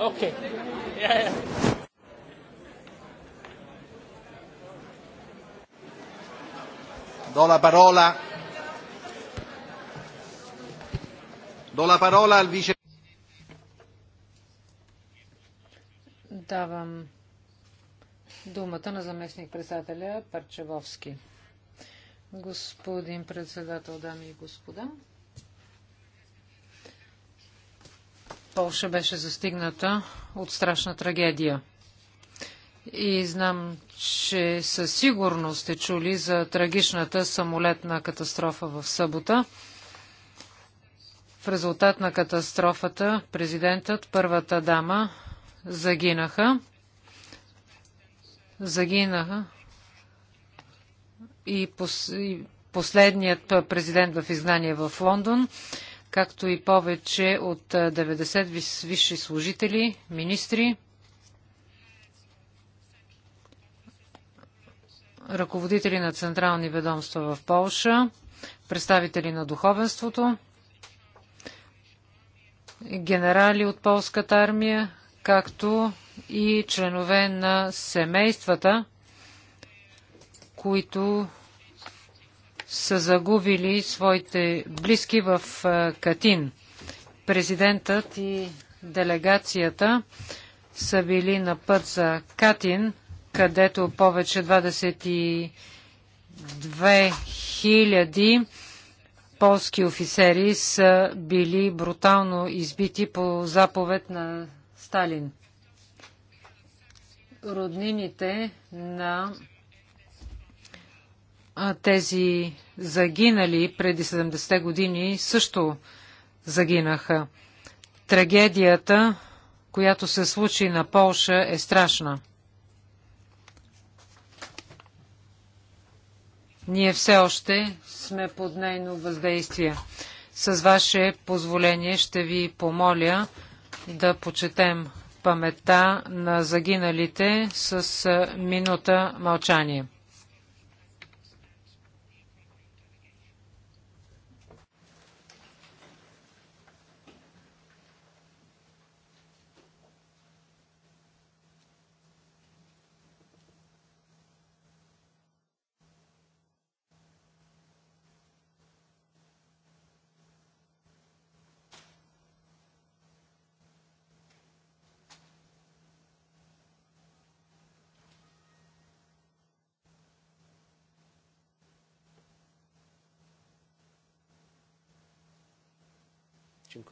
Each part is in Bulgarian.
Okay. Yeah, yeah. Do la parola. Do la parola al vice. Давам думата на заместник председателя Парчевовски. Господин председател, дами и господа. Полша беше застигната от страшна трагедия. И знам, че със сигурност сте чули за трагичната самолетна катастрофа в събота. В резултат на катастрофата президентът, първата дама загинаха. Загинаха и, пос... и последният президент в изгнание в Лондон както и повече от 90 висши служители, министри, ръководители на централни ведомства в Полша, представители на духовенството, генерали от полската армия, както и членове на семействата, които са загубили своите близки в е, Катин. Президентът и делегацията са били на път за Катин, където повече 22 000 полски офицери са били брутално избити по заповед на Сталин. Роднините на тези загинали преди 70-те години също загинаха. Трагедията, която се случи на Полша, е страшна. Ние все още сме под нейно въздействие. С ваше позволение ще ви помоля да почетем паметта на загиналите с минута мълчание.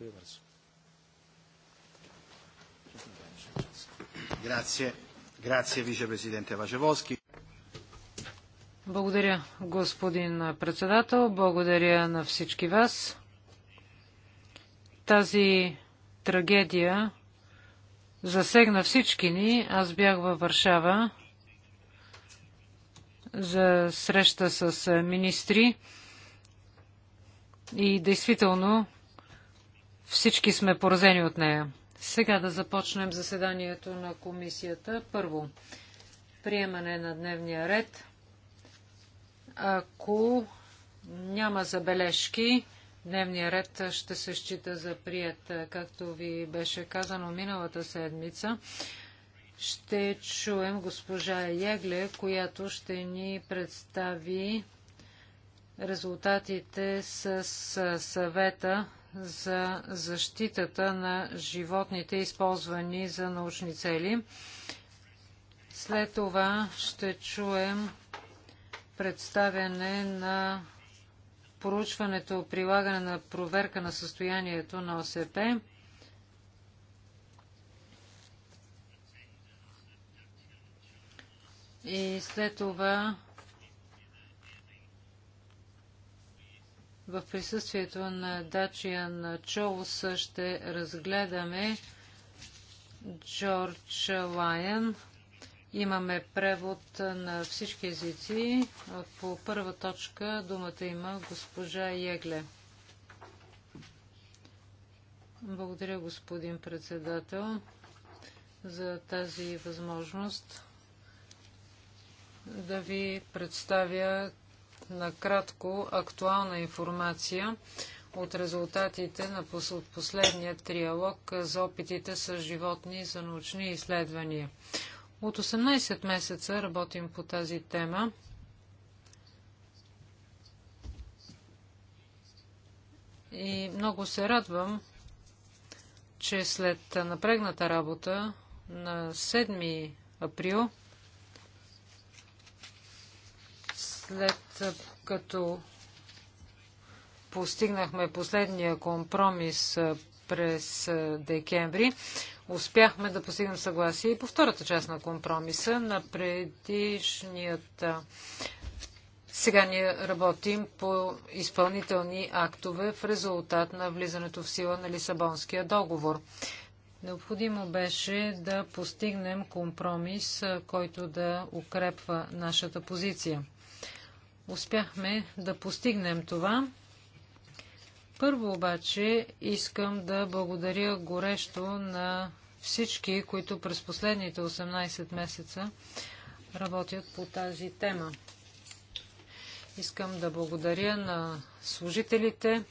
Dziękuję bardzo. Grazie. Grazie, Вачевоски. Благодаря, господин председател. Благодаря на всички вас. Тази трагедия засегна всички ни. Аз бях във Варшава за среща с министри и действително всички сме поразени от нея. Сега да започнем заседанието на комисията. Първо, приемане на дневния ред. Ако няма забележки, дневния ред ще се счита за прият, както ви беше казано миналата седмица. Ще чуем госпожа Ягле, която ще ни представи резултатите с съвета за защитата на животните, използвани за научни цели. След това ще чуем представяне на проучването, прилагане на проверка на състоянието на ОСП. И след това в присъствието на на Чоус ще разгледаме Джордж Лайън. Имаме превод на всички езици. По първа точка думата има госпожа Егле. Благодаря, господин председател, за тази възможност да ви представя накратко актуална информация от резултатите на последния триалог за опитите с животни за научни изследвания. От 18 месеца работим по тази тема. И много се радвам, че след напрегната работа на 7 април След като постигнахме последния компромис през декември, успяхме да постигнем съгласие и по втората част на компромиса на предишнията. Сега ние работим по изпълнителни актове в резултат на влизането в сила на Лисабонския договор. Необходимо беше да постигнем компромис, който да укрепва нашата позиция успяхме да постигнем това. Първо обаче искам да благодаря горещо на всички, които през последните 18 месеца работят по тази тема. Искам да благодаря на служителите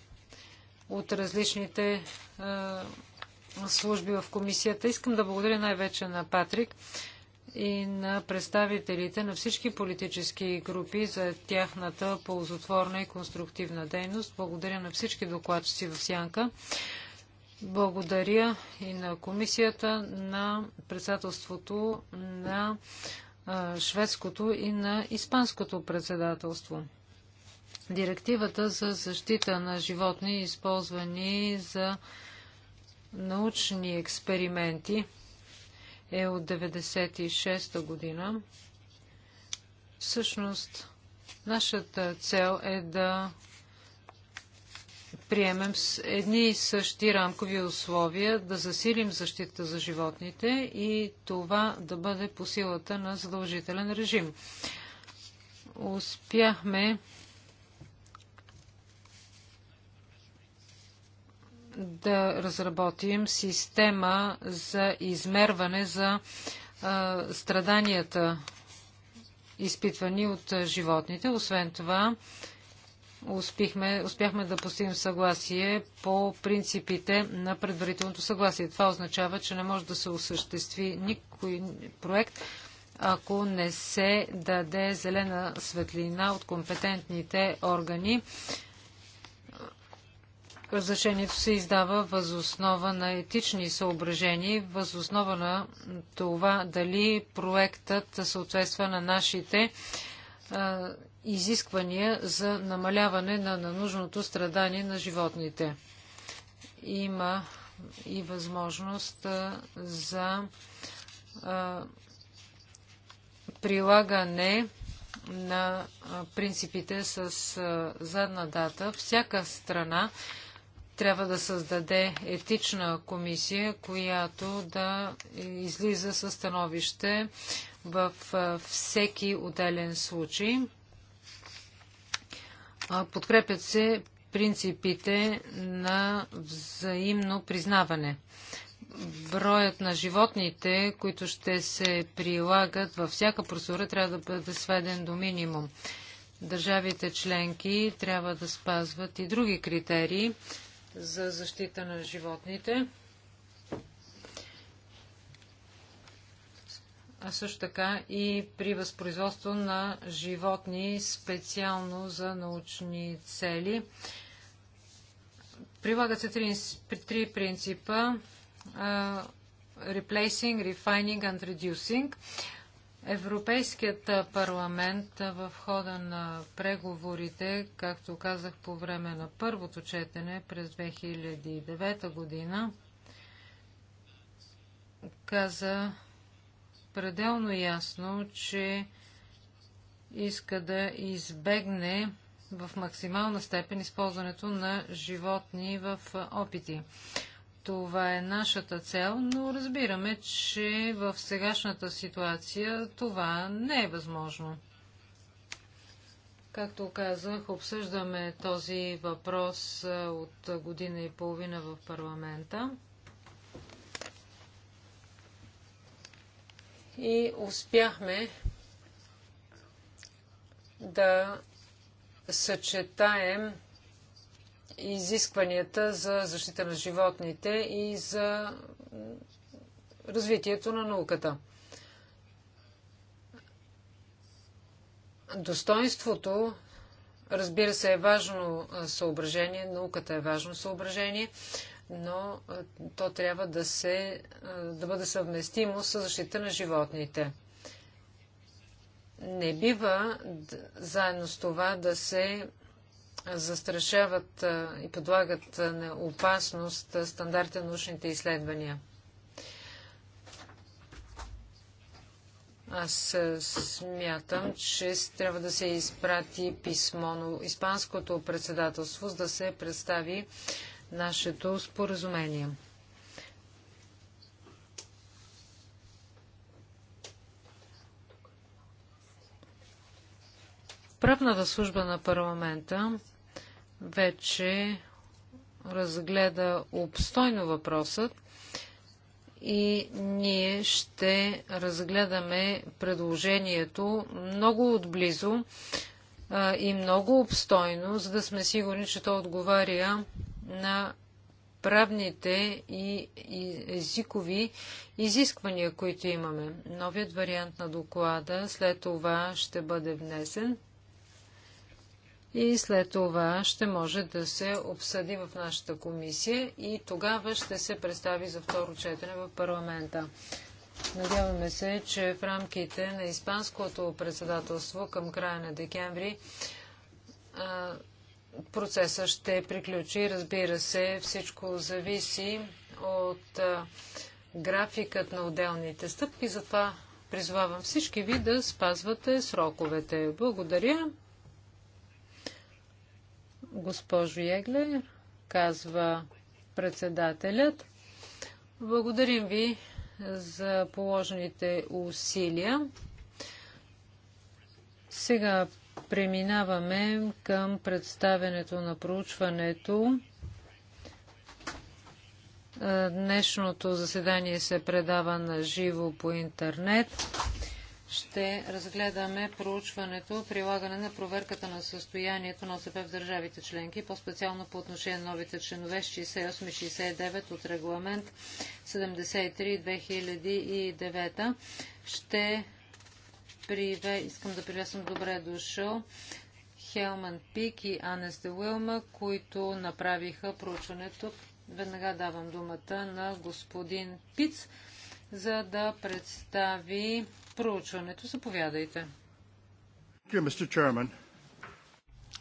от различните е, служби в комисията. Искам да благодаря най-вече на Патрик, и на представителите на всички политически групи за тяхната ползотворна и конструктивна дейност. Благодаря на всички докладчици в Сянка. Благодаря и на комисията на председателството на шведското и на испанското председателство. Директивата за защита на животни, използвани за научни експерименти, е от 96-та година. Всъщност, нашата цел е да приемем едни и същи рамкови условия, да засилим защита за животните и това да бъде по силата на задължителен режим. Успяхме да разработим система за измерване за а, страданията, изпитвани от животните. Освен това, успихме, успяхме да постигнем съгласие по принципите на предварителното съгласие. Това означава, че не може да се осъществи никой проект, ако не се даде зелена светлина от компетентните органи Разрешението се издава възоснова на етични съображения, възоснова на това дали проектът съответства на нашите изисквания за намаляване на ненужното страдание на животните. Има и възможност за прилагане на принципите с задна дата. Всяка страна трябва да създаде етична комисия, която да излиза със становище в всеки отделен случай. Подкрепят се принципите на взаимно признаване. Броят на животните, които ще се прилагат във всяка процедура, трябва да бъде сведен до минимум. Държавите членки трябва да спазват и други критерии, за защита на животните. а също така и при възпроизводство на животни специално за научни цели. Прилагат се три, три принципа uh, replacing, refining and reducing. Европейският парламент в хода на преговорите, както казах по време на първото четене през 2009 година, каза пределно ясно, че иска да избегне в максимална степен използването на животни в опити. Това е нашата цел, но разбираме, че в сегашната ситуация това не е възможно. Както казах, обсъждаме този въпрос от година и половина в парламента. И успяхме да съчетаем изискванията за защита на животните и за развитието на науката. Достоинството, разбира се, е важно съображение, науката е важно съображение, но то трябва да, се, да бъде съвместимо с защита на животните. Не бива заедно с това да се застрашават и подлагат на опасност стандарта на научните изследвания. Аз смятам, че трябва да се изпрати писмо на Испанското председателство, за да се представи нашето споразумение. Правната служба на парламента вече разгледа обстойно въпросът и ние ще разгледаме предложението много отблизо и много обстойно, за да сме сигурни, че то отговаря на правните и езикови изисквания, които имаме. Новият вариант на доклада след това ще бъде внесен и след това ще може да се обсъди в нашата комисия и тогава ще се представи за второ четене в парламента. Надяваме се, че в рамките на Испанското председателство към края на декември процеса ще приключи. Разбира се, всичко зависи от графикът на отделните стъпки, затова призвавам всички ви да спазвате сроковете. Благодаря. Госпожо Егле, казва председателят, благодарим ви за положените усилия. Сега преминаваме към представенето на проучването. Днешното заседание се предава на живо по интернет ще разгледаме проучването, прилагане на проверката на състоянието на ОСП в държавите членки, по-специално по отношение на новите членове 68 и 69 от регламент 73-2009. Ще приве... искам да приветствам добре дошъл Хелман Пик и Анес де Уилма, които направиха проучването. Веднага давам думата на господин Пиц, за да представи проучването. Заповядайте.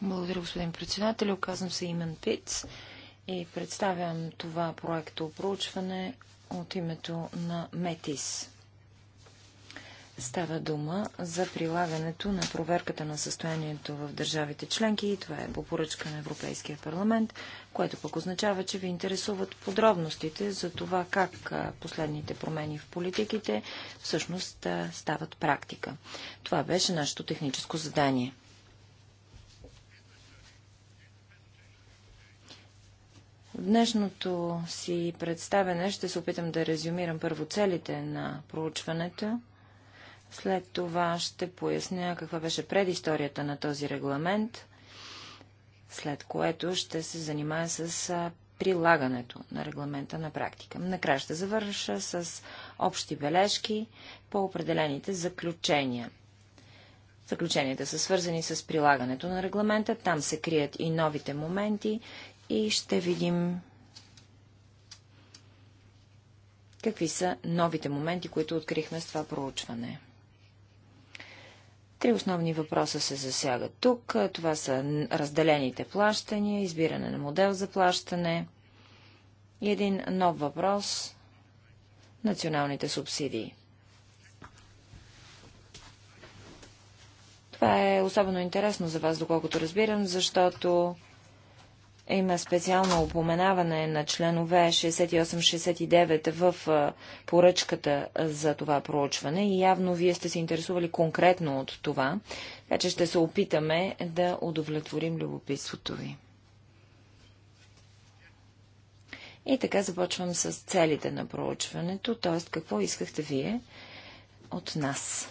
Благодаря, господин председател. Оказвам се Имен Пиц и представям това проекто проучване от името на МЕТИС. Става дума за прилагането на проверката на състоянието в държавите членки и това е по поръчка на Европейския парламент, което пък означава, че ви интересуват подробностите за това как последните промени в политиките всъщност стават практика. Това беше нашето техническо задание. В днешното си представене ще се опитам да резюмирам първо целите на проучването след това ще поясня каква беше предисторията на този регламент, след което ще се занимая с прилагането на регламента на практика. Накрая ще завърша с общи бележки по определените заключения. Заключенията са свързани с прилагането на регламента, там се крият и новите моменти и ще видим какви са новите моменти, които открихме с това проучване. Три основни въпроса се засягат тук. Това са разделените плащания, избиране на модел за плащане и един нов въпрос – националните субсидии. Това е особено интересно за вас, доколкото разбирам, защото има специално упоменаване на членове 68-69 в поръчката за това проучване и явно вие сте се интересували конкретно от това, така че ще се опитаме да удовлетворим любопитството ви. И така започвам с целите на проучването, т.е. какво искахте вие от нас.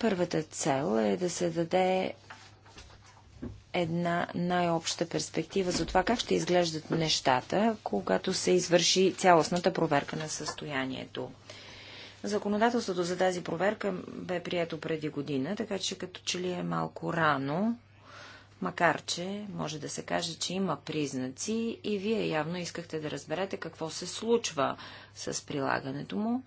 Първата цел е да се даде една най-обща перспектива за това как ще изглеждат нещата, когато се извърши цялостната проверка на състоянието. Законодателството за тази проверка бе прието преди година, така че като че ли е малко рано, макар че може да се каже, че има признаци и вие явно искахте да разберете какво се случва с прилагането му,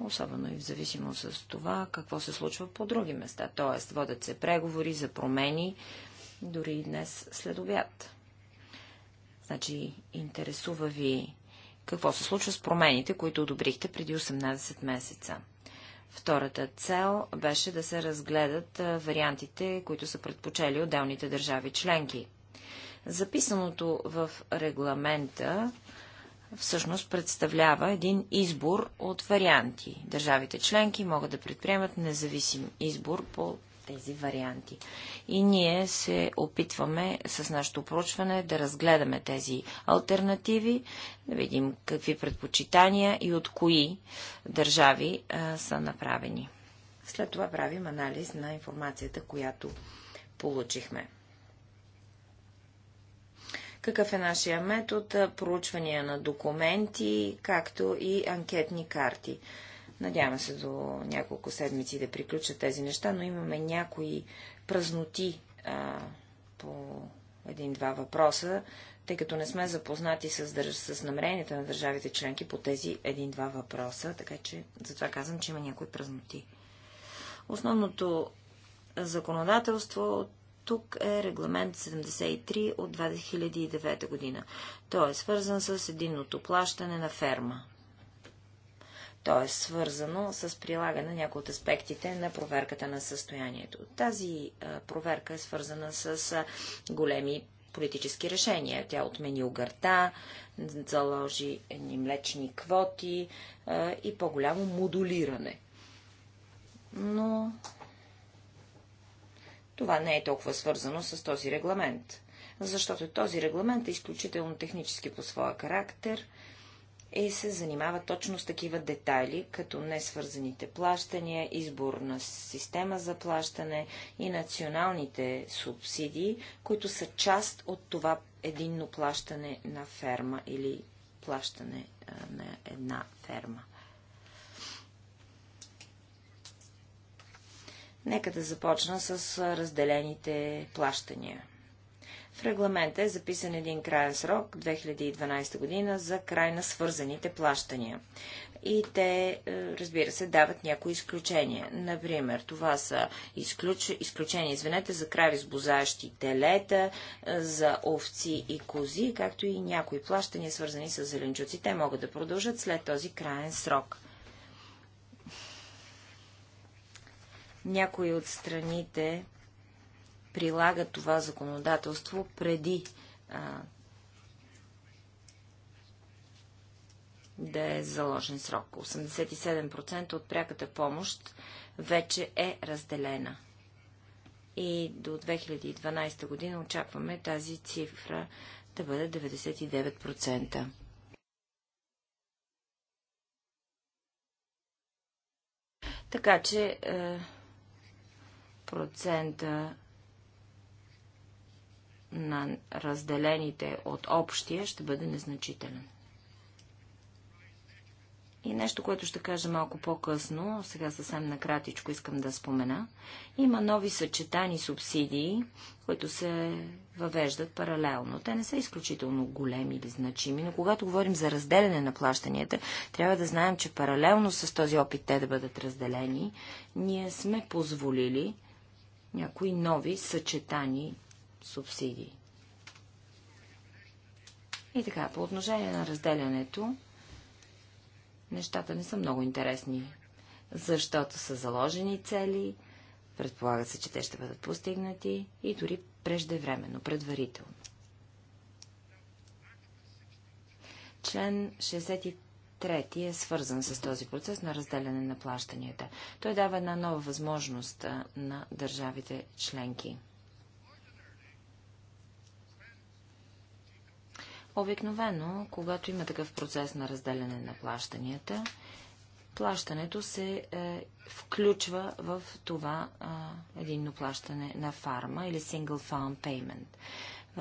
особено и в зависимост с това какво се случва по други места. Тоест, водят се преговори за промени дори и днес след обяд. Значи, интересува ви какво се случва с промените, които одобрихте преди 18 месеца. Втората цел беше да се разгледат вариантите, които са предпочели отделните държави членки. Записаното в регламента всъщност представлява един избор от варианти. Държавите членки могат да предприемат независим избор по тези варианти. И ние се опитваме с нашето проучване да разгледаме тези альтернативи, да видим какви предпочитания и от кои държави а, са направени. След това правим анализ на информацията, която получихме. Какъв е нашия метод? Проучвания на документи, както и анкетни карти. Надявам се до няколко седмици да приключат тези неща, но имаме някои празноти а, по един-два въпроса, тъй като не сме запознати с, държ... с намеренията на държавите членки по тези един-два въпроса, така че затова казвам, че има някои празноти. Основното законодателство тук е регламент 73 от 2009 година. Той е свързан с единното плащане на ферма. То е свързано с прилагане на някои от аспектите на проверката на състоянието. Тази проверка е свързана с големи политически решения. Тя отмени огърта, заложи едни млечни квоти и по-голямо модулиране. Но това не е толкова свързано с този регламент, защото този регламент е изключително технически по своя характер и се занимава точно с такива детайли, като несвързаните плащания, избор на система за плащане и националните субсидии, които са част от това единно плащане на ферма или плащане на една ферма. Нека да започна с разделените плащания – в регламента е записан един краен срок 2012 година за край на свързаните плащания. И те, е, разбира се, дават някои изключения. Например, това са изключ... изключения, извинете, за крави с бозащи телета, е, за овци и кози, както и някои плащания, свързани с зеленчуци. Те могат да продължат след този краен срок. Някои от страните прилага това законодателство преди а, да е заложен срок. 87% от пряката помощ вече е разделена. И до 2012 година очакваме тази цифра да бъде 99%. Така че е, процента на разделените от общия ще бъде незначителен. И нещо, което ще кажа малко по-късно, сега съвсем накратичко искам да спомена. Има нови съчетани субсидии, които се въвеждат паралелно. Те не са изключително големи или значими, но когато говорим за разделяне на плащанията, трябва да знаем, че паралелно с този опит те да бъдат разделени, ние сме позволили някои нови съчетани субсидии. И така, по отношение на разделянето, нещата не са много интересни, защото са заложени цели, предполага се, че те ще бъдат постигнати и дори преждевременно, предварително. Член 63 е свързан с този процес на разделяне на плащанията. Той дава една нова възможност на държавите членки. Обикновено, когато има такъв процес на разделяне на плащанията, плащането се е, включва в това е, единно плащане на фарма или single farm payment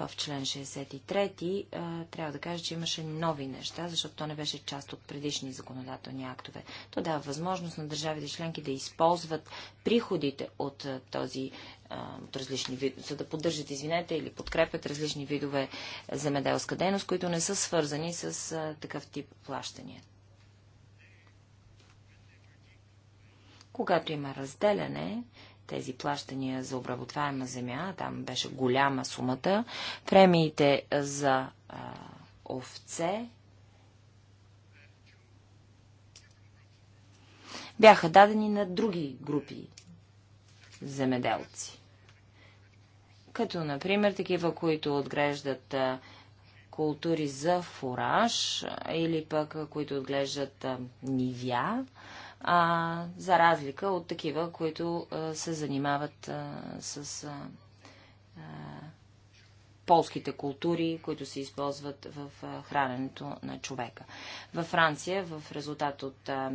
в член 63, е, трябва да кажа, че имаше нови неща, защото то не беше част от предишни законодателни актове. То дава възможност на държавите членки да използват приходите от е, този е, от различни видове, за да поддържат, извинете, или подкрепят различни видове земеделска дейност, които не са свързани с такъв тип плащания. Когато има разделяне, тези плащания за обработваема земя, там беше голяма сумата, премиите за а, овце бяха дадени на други групи земеделци. Като, например, такива, които отглеждат култури за фураж или пък които отглеждат нивя а, за разлика от такива, които а, се занимават а, с а, а, полските култури, които се използват в а, храненето на човека. Във Франция, в резултат от а,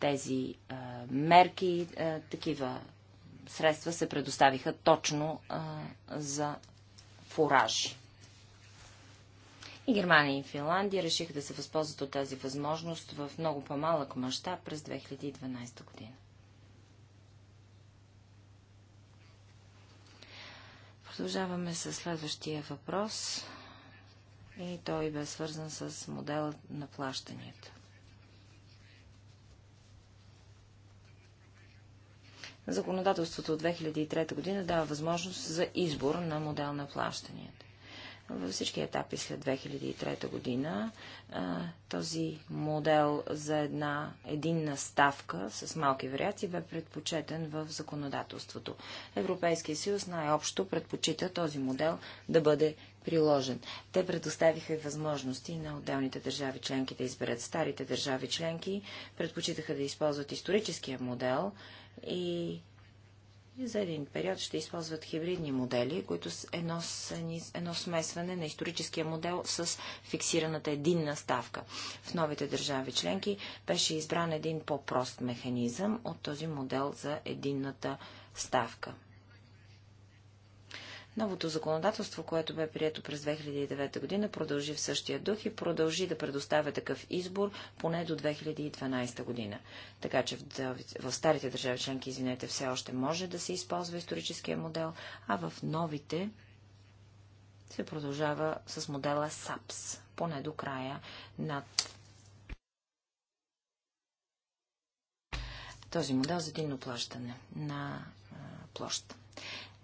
тези а, мерки, а, такива средства се предоставиха точно а, за фуражи. И Германия и Финландия решиха да се възползват от тази възможност в много по-малък мащаб през 2012 година. Продължаваме с следващия въпрос и той бе свързан с модела на плащанията. Законодателството от 2003 година дава възможност за избор на модел на плащанията във всички етапи след 2003 година този модел за една единна ставка с малки вариации бе предпочетен в законодателството. Европейския съюз най-общо предпочита този модел да бъде приложен. Те предоставиха и възможности на отделните държави членки да изберат. Старите държави членки предпочитаха да използват историческия модел и и за един период ще използват хибридни модели, които с едно, едно смесване на историческия модел с фиксираната единна ставка. В новите държави членки беше избран един по-прост механизъм от този модел за единната ставка. Новото законодателство, което бе прието през 2009 година, продължи в същия дух и продължи да предоставя такъв избор поне до 2012 година. Така че в, в старите държави членки, извинете, все още може да се използва историческия модел, а в новите се продължава с модела САПС, поне до края над този модел за единно плащане на площ.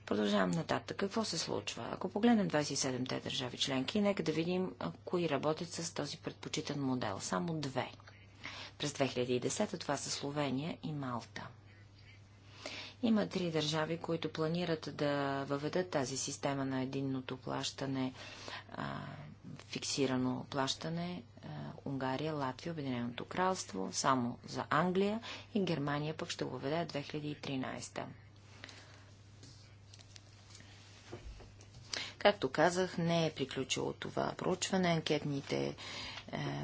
Продължавам нататък. Какво се случва? Ако погледнем 27-те държави членки, нека да видим кои работят с този предпочитан модел. Само две. През 2010 това са Словения и Малта. Има три държави, които планират да въведат тази система на единното плащане, а, фиксирано плащане. А, Унгария, Латвия, Обединеното кралство, само за Англия и Германия пък ще го въведе 2013. Както казах, не е приключило това проучване. Анкетните е,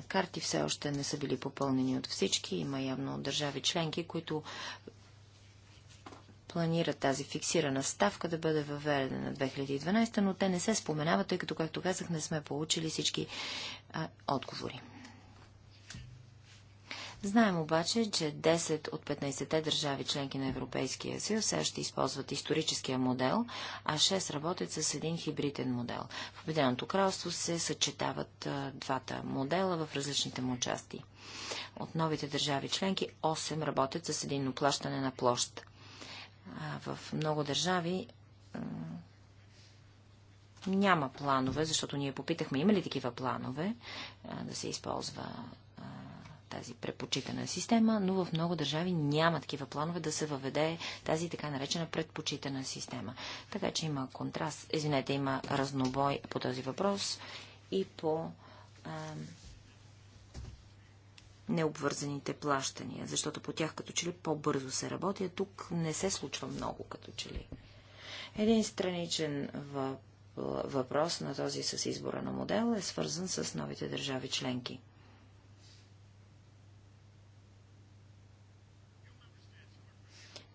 карти все още не са били попълнени от всички. Има явно държави членки, които планират тази фиксирана ставка да бъде въведена 2012, но те не се споменават, тъй като, както казах, не сме получили всички а, отговори. Знаем обаче, че 10 от 15-те държави членки на Европейския съюз сега ще използват историческия модел, а 6 работят с един хибриден модел. В Обединеното кралство се съчетават двата модела в различните му части. От новите държави членки 8 работят с един оплащане на площ. А, в много държави няма планове, защото ние попитахме има ли такива планове да се използва тази предпочитана система, но в много държави няма такива планове да се въведе тази така наречена предпочитана система. Така че има контраст, извинете, има разнобой по този въпрос и по а, необвързаните плащания, защото по тях като че ли по-бързо се работи, а тук не се случва много като че ли. Един страничен въпрос на този с избора на модел е свързан с новите държави членки.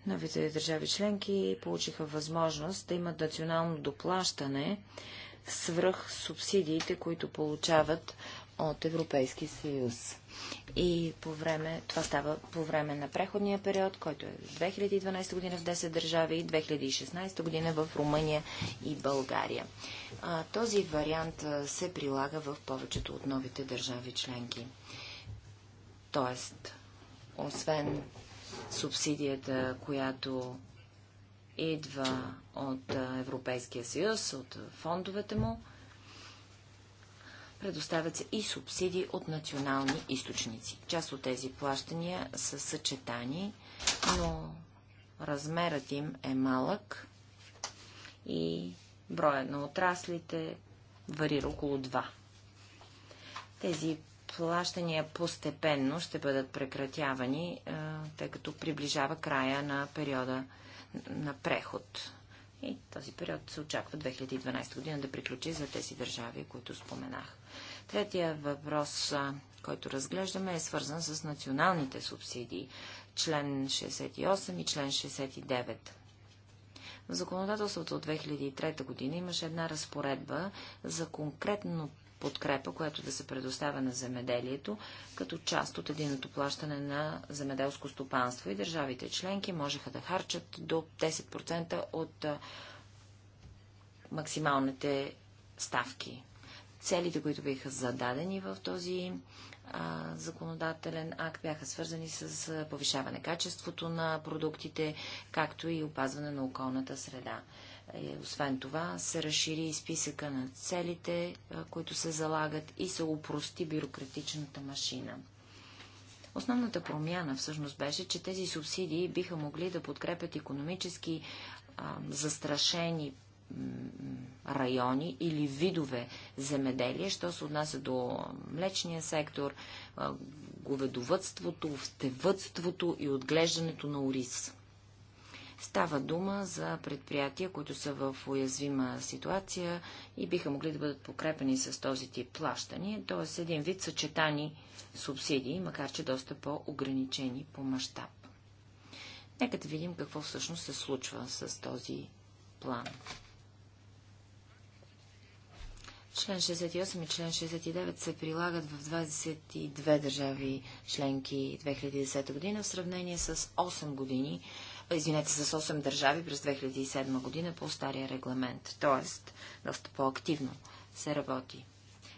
Новите държави членки получиха възможност да имат национално доплащане свръх субсидиите, които получават от Европейски съюз. И по време, това става по време на преходния период, който е 2012 година в 10 държави и 2016 година в Румъния и България. А, този вариант се прилага в повечето от новите държави членки. Тоест, освен субсидията, която идва от Европейския съюз, от фондовете му. Предоставят се и субсидии от национални източници. Част от тези плащания са съчетани, но размерът им е малък и броят на отраслите варира около 2. Тези плащания постепенно ще бъдат прекратявани, тъй като приближава края на периода на преход. И този период се очаква 2012 година да приключи за тези държави, които споменах. Третия въпрос, който разглеждаме, е свързан с националните субсидии. Член 68 и член 69. В законодателството от 2003 година имаше една разпоредба за конкретно подкрепа, която да се предоставя на земеделието, като част от единното плащане на земеделско стопанство и държавите членки можеха да харчат до 10% от максималните ставки. Целите, които бяха зададени в този законодателен акт бяха свързани с повишаване качеството на продуктите, както и опазване на околната среда. Е, освен това, се разшири и списъка на целите, е, които се залагат и се упрости бюрократичната машина. Основната промяна всъщност беше, че тези субсидии биха могли да подкрепят економически а, е, застрашени райони или видове земеделие, що се отнася до млечния сектор, говедовътството, втевътството и отглеждането на ориз. Става дума за предприятия, които са в уязвима ситуация и биха могли да бъдат покрепени с този тип плащания, т.е. един вид съчетани субсидии, макар че доста по-ограничени по мащаб. Нека да видим какво всъщност се случва с този план. Член 68 и член 69 се прилагат в 22 държави членки 2010 година в сравнение с 8 години извинете, с 8 държави през 2007 година по стария регламент. Тоест, доста по-активно се работи.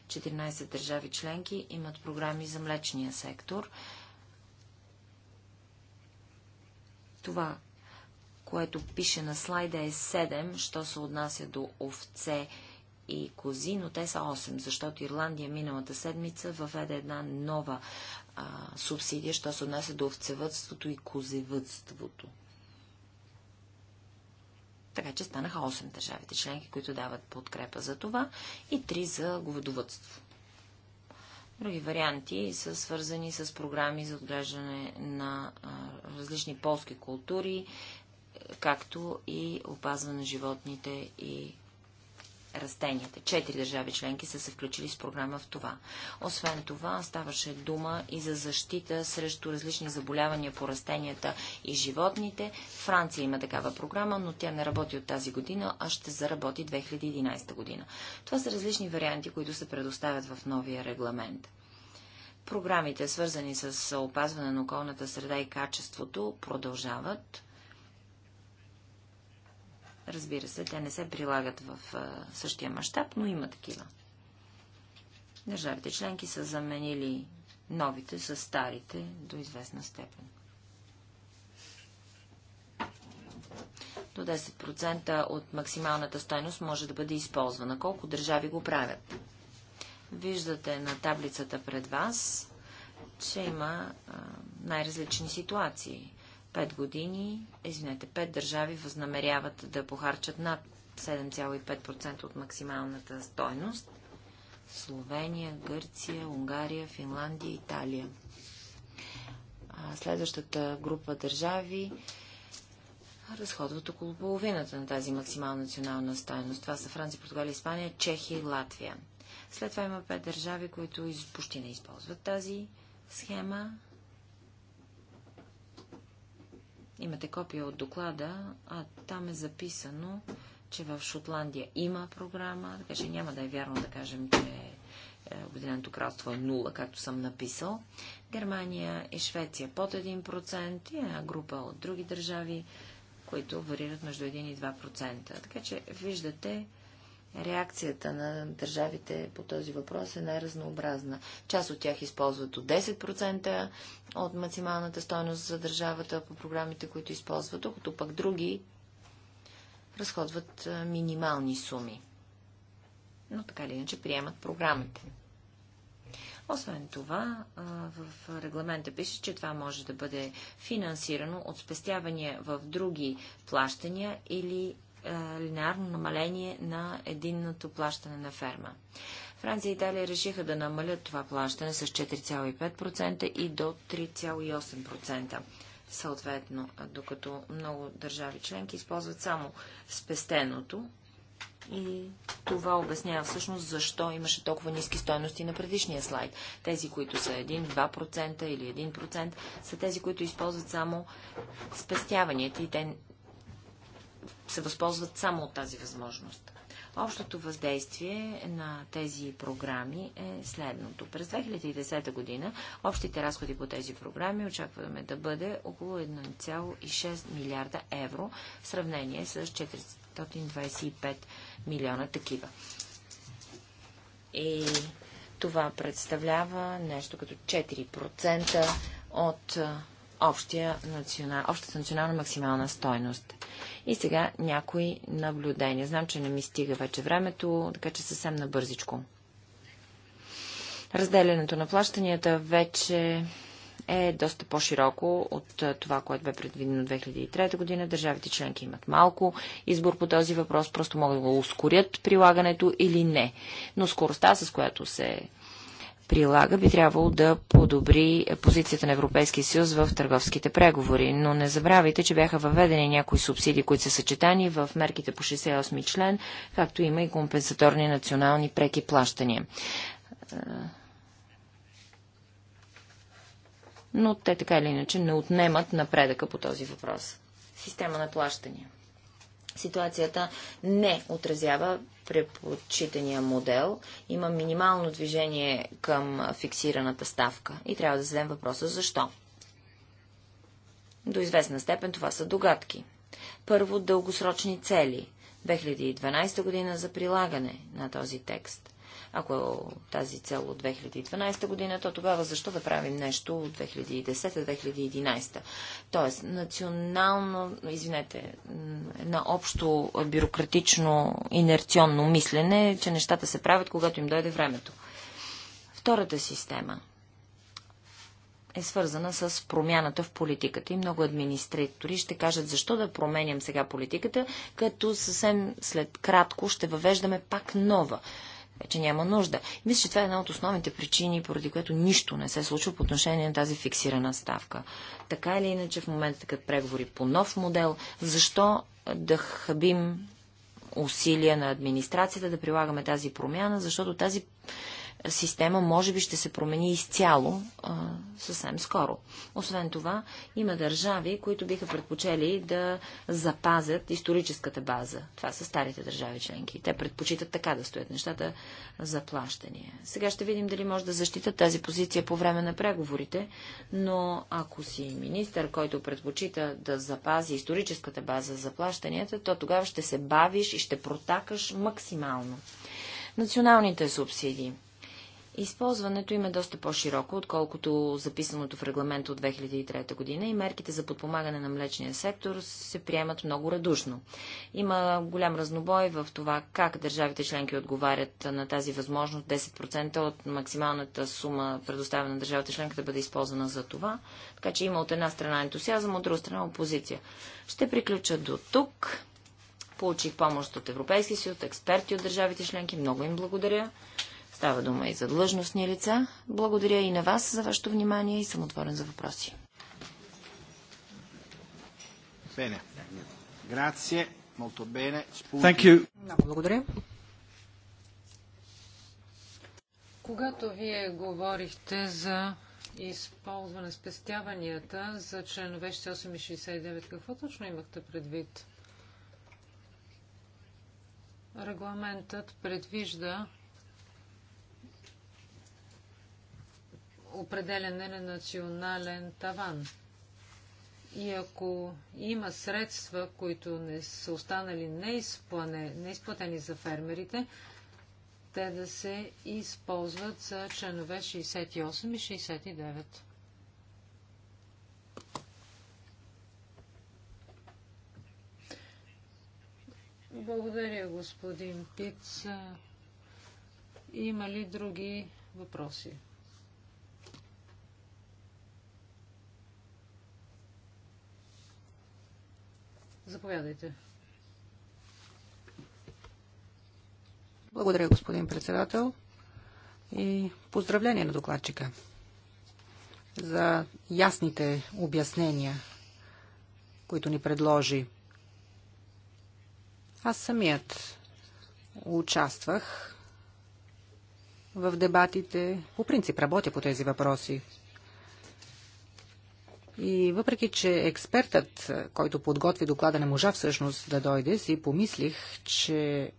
14 държави членки имат програми за млечния сектор. Това, което пише на слайда е 7, що се отнася до овце и кози, но те са 8, защото Ирландия миналата седмица въведе една нова а, субсидия, що се отнася до овцевътството и козевътството. Така че станаха 8 държавите членки, които дават подкрепа за това и 3 за говедовътство. Други варианти са свързани с програми за отглеждане на различни полски култури, както и опазване на животните и растенията. Четири държави членки са се включили с програма в това. Освен това, ставаше дума и за защита срещу различни заболявания по растенията и животните. Франция има такава програма, но тя не работи от тази година, а ще заработи 2011 година. Това са различни варианти, които се предоставят в новия регламент. Програмите, свързани с опазване на околната среда и качеството, продължават Разбира се, те не се прилагат в същия мащаб, но има такива. Държавите членки са заменили новите с старите до известна степен. До 10% от максималната стойност може да бъде използвана. Колко държави го правят? Виждате на таблицата пред вас, че има най-различни ситуации. Пет години, извинете, пет държави възнамеряват да похарчат над 7,5% от максималната стойност. Словения, Гърция, Унгария, Финландия, Италия. А следващата група държави разходват около половината на тази максимална национална стойност. Това са Франция, Португалия, Испания, Чехия и Латвия. След това има пет държави, които почти не използват тази схема. Имате копия от доклада, а там е записано, че в Шотландия има програма, така че няма да е вярно да кажем, че е, Обединеното кралство е нула, както съм написал. Германия и Швеция под 1% и една група от други държави, които варират между 1 и 2%. Така че виждате Реакцията на държавите по този въпрос е най-разнообразна. Част от тях използват до 10% от максималната стойност за държавата по програмите, които използват, докато пък други разходват минимални суми. Но така или иначе приемат програмите. Освен това, в регламента пише, че това може да бъде финансирано от спестявания в други плащания или е, линеарно намаление на единното плащане на ферма. Франция и Италия решиха да намалят това плащане с 4,5% и до 3,8%. Съответно, докато много държави членки използват само спестеното и това обяснява всъщност защо имаше толкова ниски стойности на предишния слайд. Тези, които са 1-2% или 1% са тези, които използват само спестяванията и те се възползват само от тази възможност. Общото въздействие на тези програми е следното. През 2010 година общите разходи по тези програми очакваме да бъде около 1,6 милиарда евро в сравнение с 425 милиона такива. И това представлява нещо като 4% от общия общата национална максимална стойност. И сега някои наблюдения. Знам, че не ми стига вече времето, така че съвсем набързичко. Разделянето на плащанията вече е доста по-широко от това, което бе предвидено 2003 година. Държавите членки имат малко избор по този въпрос, просто могат да го ускорят прилагането или не. Но скоростта, с която се прилага, би трябвало да подобри позицията на Европейския съюз в търговските преговори. Но не забравяйте, че бяха въведени някои субсидии, които са съчетани в мерките по 68 член, както има и компенсаторни национални преки плащания. Но те така или иначе не отнемат напредъка по този въпрос. Система на плащания ситуацията не отразява препочитания модел. Има минимално движение към фиксираната ставка. И трябва да зададем въпроса защо. До известна степен това са догадки. Първо, дългосрочни цели. 2012 година за прилагане на този текст. Ако тази цел от 2012 година, то тогава защо да правим нещо от 2010-2011? Тоест, национално, извинете, на общо бюрократично инерционно мислене, че нещата се правят, когато им дойде времето. Втората система е свързана с промяната в политиката. И много администратори ще кажат, защо да променям сега политиката, като съвсем след кратко ще въвеждаме пак нова. Е, че няма нужда. И мисля, че това е една от основните причини, поради което нищо не се случва по отношение на тази фиксирана ставка. Така или иначе, в момента такът преговори по нов модел, защо да хабим усилия на администрацията да прилагаме тази промяна, защото тази система може би ще се промени изцяло а, съвсем скоро. Освен това, има държави, които биха предпочели да запазят историческата база. Това са старите държави членки. Те предпочитат така да стоят нещата за плащания. Сега ще видим дали може да защитат тази позиция по време на преговорите, но ако си министър, който предпочита да запази историческата база за плащанията, то тогава ще се бавиш и ще протакаш максимално. Националните субсидии. Използването им е доста по-широко, отколкото записаното в регламента от 2003 година и мерките за подпомагане на млечния сектор се приемат много радушно. Има голям разнобой в това как държавите членки отговарят на тази възможност 10% от максималната сума предоставена на държавата членка да бъде използвана за това. Така че има от една страна ентусиазъм, от друга страна опозиция. Ще приключа до тук. Получих помощ от Европейския съюз, експерти от държавите членки. Много им благодаря. Става дума и за длъжностни лица. Благодаря и на вас за вашето внимание и съм отворен за въпроси. благодаря. Когато вие говорихте за използване спестяванията за членове 68 и 69, какво точно имахте предвид? Регламентът предвижда определяне на национален таван. И ако има средства, които не са останали неизплатени за фермерите, те да се използват за членове 68 и 69. Благодаря, господин Пиц. Има ли други въпроси? Заповядайте. Благодаря, господин председател. И поздравление на докладчика за ясните обяснения, които ни предложи. Аз самият участвах в дебатите. По принцип работя по тези въпроси. И въпреки, че експертът, който подготви доклада, не можа всъщност да дойде, си помислих, че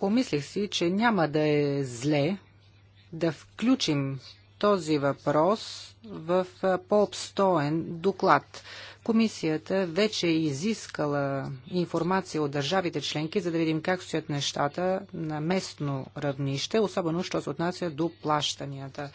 Помислих си, че няма да е зле да включим този въпрос в по-обстоен доклад, Комисията вече е изискала информация от държавите членки, за да видим как стоят нещата на местно равнище, особено що се отнася до плащанията.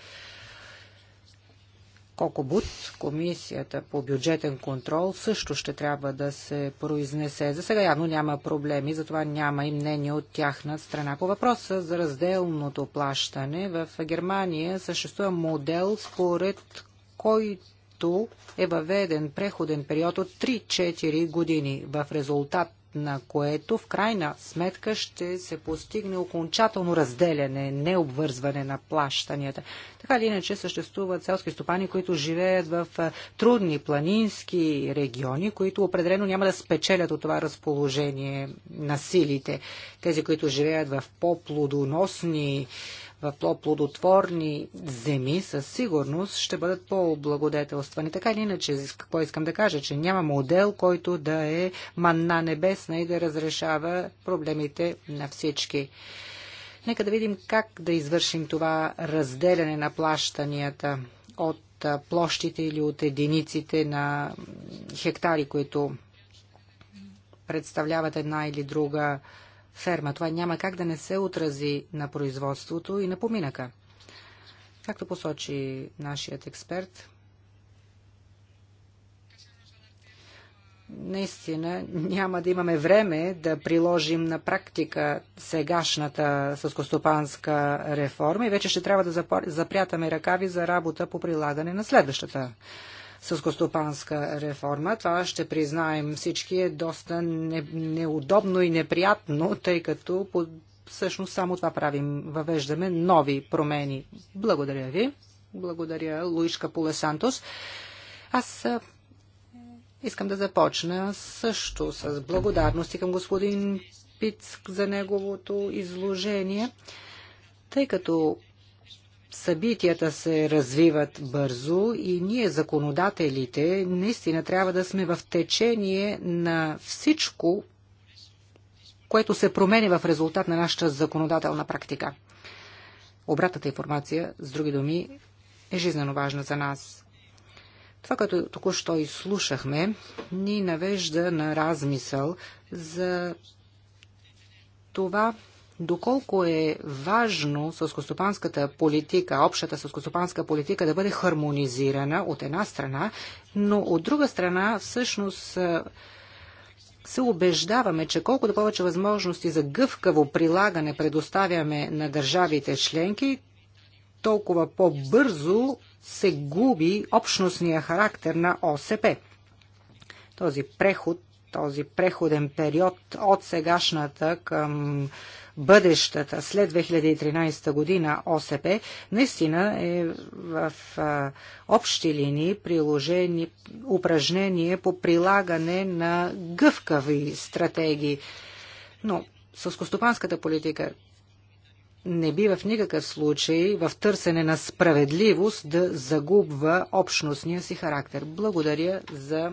Кокобут, комисията по бюджетен контрол, също ще трябва да се произнесе. За сега явно няма проблеми, затова няма и мнение от тяхна страна. По въпроса за разделното плащане, в Германия съществува модел, според който като е въведен преходен период от 3-4 години, в резултат на което в крайна сметка ще се постигне окончателно разделяне, необвързване на плащанията. Така или иначе съществуват селски стопани, които живеят в трудни планински региони, които определено няма да спечелят от това разположение на силите. Тези, които живеят в по-плодоносни в по плодотворни земи със сигурност ще бъдат по-облагодетелствани. Така или иначе, какво искам да кажа, че няма модел, който да е манна небесна и да разрешава проблемите на всички. Нека да видим как да извършим това разделяне на плащанията от площите или от единиците на хектари, които представляват една или друга ферма. Това няма как да не се отрази на производството и на поминъка. Както посочи нашият експерт, наистина няма да имаме време да приложим на практика сегашната съскостопанска реформа и вече ще трябва да запрятаме ръкави за работа по прилагане на следващата сълскостопанска реформа. Това ще признаем всички е доста не, неудобно и неприятно, тъй като по, всъщност само това правим. Въвеждаме нови промени. Благодаря ви. Благодаря, Луишка Полесантос. Аз искам да започна също с благодарности към господин Пицк за неговото изложение, тъй като събитията се развиват бързо и ние, законодателите, наистина трябва да сме в течение на всичко, което се промени в резултат на нашата законодателна практика. Обратната информация, с други думи, е жизненно важна за нас. Това, като току-що изслушахме, ни навежда на размисъл за това, доколко е важно съскостопанската политика, общата съскостопанска политика да бъде хармонизирана от една страна, но от друга страна всъщност се убеждаваме, че колкото повече възможности за гъвкаво прилагане предоставяме на държавите членки, толкова по-бързо се губи общностния характер на ОСП. Този преход, този преходен период от сегашната към бъдещата след 2013 година ОСП, наистина е в общи линии приложени упражнение по прилагане на гъвкави стратегии. Но сълскостопанската политика не би в никакъв случай в търсене на справедливост да загубва общностния си характер. Благодаря за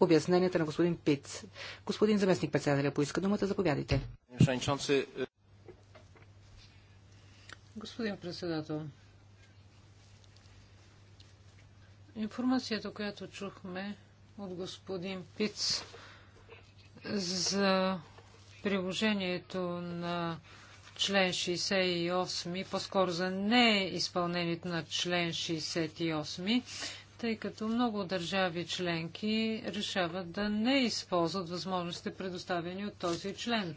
обясненията на господин Пиц. Господин заместник председателя поиска думата. Заповядайте. Е, господин председател, информацията, която чухме от господин Пиц за приложението на член 68, по-скоро за неизпълнението на член 68, тъй като много държави членки решават да не използват възможностите предоставени от този член.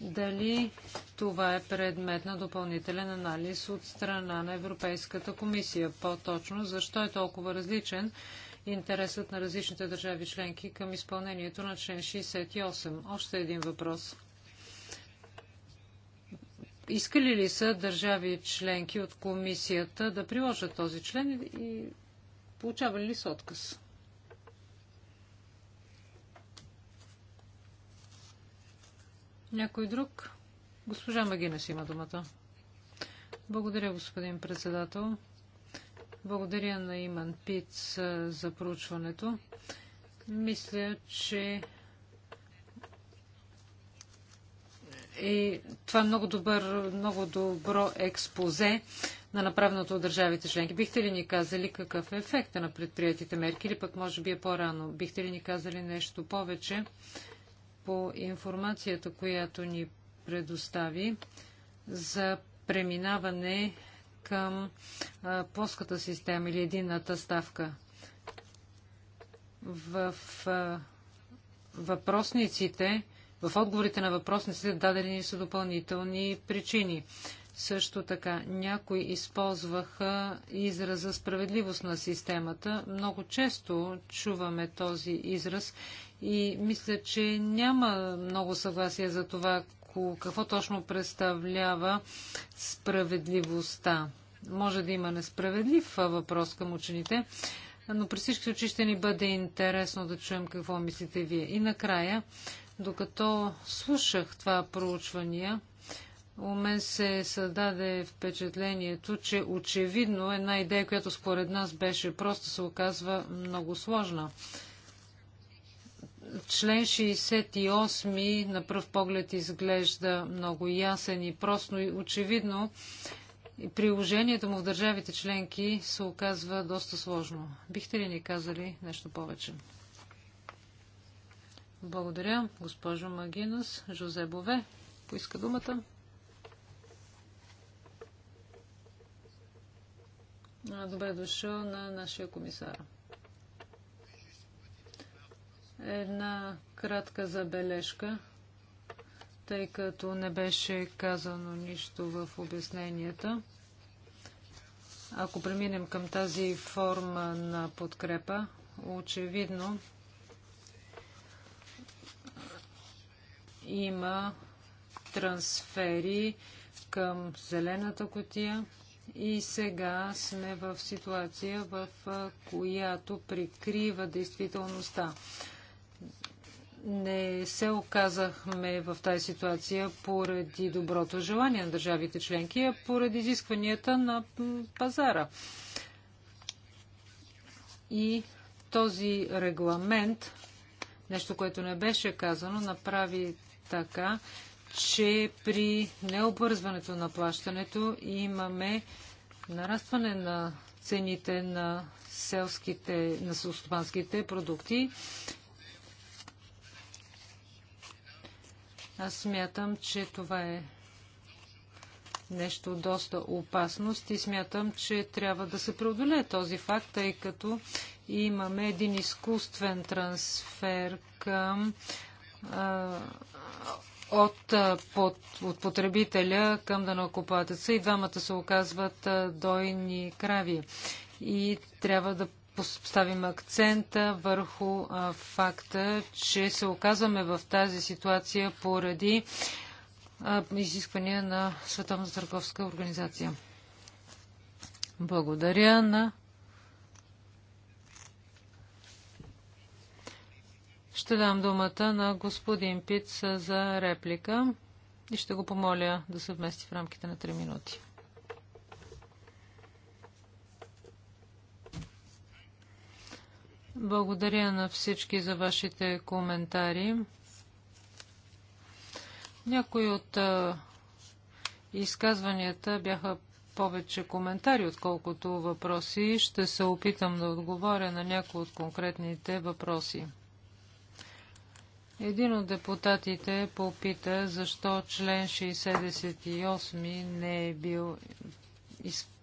Дали това е предмет на допълнителен анализ от страна на Европейската комисия? По-точно, защо е толкова различен интересът на различните държави членки към изпълнението на член 68? Още един въпрос. Искали ли са държави членки от комисията да приложат този член и получавали ли са отказ? Някой друг? Госпожа Магинес има думата. Благодаря, господин председател. Благодаря на Иман Пиц за проучването. Мисля, че И това е много, добър, много добро експозе на направеното от държавите членки. Бихте ли ни казали какъв е ефекта на предприятите мерки или пък може би е по-рано? Бихте ли ни казали нещо повече по информацията, която ни предостави за преминаване към а, плоската система или единната ставка? В а, въпросниците в отговорите на въпрос не са дадени са допълнителни причини. Също така, някои използваха израза справедливост на системата. Много често чуваме този израз и мисля, че няма много съгласие за това, какво точно представлява справедливостта. Може да има несправедлив въпрос към учените, но при всички случаи ще ни бъде интересно да чуем какво мислите вие. И накрая, докато слушах това проучвание, у мен се създаде впечатлението, че очевидно една идея, която според нас беше просто, се оказва много сложна. Член 68 на пръв поглед изглежда много ясен и просто и очевидно приложението му в държавите членки се оказва доста сложно. Бихте ли ни казали нещо повече? Благодаря, госпожо Магинус. Жозе Бове поиска думата. Добре дошъл на нашия комисар. Една кратка забележка, тъй като не беше казано нищо в обясненията. Ако преминем към тази форма на подкрепа, очевидно има трансфери към зелената котия и сега сме в ситуация, в която прикрива действителността. Не се оказахме в тази ситуация поради доброто желание на държавите членки, а поради изискванията на пазара. И този регламент, нещо, което не беше казано, направи така, че при необвързването на плащането имаме нарастване на цените на селските, на селстопанските продукти. Аз смятам, че това е нещо доста опасност и смятам, че трябва да се преодолее този факт, тъй като имаме един изкуствен трансфер към а, от, под, от потребителя към данокопатеца и двамата се оказват дойни крави. И трябва да поставим акцента върху а, факта, че се оказваме в тази ситуация поради а, изисквания на Световната търговска организация. Благодаря на Ще дам думата на господин Пиц за реплика и ще го помоля да се вмести в рамките на 3 минути. Благодаря на всички за вашите коментари. Някои от изказванията бяха повече коментари, отколкото въпроси. Ще се опитам да отговоря на някои от конкретните въпроси. Един от депутатите попита защо член 68 не е бил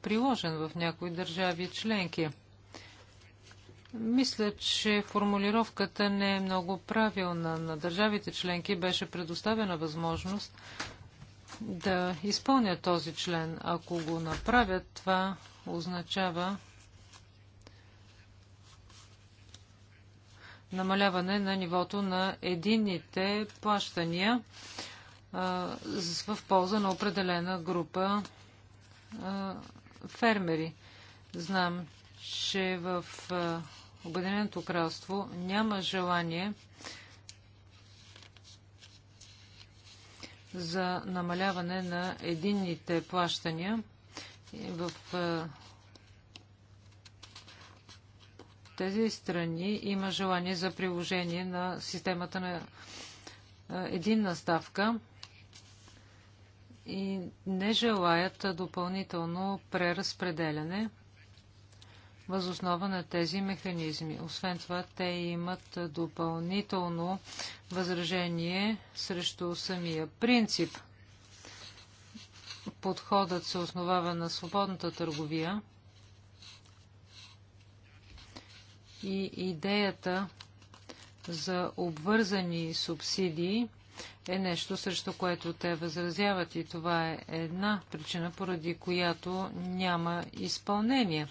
приложен в някои държави членки. Мисля, че формулировката не е много правилна. На държавите членки беше предоставена възможност да изпълнят този член. Ако го направят, това означава, намаляване на нивото на единните плащания в полза на определена група фермери. Знам, че в Обединеното кралство няма желание за намаляване на единните плащания в тези страни има желание за приложение на системата на единна ставка и не желаят допълнително преразпределяне възоснова на тези механизми. Освен това, те имат допълнително възражение срещу самия принцип. Подходът се основава на свободната търговия – и идеята за обвързани субсидии е нещо, срещу което те възразяват и това е една причина, поради която няма изпълнение.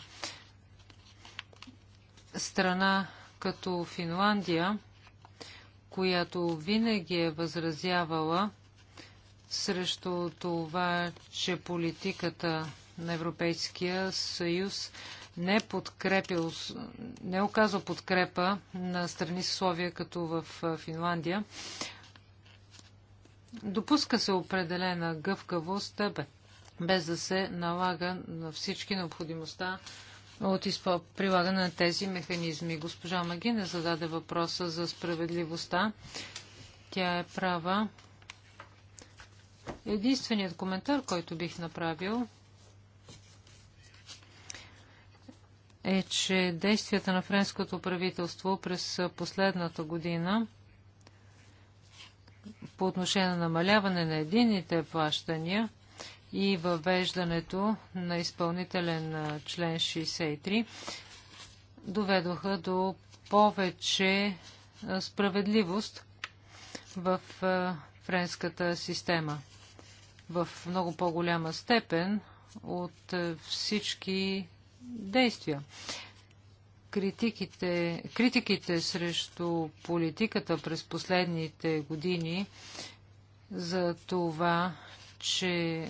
Страна като Финландия, която винаги е възразявала срещу това, че политиката на Европейския съюз не, подкрепя, не е оказва подкрепа на страни съсловия, като в Финландия. Допуска се определена гъвкавост, без да се налага на всички необходимостта от прилагане на тези механизми. Госпожа Магина зададе въпроса за справедливостта. Тя е права. Единственият коментар, който бих направил, е, че действията на френското правителство през последната година по отношение на намаляване на единните плащания и въвеждането на изпълнителен член 63 доведоха до повече справедливост в френската система. В много по-голяма степен от всички действия. Критиките, критиките срещу политиката през последните години за това, че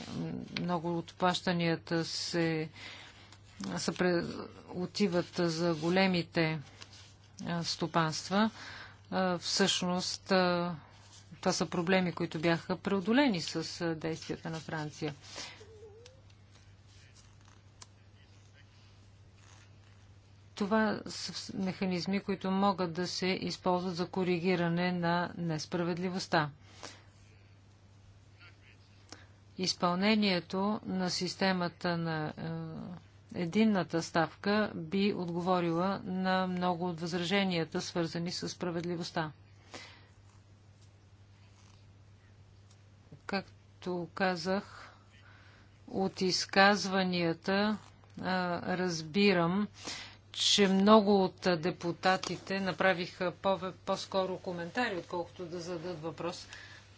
много от плащанията се, се пре, отиват за големите стопанства, всъщност това са проблеми, които бяха преодолени с действията на Франция. Това са механизми, които могат да се използват за коригиране на несправедливостта. Изпълнението на системата на е, единната ставка би отговорила на много от възраженията, свързани с справедливостта. Както казах, от изказванията разбирам че много от депутатите направиха по-скоро коментари, отколкото да зададат въпрос.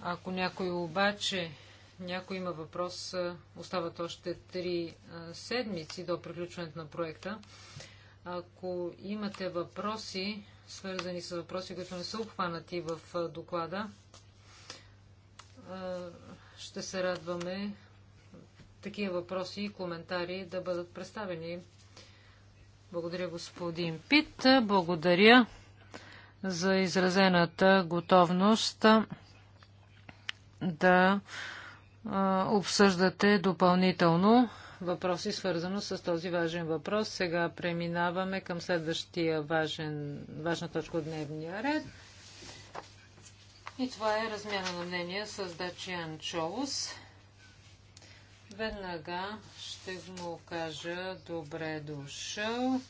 Ако някой обаче, някой има въпрос, остават още три седмици до приключването на проекта. Ако имате въпроси, свързани с въпроси, които не са обхванати в доклада, ще се радваме такива въпроси и коментари да бъдат представени благодаря, господин Пит. Благодаря за изразената готовност да обсъждате допълнително въпроси, свързано с този важен въпрос. Сега преминаваме към следващия важен, важна точка от дневния ред. И това е размяна на мнения с Дачиан Чоус, Веднага ще му кажа добре дошъл.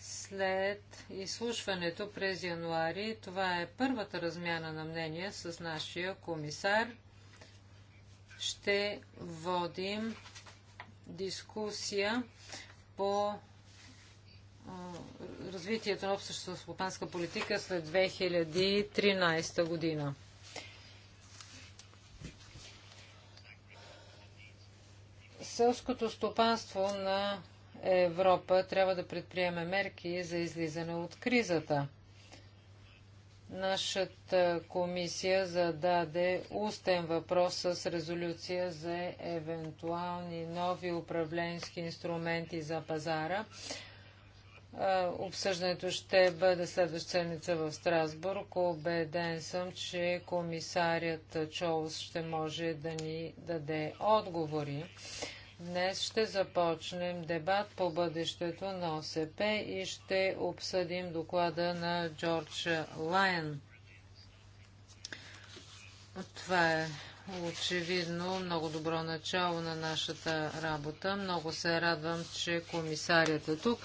След изслушването през януари, това е първата размяна на мнение с нашия комисар. Ще водим дискусия по развитието на обществото стопанска политика след 2013 година. Селското стопанство на Европа трябва да предприеме мерки за излизане от кризата. Нашата комисия зададе устен въпрос с резолюция за евентуални нови управленски инструменти за пазара. Обсъждането ще бъде следваща седмица в Страсбург. Обеден съм, че комисарят Чолс ще може да ни даде отговори Днес ще започнем дебат по бъдещето на ОСП и ще обсъдим доклада на Джордж Лайен. Това е очевидно много добро начало на нашата работа. Много се радвам, че комисарят е тук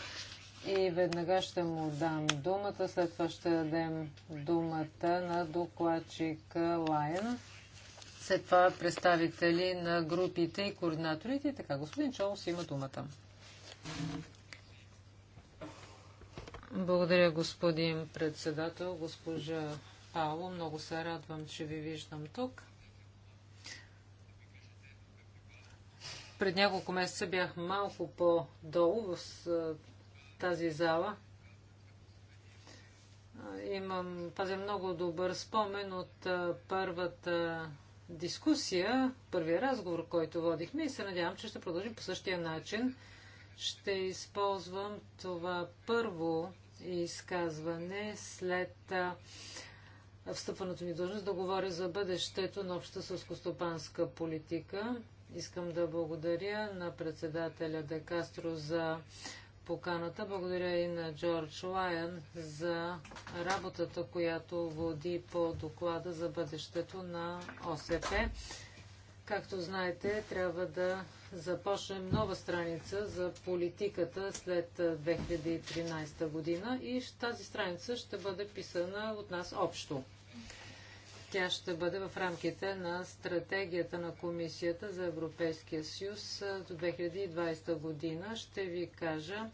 и веднага ще му дам думата. След това ще дадем думата на докладчика Лайен след това представители на групите и координаторите. И така, господин Чолос има думата. Благодаря, господин председател, госпожа Пало. Много се радвам, че ви виждам тук. Пред няколко месеца бях малко по-долу в тази зала. Имам, пазя много добър спомен от първата дискусия, първия разговор, който водихме и се надявам, че ще продължим по същия начин. Ще използвам това първо изказване след встъпването ми дължност да говоря за бъдещето на обща сълскостопанска политика. Искам да благодаря на председателя Декастро за поканата. Благодаря и на Джордж Лайън за работата, която води по доклада за бъдещето на ОСП. Както знаете, трябва да започнем нова страница за политиката след 2013 година и тази страница ще бъде писана от нас общо. Тя ще бъде в рамките на стратегията на Комисията за Европейския съюз до 2020 година. Ще ви кажа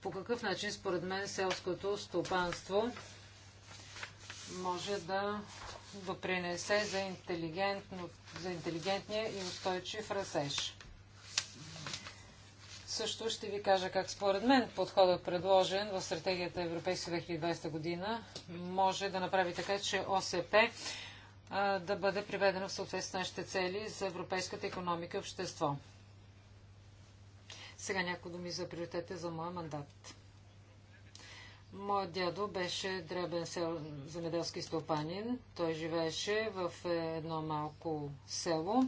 по какъв начин според мен селското стопанство може да допринесе за, за интелигентния и устойчив растеж. Също ще ви кажа как според мен подходът е предложен в стратегията Европейски 2020 година може да направи така, че ОСП да бъде приведена в съответствие с нашите цели за европейската економика и общество. Сега някои думи за приоритетите за моя мандат. Моят дядо беше дребен сел, земеделски стопанин. Той живееше в е, едно малко село.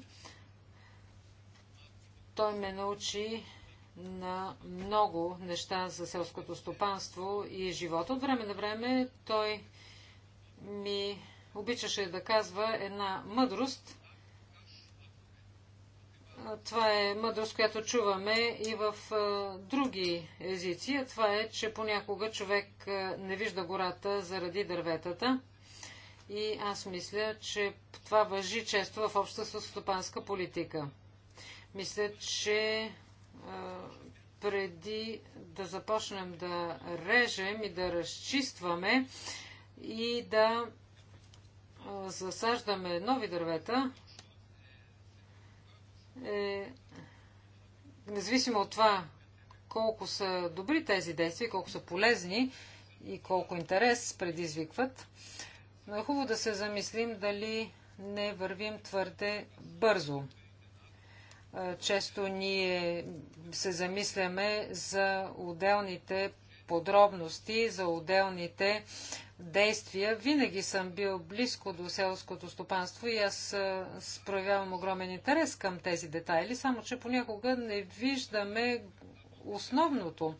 Той ме научи на много неща за селското стопанство и живота. От време на време той ми обичаше да казва една мъдрост. Това е мъдрост, която чуваме и в други езици. Това е, че понякога човек не вижда гората заради дърветата. И аз мисля, че това въжи често в обща стопанска политика. Мисля, че преди да започнем да режем и да разчистваме и да засаждаме нови дървета, е, независимо от това колко са добри тези действия, колко са полезни и колко интерес предизвикват, но е хубаво да се замислим дали не вървим твърде бързо често ние се замисляме за отделните подробности, за отделните действия. Винаги съм бил близко до селското стопанство и аз проявявам огромен интерес към тези детайли, само че понякога не виждаме основното.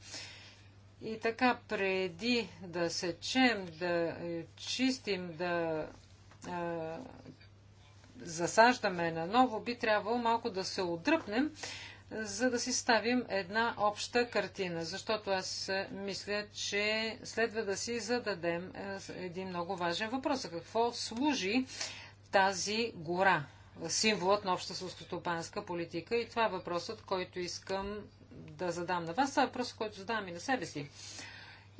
И така, преди да сечем, да е, чистим, да засаждаме наново, би трябвало малко да се отдръпнем, за да си ставим една обща картина. Защото аз е, мисля, че следва да си зададем е, един много важен въпрос. За какво служи тази гора? символът на обща сълскостопанска политика и това е въпросът, който искам да задам на вас. Това е въпросът, който задавам и на себе си.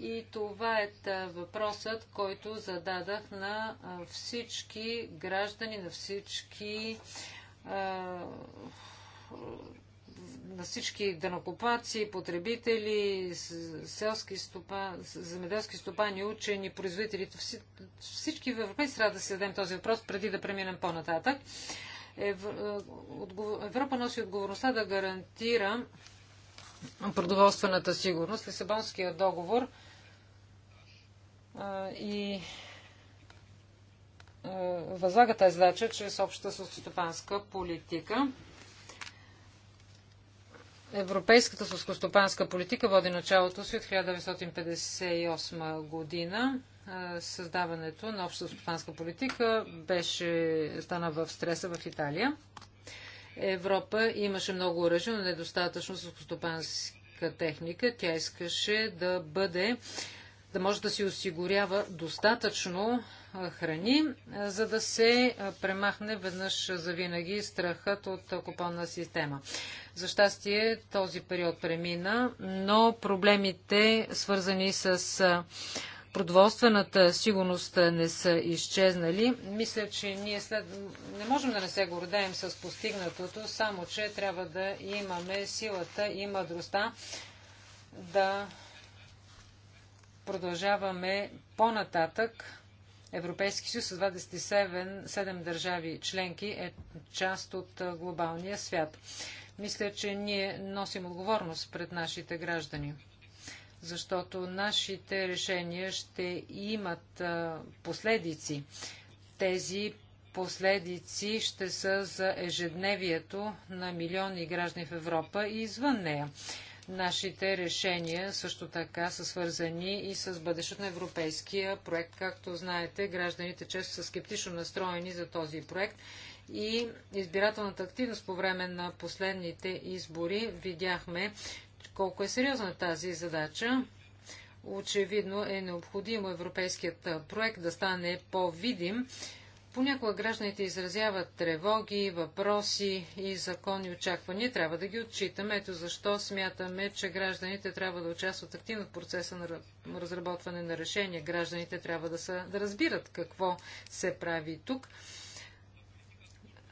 И това е въпросът, който зададах на всички граждани, на всички на всички дънокопаци, потребители, селски стопани, земеделски стопани, учени, производителите. Всички в Европейски трябва да си дадем този въпрос, преди да преминем по-нататък. Европа носи отговорността да гарантира продоволствената сигурност. Лисабонския договор и възлага тази задача чрез общата сълскостопанска политика. Европейската сълскостопанска политика води началото си от 1958 година. Създаването на общата сълскостопанска политика беше стана в стреса в Италия. Европа имаше много оръжие, но недостатъчно сълскостопанска техника. Тя искаше да бъде да може да си осигурява достатъчно храни, за да се премахне веднъж за винаги страхът от купонна система. За щастие този период премина, но проблемите свързани с продоволствената сигурност не са изчезнали. Мисля, че ние след... не можем да не се гордеем с постигнатото, само че трябва да имаме силата и мъдростта да Продължаваме по-нататък. Европейски съюз с 27 7 държави членки е част от глобалния свят. Мисля, че ние носим отговорност пред нашите граждани, защото нашите решения ще имат последици. Тези последици ще са за ежедневието на милиони граждани в Европа и извън нея. Нашите решения също така са свързани и с бъдещето на европейския проект. Както знаете, гражданите често са скептично настроени за този проект и избирателната активност по време на последните избори видяхме колко е сериозна тази задача. Очевидно е необходимо европейският проект да стане по-видим Понякога гражданите изразяват тревоги, въпроси и законни очаквания. Трябва да ги отчитаме. Ето защо смятаме, че гражданите трябва да участват активно в процеса на разработване на решения. Гражданите трябва да, са, да разбират какво се прави тук.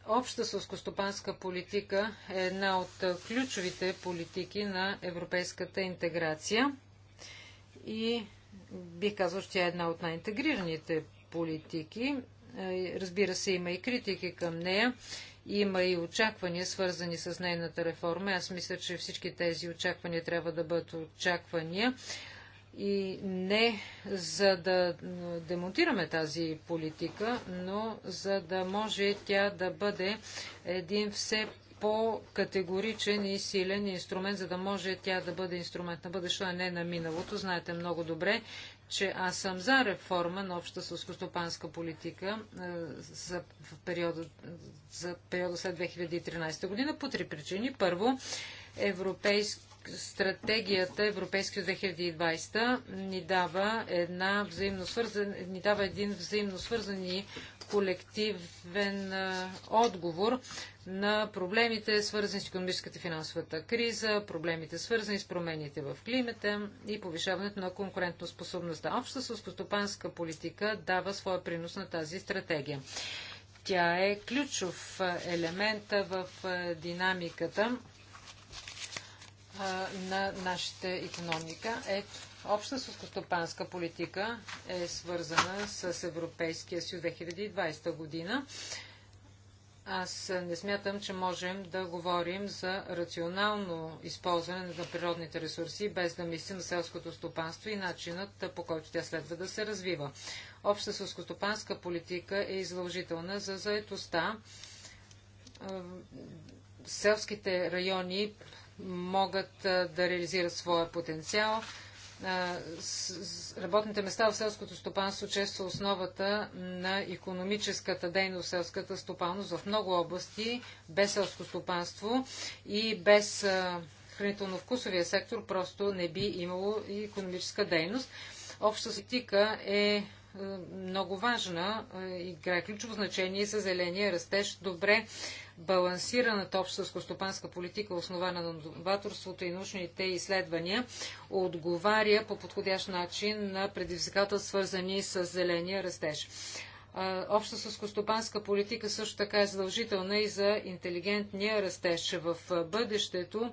Обща сълскостопанска политика е една от ключовите политики на европейската интеграция и бих казал, че тя е една от най-интегрираните политики е, разбира се, има и критики към нея. Има и очаквания, свързани с нейната реформа. Аз мисля, че всички тези очаквания трябва да бъдат очаквания. И не за да е, демонтираме тази политика, но за да може тя да бъде един все по-категоричен и силен инструмент, за да може тя да бъде инструмент на бъдещето, а не на миналото. Знаете много добре, че аз съм за реформа на обща сълскостопанска политика е, за периода, за периода след 2013 година по три причини. Първо, европейски стратегията Европейски 2020 ни дава, една взаимно свързан, ни дава един взаимно свързани колективен е, отговор на проблемите, свързани с економическата и финансовата криза, проблемите, свързани с промените в климата и повишаването на конкурентоспособността. Обща сълскостопанска политика дава своя принос на тази стратегия. Тя е ключов елемент в динамиката на нашата економика. Ето, обща сълскостопанска политика е свързана с Европейския съюз 2020 година аз не смятам, че можем да говорим за рационално използване на природните ресурси, без да мислим за селското стопанство и начинът по който тя следва да се развива. Обща селскостопанска политика е изложителна за заетостта. Селските райони могат да реализират своя потенциал работните места в селското стопанство често основата на економическата дейност в селската стопанност в много области, без селско стопанство и без хранително-вкусовия сектор просто не би имало и економическа дейност. Обща политика е е, много важна. Е, играе ключово значение за зеления растеж. Добре балансираната обща скостопанска политика, основана на новаторството и научните изследвания, отговаря по подходящ начин на предизвикателства, свързани с зеления растеж. Е, обща съскостопанска политика също така е задължителна и за интелигентния растеж. В бъдещето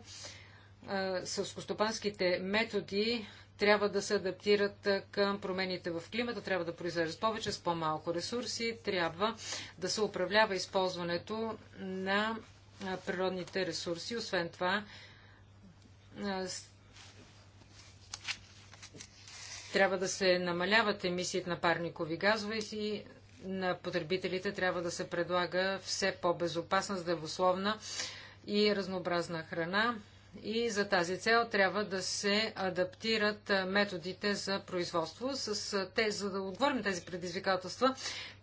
съскостопанските методи трябва да се адаптират към промените в климата, трябва да произвеждат повече с по-малко ресурси, трябва да се управлява използването на природните ресурси. Освен това, трябва да се намаляват емисиите на парникови газове и на потребителите трябва да се предлага все по-безопасна, здравословна и разнообразна храна. И за тази цел трябва да се адаптират методите за производство. С те, за да отговорим тези предизвикателства,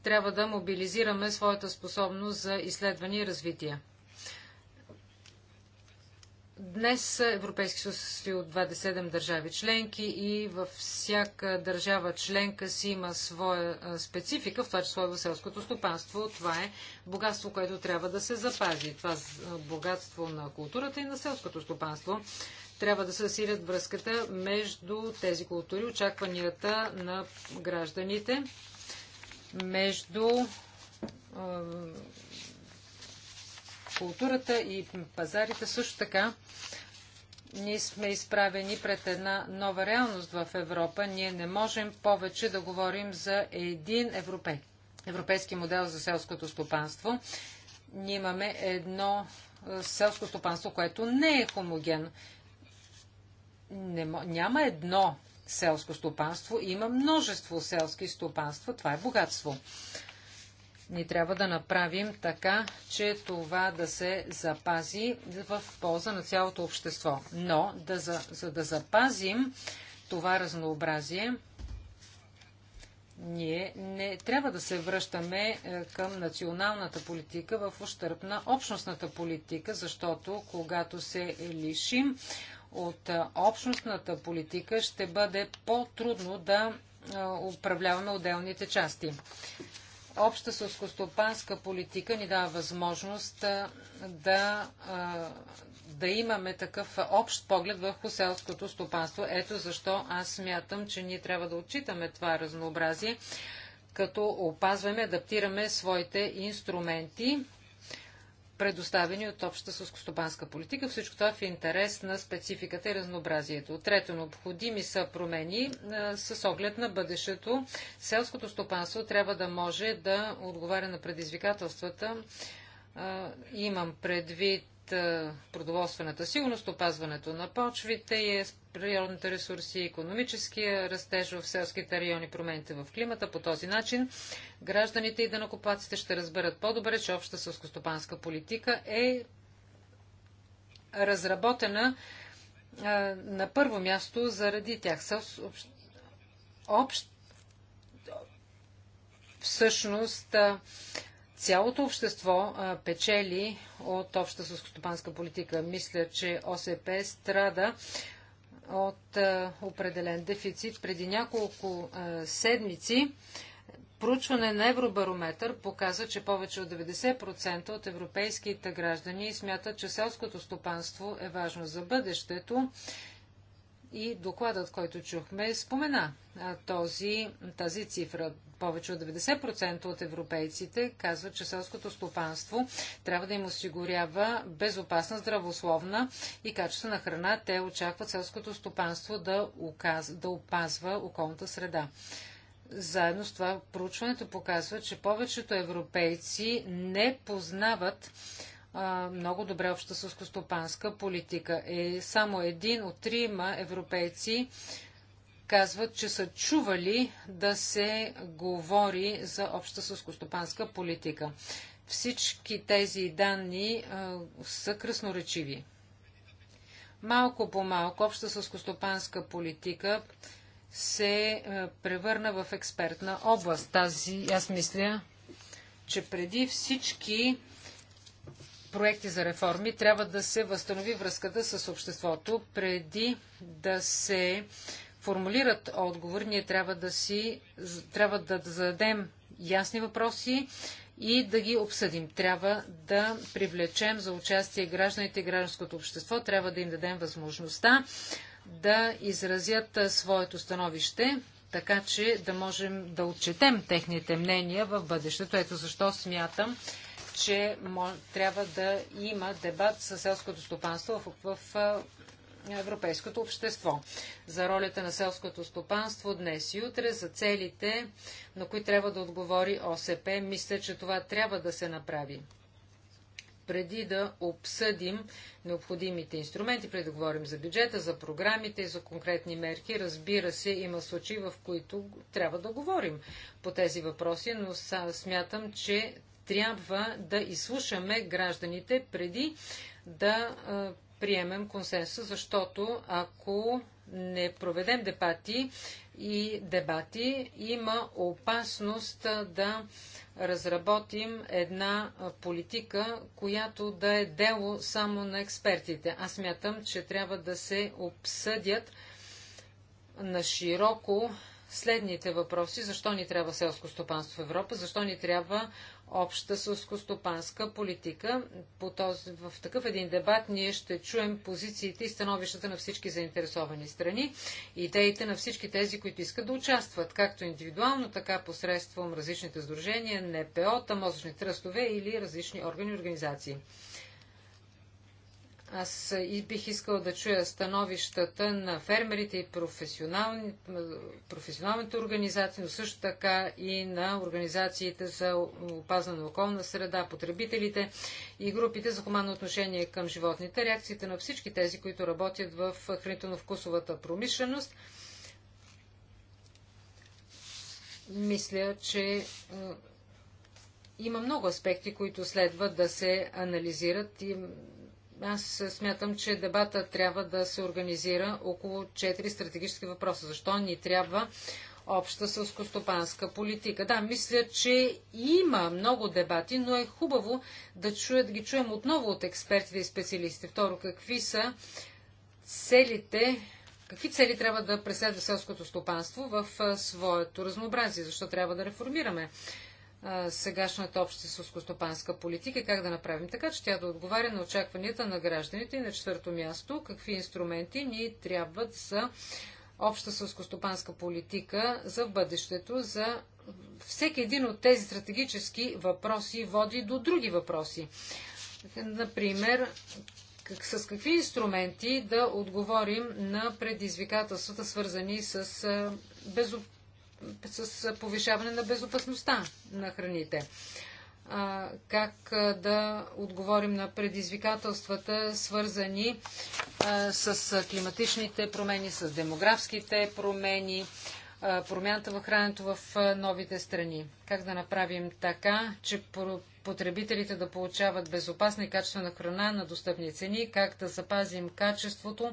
трябва да мобилизираме своята способност за изследване и развитие. Днес Европейски съюз си от 27 държави членки и във всяка държава членка си има своя специфика, в това число и в селското стопанство. Това е богатство, което трябва да се запази. Това е богатство на културата и на селското стопанство. Трябва да се засилят връзката между тези култури, очакванията на гражданите, между културата и пазарите. Също така, ние сме изправени пред една нова реалност в Европа. Ние не можем повече да говорим за един европей, европейски модел за селското стопанство. Ние имаме едно е, селско стопанство, което не е хомогенно. Не, няма едно селско стопанство, има множество селски стопанства. Това е богатство ни трябва да направим така, че това да се запази в полза на цялото общество. Но, да, за, за да запазим това разнообразие, ние не трябва да се връщаме е, към националната политика в ущърп на общностната политика, защото когато се лишим от е, общностната политика, ще бъде по-трудно да е, управляваме отделните части. Обща сълскостопанска политика ни дава възможност да, да имаме такъв общ поглед върху селското стопанство. Ето защо аз смятам, че ние трябва да отчитаме това разнообразие, като опазваме, адаптираме своите инструменти предоставени от общата сълскостопанска политика. Всичко това е в интерес на спецификата и разнообразието. Трето, необходими са промени а, с оглед на бъдещето. Селското стопанство трябва да може да отговаря на предизвикателствата. А, имам предвид продоволствената сигурност, опазването на почвите и е природните ресурси, економическия растеж в селските райони, промените в климата. По този начин гражданите и данакопаците ще разберат по-добре, че обща сълскостопанска политика е разработена а, на първо място заради тях. общ, общ всъщност а, цялото общество печели от обща сълскостопанска политика. Мисля, че ОСП страда от определен дефицит. Преди няколко седмици проучване на Евробарометър показва, че повече от 90% от европейските граждани смятат, че селското стопанство е важно за бъдещето и докладът, който чухме, спомена този, тази цифра. Повече от 90% от европейците казват, че селското стопанство трябва да им осигурява безопасна, здравословна и качествена храна. Те очакват селското стопанство да, указ, да опазва околната среда. Заедно с това проучването показва, че повечето европейци не познават много добре обща сълскостопанска политика. Е, само един от трима европейци казват, че са чували да се говори за обща сълскостопанска политика. Всички тези данни а, са кръсноречиви. Малко по малко обща сълскостопанска политика се а, превърна в експертна област. Тази, аз мисля, че преди всички проекти за реформи, трябва да се възстанови връзката с обществото. Преди да се формулират отговори, ние трябва да си трябва да зададем ясни въпроси и да ги обсъдим. Трябва да привлечем за участие гражданите и гражданското общество, трябва да им дадем възможността да изразят своето становище, така че да можем да отчетем техните мнения в бъдещето. Ето защо смятам, че трябва да има дебат със селското стопанство в, в европейското общество. За ролята на селското стопанство днес и утре, за целите, на които трябва да отговори ОСП, мисля, че това трябва да се направи. Преди да обсъдим необходимите инструменти, преди да говорим за бюджета, за програмите и за конкретни мерки, разбира се, има случаи, в които трябва да говорим по тези въпроси, но смятам, че трябва да изслушаме гражданите преди да приемем консенсус, защото ако не проведем дебати и дебати, има опасност да разработим една политика, която да е дело само на експертите. Аз мятам, че трябва да се обсъдят на широко следните въпроси. Защо ни трябва селско стопанство в Европа? Защо ни трябва обща сълскостопанска политика. По този, в такъв един дебат ние ще чуем позициите и становищата на всички заинтересовани страни, идеите на всички тези, които искат да участват, както индивидуално, така посредством различните сдружения, НПО, тамозъчни тръстове или различни органи и организации. Аз и бих искал да чуя становищата на фермерите и професионални, професионалните организации, но също така и на организациите за опазване на околна среда, потребителите и групите за хуманно отношение към животните, реакциите на всички тези, които работят в хранително-вкусовата промишленост. Мисля, че е, има много аспекти, които следва да се анализират и аз смятам, че дебата трябва да се организира около четири стратегически въпроса. Защо ни трябва обща сълскостопанска политика? Да, мисля, че има много дебати, но е хубаво да, чуя, да ги чуем отново от експертите и специалисти. Второ, какви са целите какви цели трябва да преследва селското стопанство в своето разнообразие, защо трябва да реформираме сегашната обща сълскостопанска политика, как да направим така, че тя да отговаря на очакванията на гражданите. И на четвърто място, какви инструменти ни трябват за обща сълскостопанска политика за бъдещето, за всеки един от тези стратегически въпроси води до други въпроси. Например, как, с какви инструменти да отговорим на предизвикателствата, свързани с безопасността с повишаване на безопасността на храните. А, как да отговорим на предизвикателствата, свързани а, с климатичните промени, с демографските промени, а, промяната в хрането в новите страни. Как да направим така, че потребителите да получават безопасна и качествена храна на достъпни цени, как да запазим качеството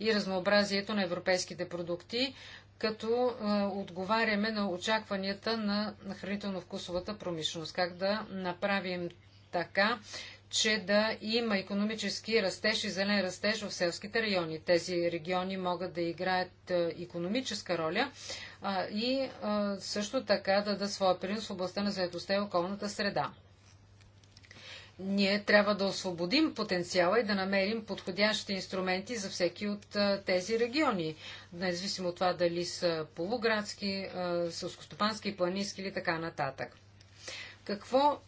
и разнообразието на европейските продукти, като отговаряме на очакванията на хранително-вкусовата промишленост. Как да направим така, че да има економически растеж и зелен растеж в селските райони. Тези региони могат да играят економическа роля а, и а, също така да дадат своя принос в областта на заедостта и околната среда. Ние трябва да освободим потенциала и да намерим подходящите инструменти за всеки от тези региони, независимо от това дали са полуградски, сълскостопански, планински или така нататък. Какво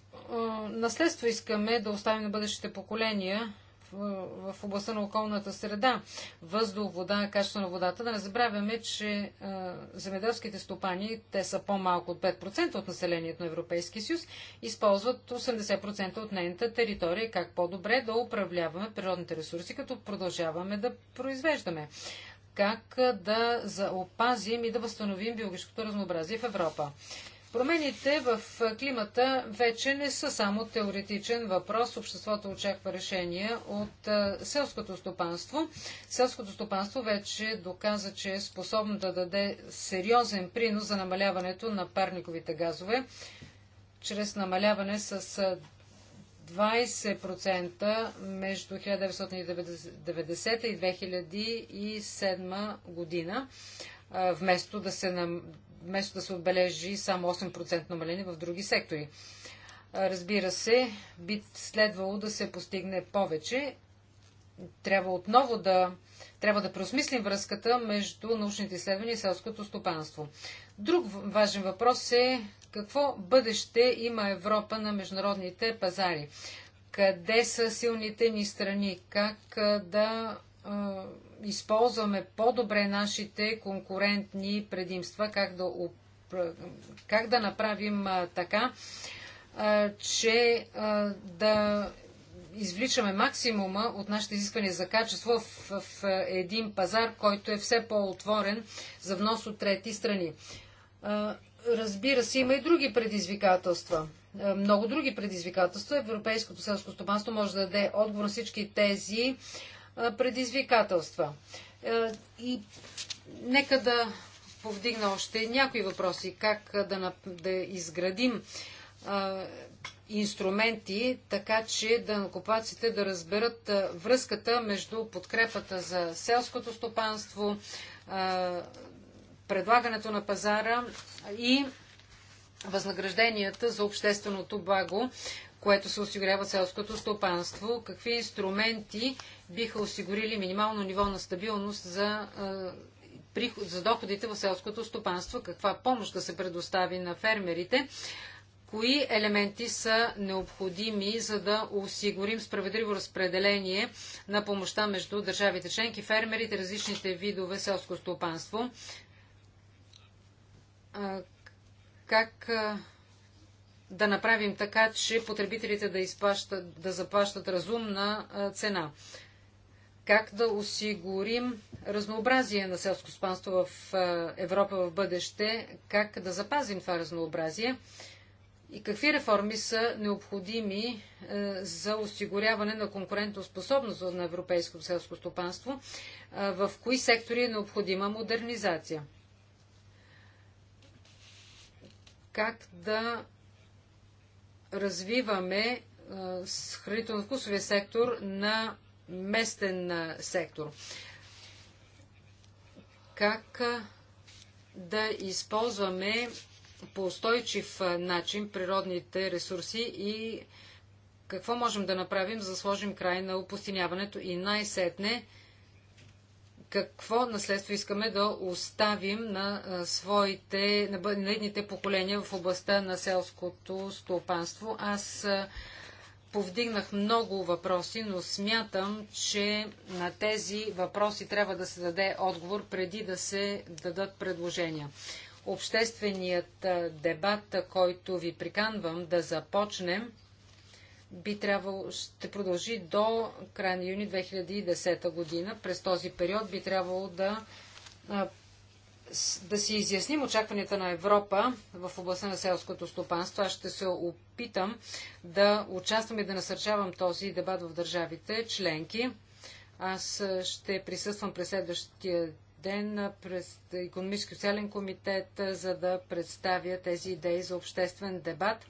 наследство искаме да оставим на бъдещите поколения в областта на околната среда, въздух, вода, качество на водата. Да не забравяме, че а, е, земеделските стопани, те са по-малко от 5% от населението на Европейския съюз, използват 80% от нейната територия. Как по-добре да управляваме природните ресурси, като продължаваме да произвеждаме как е, да заопазим и да възстановим биологическото разнообразие в Европа. Промените в климата вече не са само теоретичен въпрос. Обществото очаква решения от селското стопанство. Селското стопанство вече доказа, че е способно да даде сериозен принос за намаляването на парниковите газове чрез намаляване с 20% между 1990 и 2007 година, вместо да се, нам вместо да се отбележи само 8% намаление в други сектори. Разбира се, би следвало да се постигне повече. Трябва отново да, трябва да преосмислим връзката между научните изследвания и селското стопанство. Друг важен въпрос е какво бъдеще има Европа на международните пазари? Къде са силните ни страни? Как да използваме по-добре нашите конкурентни предимства, как да, как да направим така, че да извличаме максимума от нашите изисквания за качество в, в един пазар, който е все по-отворен за внос от трети страни. Разбира се, има и други предизвикателства. Много други предизвикателства. Европейското селско стопанство може да даде отговор на всички тези предизвикателства. Е, и нека да повдигна още някои въпроси. Как да, да изградим а, инструменти, така че да накопаците да разберат а, връзката между подкрепата за селското стопанство, а, предлагането на пазара и възнагражденията за общественото благо, което се осигурява селското стопанство, какви инструменти биха осигурили минимално ниво на стабилност за, за доходите в селското стопанство, каква помощ да се предостави на фермерите, кои елементи са необходими, за да осигурим справедливо разпределение на помощта между държавите членки, фермерите, различните видове селско стопанство. Как да направим така, че потребителите да, изплащат, да заплащат разумна цена. Как да осигурим разнообразие на селско спанство в Европа в бъдеще? Как да запазим това разнообразие? И какви реформи са необходими за осигуряване на конкурентоспособност на европейското селско стопанство? В кои сектори е необходима модернизация? Как да развиваме е, хранително-вкусовия сектор на местен е, сектор. Как е, да използваме по устойчив начин природните ресурси и какво можем да направим за да сложим край на опустиняването и най-сетне какво наследство искаме да оставим на своите, на бъдните поколения в областта на селското стопанство. Аз повдигнах много въпроси, но смятам, че на тези въпроси трябва да се даде отговор преди да се дадат предложения. Общественият дебат, който ви приканвам да започнем, би трябвало, ще продължи до края на юни 2010 година. През този период би трябвало да, да си изясним очакванията на Европа в областта на селското стопанство. Аз ще се опитам да участвам и да насърчавам този дебат в държавите членки. Аз ще присъствам през следващия ден през економически социален комитет, за да представя тези идеи за обществен дебат –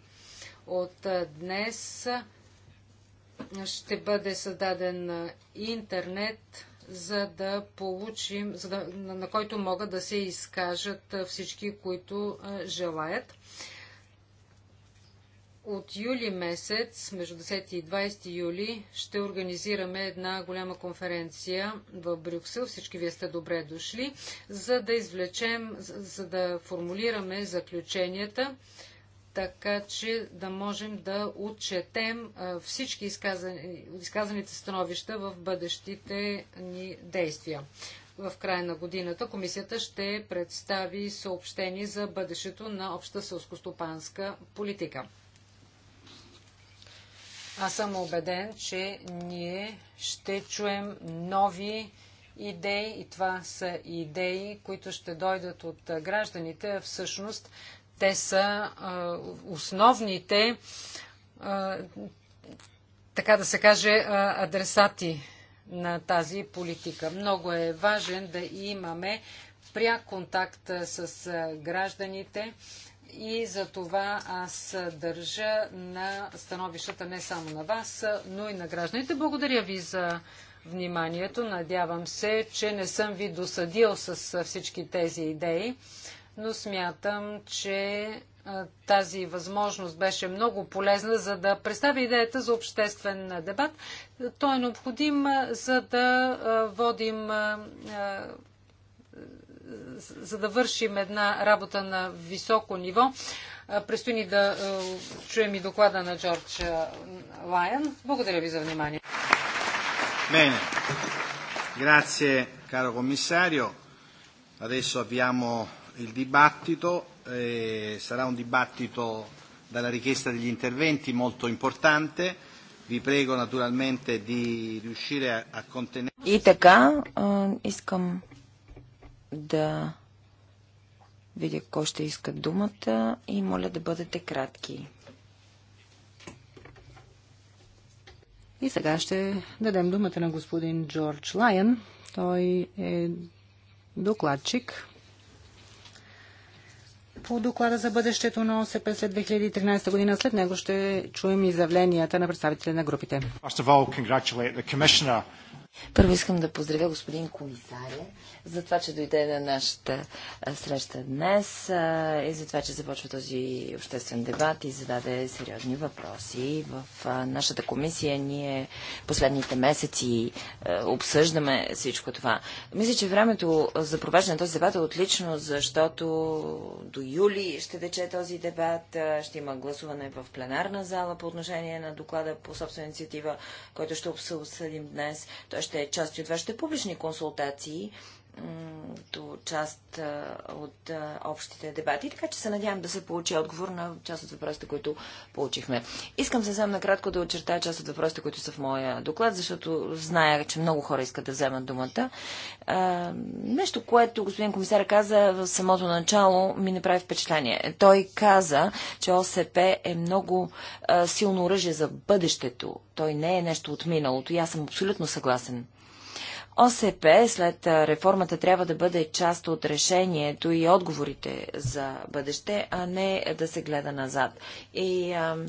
от днес ще бъде създаден интернет, за да получим, за да, на който могат да се изкажат всички, които желаят. От юли месец, между 10 и 20 юли, ще организираме една голяма конференция в Брюксел. Всички вие сте добре дошли, за да извлечем, за да формулираме заключенията така че да можем да отчетем всички изказани, изказаните становища в бъдещите ни действия. В края на годината комисията ще представи съобщение за бъдещето на обща селскостопанска политика. Аз съм убеден, че ние ще чуем нови идеи и това са идеи, които ще дойдат от гражданите. Всъщност те са основните, така да се каже, адресати на тази политика. Много е важен да имаме пряк контакт с гражданите и за това аз държа на становищата не само на вас, но и на гражданите. Благодаря ви за вниманието. Надявам се, че не съм ви досъдил с всички тези идеи но смятам, че тази възможност беше много полезна, за да представя идеята за обществен дебат. Той е необходим, за да водим, за да вършим една работа на високо ниво. Престои ни да чуем и доклада на Джордж Лайън. Благодаря ви за внимание. Мене. Грация, каро комисарио. Adesso abbiamo il dibattito. Eh, sarà un dibattito dalla richiesta degli interventi molto importante. Ви prego naturalmente di riuscire a, a contenere. И така, искам да видя кой ще иска думата и моля да бъдете кратки. И сега ще дадем думата на господин Джордж Лайън. Той е докладчик по доклада за бъдещето на ОСП след 2013 година. След него ще чуем изявленията на представители на групите. All, Първо искам да поздравя господин комисаря за това, че дойде на нашата среща днес и за това, че започва този обществен дебат и зададе сериозни въпроси. В нашата комисия ние последните месеци обсъждаме всичко това. Мисля, че времето за провеждане на този дебат е отлично, защото до юли ще тече този дебат, ще има гласуване в пленарна зала по отношение на доклада по собствена инициатива, който ще обсъдим днес. Той ще е част от вашите публични консултации като част от общите дебати. Така че се надявам да се получи отговор на част от въпросите, които получихме. Искам съвсем накратко да очертая част от въпросите, които са в моя доклад, защото зная, че много хора искат да вземат думата. нещо, което господин комисар каза в самото начало, ми направи впечатление. Той каза, че ОСП е много силно оръжие за бъдещето. Той не е нещо от миналото и аз съм абсолютно съгласен. ОСП след реформата трябва да бъде част от решението и отговорите за бъдеще, а не да се гледа назад. И ам,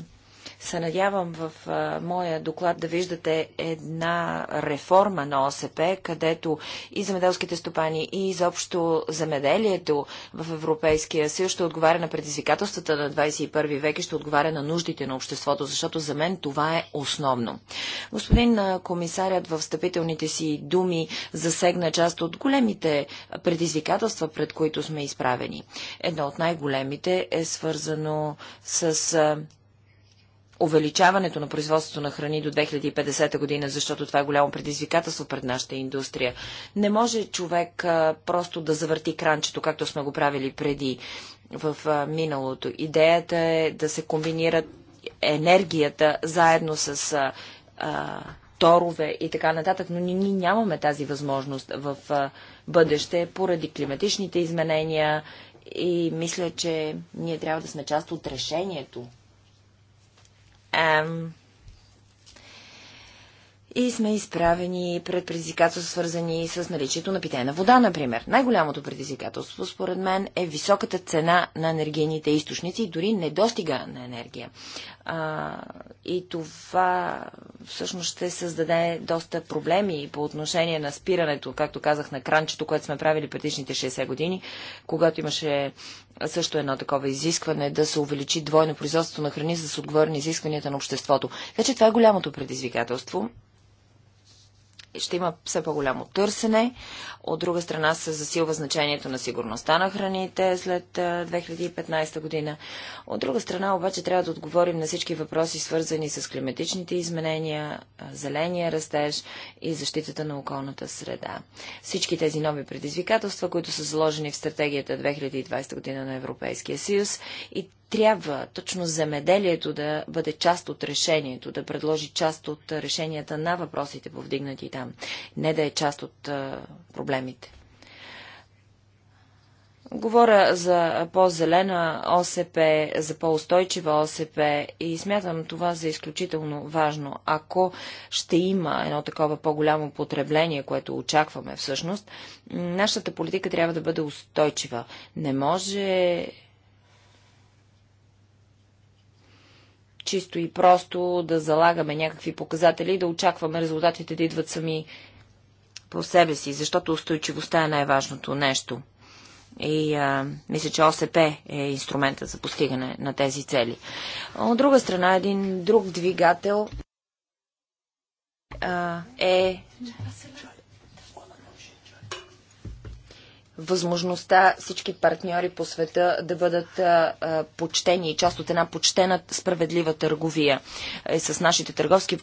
се надявам в а, моя доклад да виждате една реформа на ОСП, където и земеделските стопани, и изобщо земеделието в Европейския съюз ще отговаря на предизвикателствата на 21 век и ще отговаря на нуждите на обществото, защото за мен това е основно. Господин комисарят в встъпителните си думи засегна част от големите предизвикателства, пред които сме изправени. Едно от най-големите е свързано с а, увеличаването на производството на храни до 2050 година, защото това е голямо предизвикателство пред нашата индустрия. Не може човек а, просто да завърти кранчето, както сме го правили преди в а, миналото. Идеята е да се комбинират енергията заедно с а, а, торове и така нататък, но ние ни нямаме тази възможност в а, бъдеще поради климатичните изменения и мисля, че ние трябва да сме част от решението Ам и сме изправени пред предизвикателства, свързани с наличието на питейна вода, например. Най-голямото предизвикателство, според мен, е високата цена на енергийните източници и дори недостига на енергия. А, и това всъщност ще създаде доста проблеми по отношение на спирането, както казах, на кранчето, което сме правили предишните 60 години, когато имаше също едно такова изискване да се увеличи двойно производство на храни, за да се отговори на изискванията на обществото. Така че това е голямото предизвикателство ще има все по-голямо търсене. От друга страна се засилва значението на сигурността на храните след 2015 година. От друга страна обаче трябва да отговорим на всички въпроси, свързани с климатичните изменения, зеления растеж и защитата на околната среда. Всички тези нови предизвикателства, които са заложени в стратегията 2020 година на Европейския съюз и трябва точно земеделието да бъде част от решението, да предложи част от решенията на въпросите, повдигнати там, не да е част от проблемите. Говоря за по-зелена ОСП, за по-устойчива ОСП и смятам това за изключително важно. Ако ще има едно такова по-голямо потребление, което очакваме всъщност, нашата политика трябва да бъде устойчива. Не може чисто и просто да залагаме някакви показатели и да очакваме резултатите да идват сами по себе си, защото устойчивостта е най-важното нещо. И а, мисля, че ОСП е инструмента за постигане на тези цели. От друга страна, един друг двигател а, е възможността всички партньори по света да бъдат а, почтени и част от една почтена, справедлива търговия. Е, с нашите търговски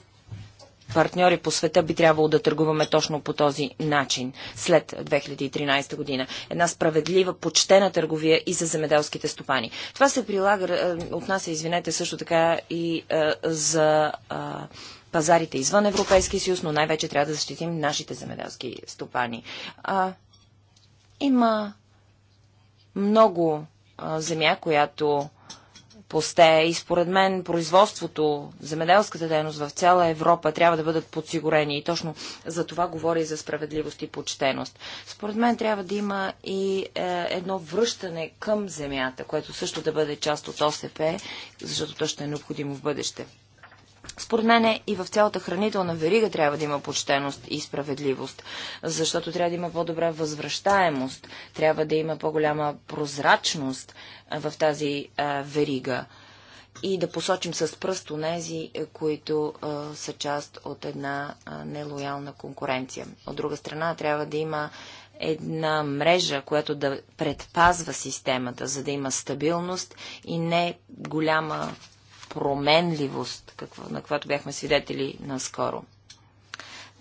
партньори по света би трябвало да търгуваме точно по този начин след 2013 година. Една справедлива, почтена търговия и за земеделските стопани. Това се прилага, отнася, извинете, също така и а, за а, пазарите извън Европейския съюз, но най-вече трябва да защитим нашите земеделски стопани. А, има много а, земя, която постее, и според мен производството, земеделската дейност в цяла Европа трябва да бъдат подсигурени и точно за това говори за справедливост и почтеност. Според мен трябва да има и е, едно връщане към земята, което също да бъде част от ОСП, защото то ще е необходимо в бъдеще. Според мен и в цялата хранителна верига трябва да има почтеност и справедливост, защото трябва да има по-добра възвръщаемост, трябва да има по-голяма прозрачност в тази а, верига и да посочим с пръст онези, е, които а, са част от една а, нелоялна конкуренция. От друга страна, трябва да има една мрежа, която да предпазва системата, за да има стабилност и не голяма променливост, какво, на която бяхме свидетели наскоро.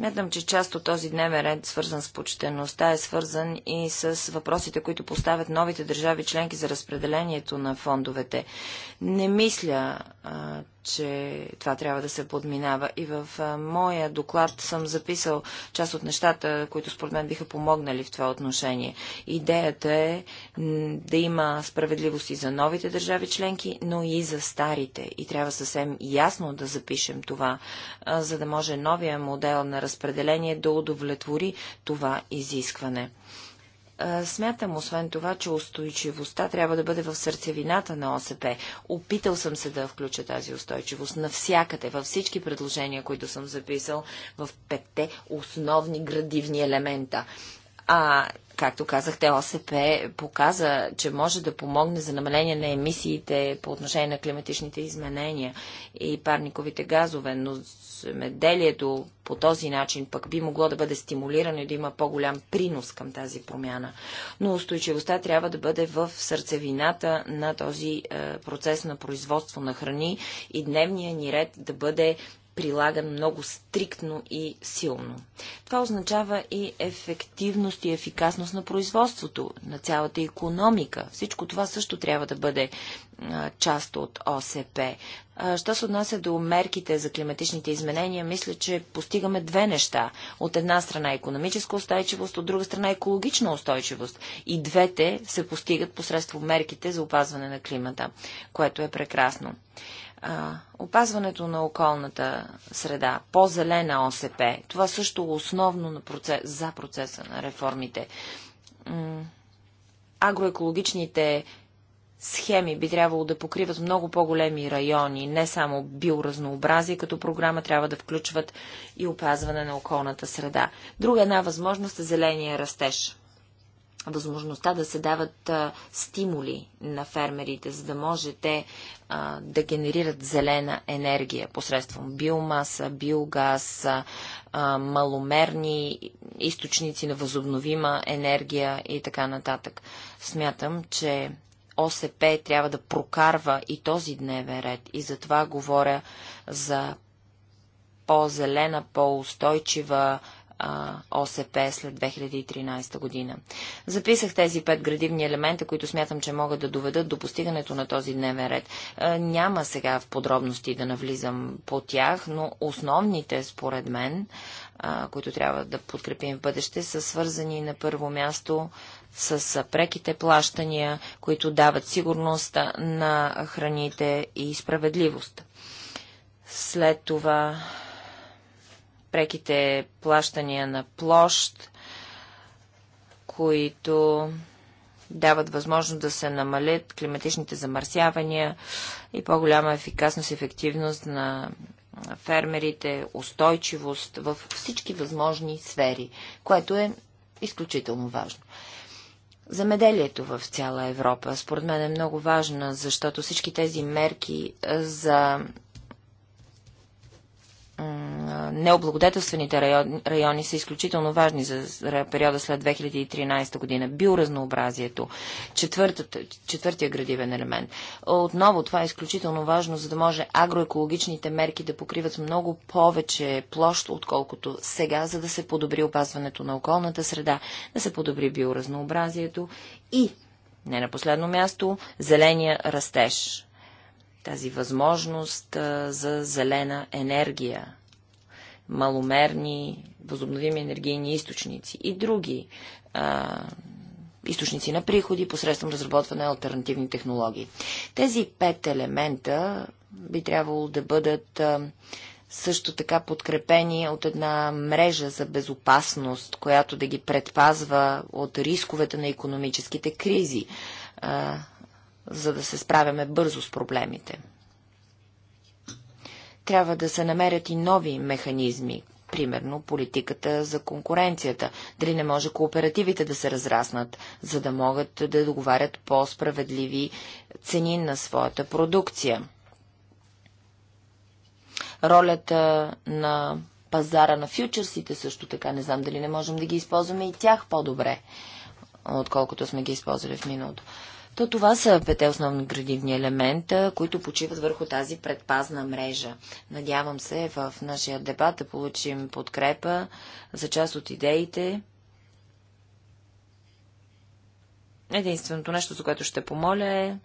Мятам, че част от този дневен ред, свързан с почтеността, е свързан и с въпросите, които поставят новите държави членки за разпределението на фондовете. Не мисля, че това трябва да се подминава. И в а, моя доклад съм записал част от нещата, които според мен биха помогнали в това отношение. Идеята е да има справедливост и за новите държави членки, но и за старите. И трябва съвсем ясно да запишем това, а, за да може новия модел на разпределение да удовлетвори това изискване. Смятам, освен това, че устойчивостта трябва да бъде в сърцевината на ОСП. Опитал съм се да включа тази устойчивост навсякъде, във всички предложения, които съм записал в петте основни градивни елемента. А, както казахте, ОСП показа, че може да помогне за намаление на емисиите по отношение на климатичните изменения и парниковите газове, но земеделието по този начин пък би могло да бъде стимулирано и да има по-голям принос към тази промяна. Но устойчивостта трябва да бъде в сърцевината на този е, процес на производство на храни и дневния ни ред да бъде прилаган много стриктно и силно. Това означава и ефективност и ефикасност на производството, на цялата економика. Всичко това също трябва да бъде а, част от ОСП. А, що се отнася до мерките за климатичните изменения, мисля, че постигаме две неща. От една страна економическа устойчивост, от друга страна екологична устойчивост. И двете се постигат посредством мерките за опазване на климата, което е прекрасно а, опазването на околната среда, по-зелена ОСП, това също е основно на процес, за процеса на реформите. М агроекологичните схеми би трябвало да покриват много по-големи райони, не само биоразнообразие като програма, трябва да включват и опазване на околната среда. Друга една възможност е зеления растеж възможността да се дават а, стимули на фермерите, за да може те а, да генерират зелена енергия посредством биомаса, биогаз, а, маломерни източници на възобновима енергия и така нататък. Смятам, че ОСП трябва да прокарва и този дневен ред. И затова говоря за по-зелена, по-устойчива а, ОСП след 2013 година. Записах тези пет градивни елемента, които смятам, че могат да доведат до постигането на този дневен ред. А, няма сега в подробности да навлизам по тях, но основните, според мен, а, които трябва да подкрепим в бъдеще, са свързани на първо място с преките плащания, които дават сигурност на храните и справедливост. След това преките плащания на площ, които дават възможност да се намалят климатичните замърсявания и по-голяма ефикасност, и ефективност на фермерите, устойчивост във всички възможни сфери, което е изключително важно. Замеделието в цяла Европа, според мен е много важно, защото всички тези мерки за необлагодетелствените райони, райони са изключително важни за периода след 2013 година. Биоразнообразието, четвъртия градивен елемент. Отново това е изключително важно, за да може агроекологичните мерки да покриват много повече площ, отколкото сега, за да се подобри опазването на околната среда, да се подобри биоразнообразието и не на последно място, зеления растеж тази възможност за зелена енергия, маломерни възобновими енергийни източници и други а, източници на приходи посредством разработване на альтернативни технологии. Тези пет елемента би трябвало да бъдат а, също така подкрепени от една мрежа за безопасност, която да ги предпазва от рисковете на економическите кризи. А, за да се справяме бързо с проблемите. Трябва да се намерят и нови механизми, примерно политиката за конкуренцията. Дали не може кооперативите да се разраснат, за да могат да договарят по-справедливи цени на своята продукция. Ролята на пазара на фьючерсите също така. Не знам дали не можем да ги използваме и тях по-добре, отколкото сме ги използвали в миналото. То това са пете основни градивни елемента, които почиват върху тази предпазна мрежа. Надявам се в нашия дебат да получим подкрепа за част от идеите. Единственото нещо, за което ще помоля е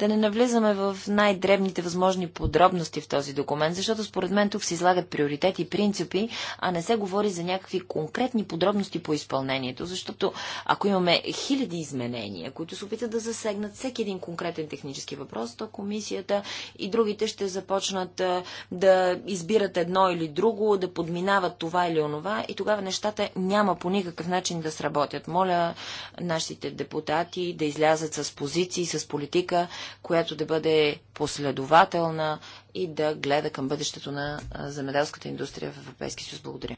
да не навлизаме в най-дребните възможни подробности в този документ, защото според мен тук се излагат приоритети и принципи, а не се говори за някакви конкретни подробности по изпълнението, защото ако имаме хиляди изменения, които се опитат да засегнат всеки един конкретен технически въпрос, то комисията и другите ще започнат да избират едно или друго, да подминават това или онова и тогава нещата няма по никакъв начин да сработят. Моля нашите депутати да излязат с позиции, с политика, която да бъде последователна и да гледа към бъдещето на земеделската индустрия в Европейския съюз. Благодаря.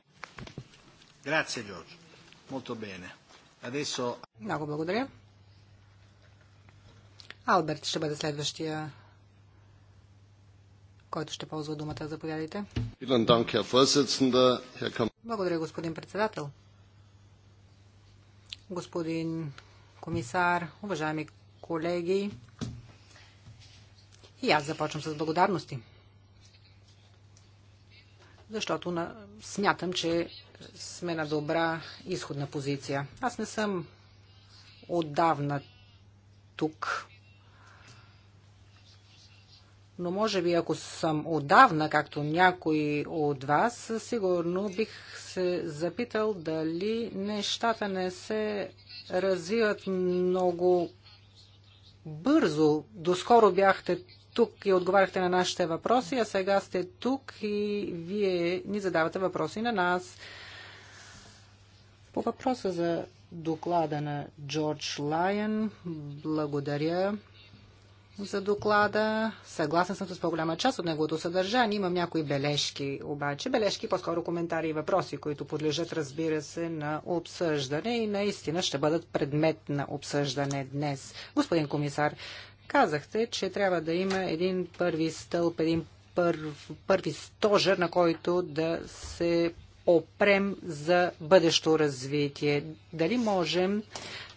Много благодаря. Алберт ще бъде следващия който ще ползва думата. Заповядайте. Благодаря, господин председател. Господин комисар, уважаеми колеги, и аз започвам с благодарности. Защото на... смятам, че сме на добра изходна позиция. Аз не съм отдавна тук. Но може би, ако съм отдавна, както някой от вас, сигурно бих се запитал дали нещата не се развиват много бързо. Доскоро бяхте тук и отговаряхте на нашите въпроси, а сега сте тук и вие ни задавате въпроси на нас. По въпроса за доклада на Джордж Лайен, благодаря за доклада. Съгласен съм с по-голяма част от неговото съдържание. Имам някои бележки, обаче бележки, по-скоро коментари и въпроси, които подлежат, разбира се, на обсъждане и наистина ще бъдат предмет на обсъждане днес. Господин комисар, Казахте, че трябва да има един първи стълб, един първ, първи стожер, на който да се опрем за бъдещо развитие. Дали можем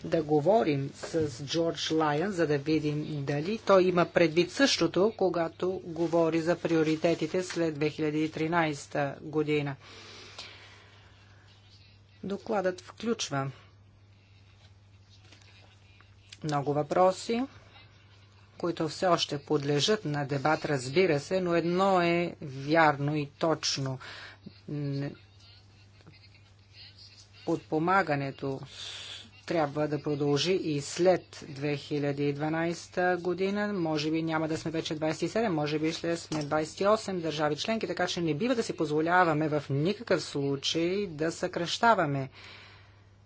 да говорим с Джордж Лайън, за да видим дали той има предвид същото, когато говори за приоритетите след 2013 година. Докладът включва много въпроси, които все още подлежат на дебат, разбира се, но едно е вярно и точно. Подпомагането трябва да продължи и след 2012 година. Може би няма да сме вече 27, може би ще сме 28 държави членки, така че не бива да си позволяваме в никакъв случай да съкръщаваме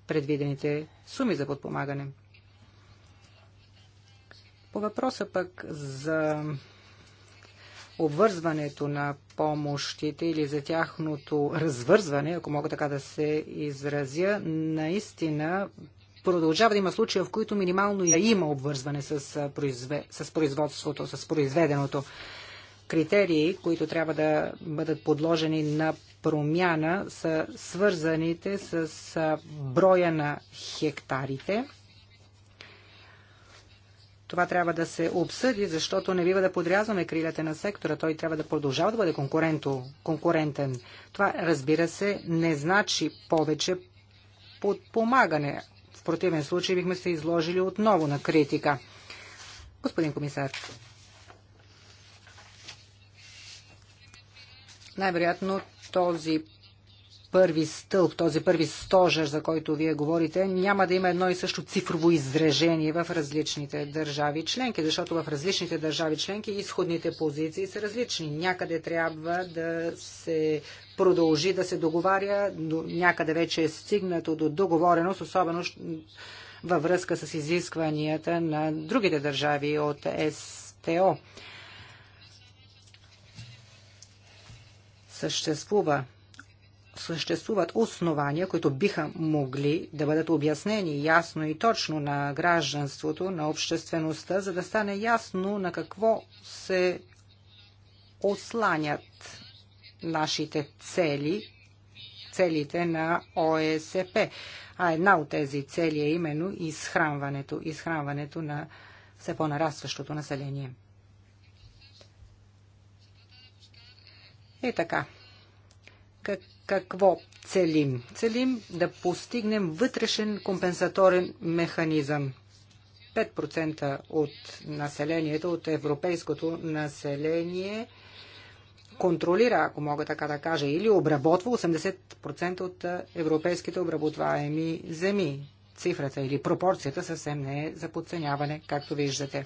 предвидените суми за подпомагане. По въпроса пък за обвързването на помощите или за тяхното развързване, ако мога така да се изразя, наистина продължава да има случаи, в които минимално и да има обвързване с, произве... с производството, с произведеното. Критерии, които трябва да бъдат подложени на промяна, са свързаните с броя на хектарите – това трябва да се обсъди, защото не бива да подрязваме крилете на сектора. Той трябва да продължава да бъде конкурентен. Това, разбира се, не значи повече подпомагане. В противен случай бихме се изложили отново на критика. Господин комисар, най-вероятно този първи стълб, този първи стожер, за който вие говорите, няма да има едно и също цифрово изражение в различните държави членки, защото в различните държави членки изходните позиции са различни. Някъде трябва да се продължи да се договаря, но някъде вече е стигнато до договореност, особено във връзка с изискванията на другите държави от СТО. Съществува съществуват основания, които биха могли да бъдат обяснени ясно и точно на гражданството, на обществеността, за да стане ясно на какво се осланят нашите цели, целите на ОСП. А една от тези цели е именно изхранването, изхранването на все по-нарастващото население. И е така. Как какво целим? Целим да постигнем вътрешен компенсаторен механизъм. 5% от населението, от европейското население контролира, ако мога така да кажа, или обработва 80% от европейските обработваеми земи. Цифрата или пропорцията съвсем не е за подценяване, както виждате.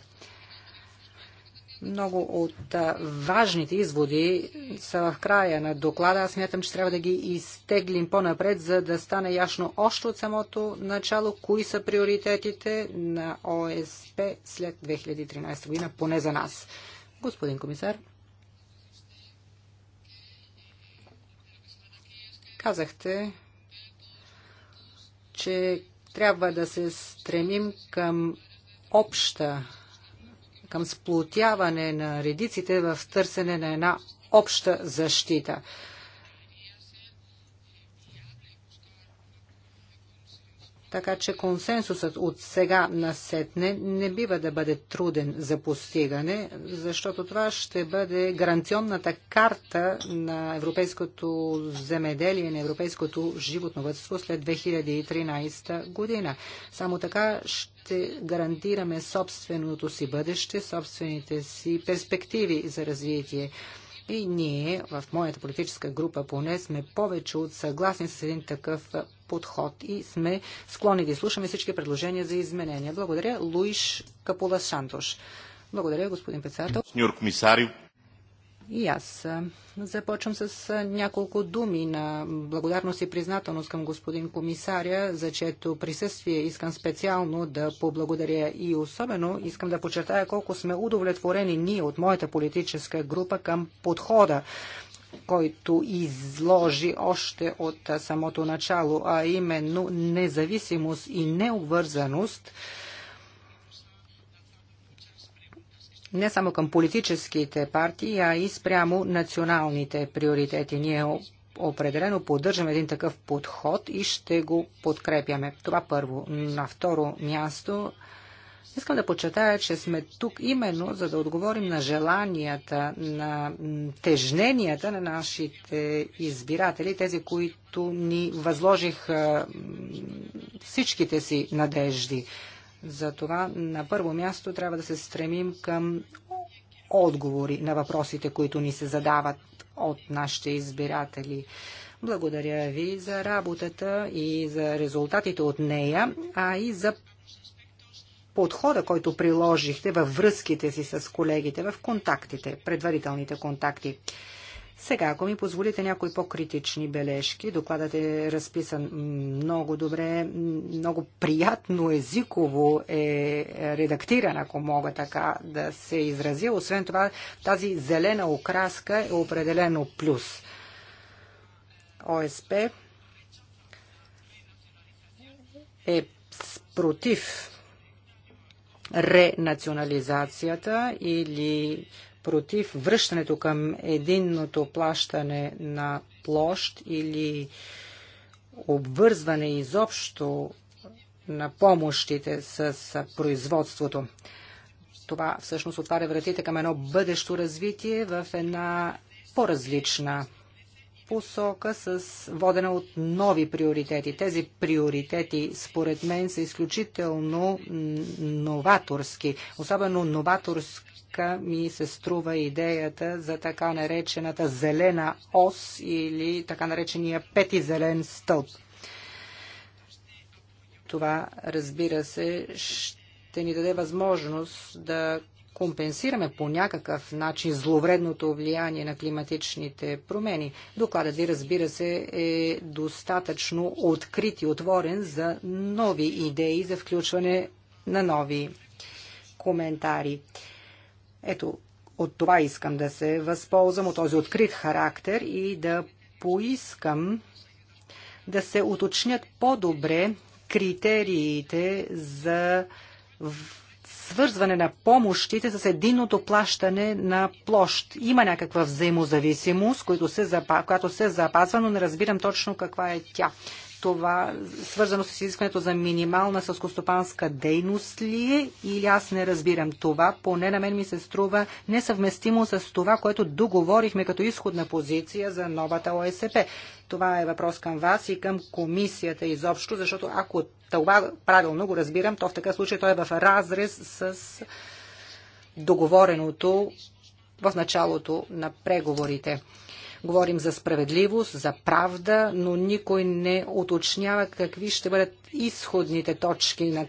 Много от важните изводи са в края на доклада. Аз мятам, че трябва да ги изтеглим по-напред, за да стане ясно още от самото начало, кои са приоритетите на ОСП след 2013 година, поне за нас. Господин комисар. Казахте, че трябва да се стремим към обща към сплотяване на редиците в търсене на една обща защита. Така че консенсусът от сега насетне не бива да бъде труден за постигане, защото това ще бъде гаранционната карта на европейското земеделие, на европейското животновътство след 2013 година. Само така ще гарантираме собственото си бъдеще, собствените си перспективи за развитие. И ние, в моята политическа група поне, сме повече от съгласни с един такъв подход и сме склонни да изслушаме всички предложения за изменения. Благодаря. Луиш Капула Сантош. Благодаря, господин председател. Сеньор комисарио, и аз започвам с няколко думи на благодарност и признателност към господин комисаря, за чието присъствие искам специално да поблагодаря и особено искам да подчертая колко сме удовлетворени ние от моята политическа група към подхода който изложи още от самото начало, а именно независимост и необвързаност не само към политическите партии, а и спрямо националните приоритети. Ние определено поддържаме един такъв подход и ще го подкрепяме. Това първо. На второ място Искам да подчертая, че сме тук именно за да отговорим на желанията, на тежненията на нашите избиратели, тези, които ни възложиха всичките си надежди. Затова на първо място трябва да се стремим към отговори на въпросите, които ни се задават от нашите избиратели. Благодаря ви за работата и за резултатите от нея, а и за подхода, който приложихте във връзките си с колегите, в контактите, предварителните контакти. Сега, ако ми позволите някои по-критични бележки, докладът е разписан много добре, много приятно езиково е редактиран, ако мога така да се изразя. Освен това, тази зелена окраска е определено плюс. ОСП е, е против ренационализацията или против връщането към единното плащане на площ или обвързване изобщо на помощите с производството. Това всъщност отваря вратите към едно бъдещо развитие в една по-различна посока, с водена от нови приоритети. Тези приоритети, според мен, са изключително новаторски. Особено новаторска ми се струва идеята за така наречената зелена ос или така наречения пети зелен стълб. Това, разбира се, ще ни даде възможност да компенсираме по някакъв начин зловредното влияние на климатичните промени. Докладът ви, разбира се, е достатъчно открит и отворен за нови идеи за включване на нови коментари. Ето, от това искам да се възползвам, от този открит характер и да поискам да се уточнят по-добре критериите за свързване на помощите с единното плащане на площ. Има някаква взаимозависимост, която се, запазва, която се запазва, но не разбирам точно каква е тя. Това свързано с изискването за минимална съскостопанска дейност ли е или аз не разбирам това, поне на мен ми се струва несъвместимо с това, което договорихме като изходна позиция за новата ОСП. Това е въпрос към вас и към комисията изобщо, защото ако това правилно го разбирам, то в такъв случай той е в разрез с договореното в началото на преговорите. Говорим за справедливост, за правда, но никой не уточнява какви ще бъдат изходните точки, на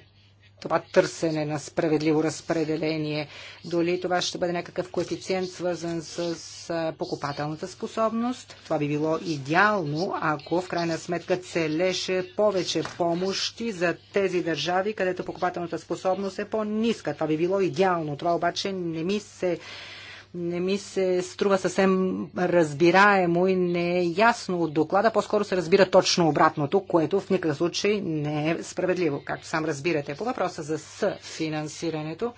това търсене на справедливо разпределение. Дали това ще бъде някакъв коефициент, свързан с покупателната способност. Това би било идеално, ако в крайна сметка целеше повече помощи за тези държави, където покупателната способност е по-ниска. Това би било идеално. Това обаче не ми се не ми се струва съвсем разбираемо и не е ясно от доклада. По-скоро се разбира точно обратното, което в никакъв случай не е справедливо, както сам разбирате. По въпроса за съфинансирането,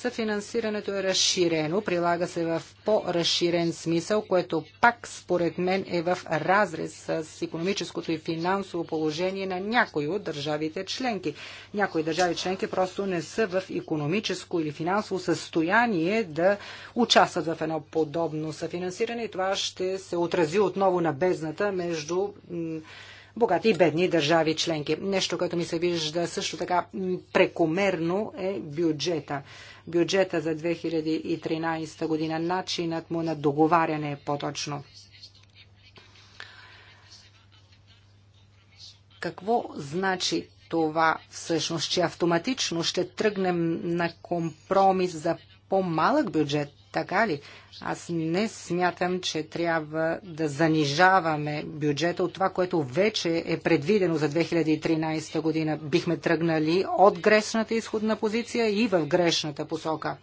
Съфинансирането е разширено, прилага се в по-разширен смисъл, което пак според мен е в разрез с економическото и финансово положение на някои от държавите членки. Някои държави членки просто не са в економическо или финансово състояние да участват в едно подобно съфинансиране и това ще се отрази отново на бездната между богати и бедни държави членки. Нещо, което ми се вижда също така прекомерно е бюджета. Бюджета за 2013 година, начинът му на договаряне е по-точно. Какво значи това всъщност, че автоматично ще тръгнем на компромис за по-малък бюджет така ли? Аз не смятам, че трябва да занижаваме бюджета от това, което вече е предвидено за 2013 година. Бихме тръгнали от грешната изходна позиция и в грешната посока.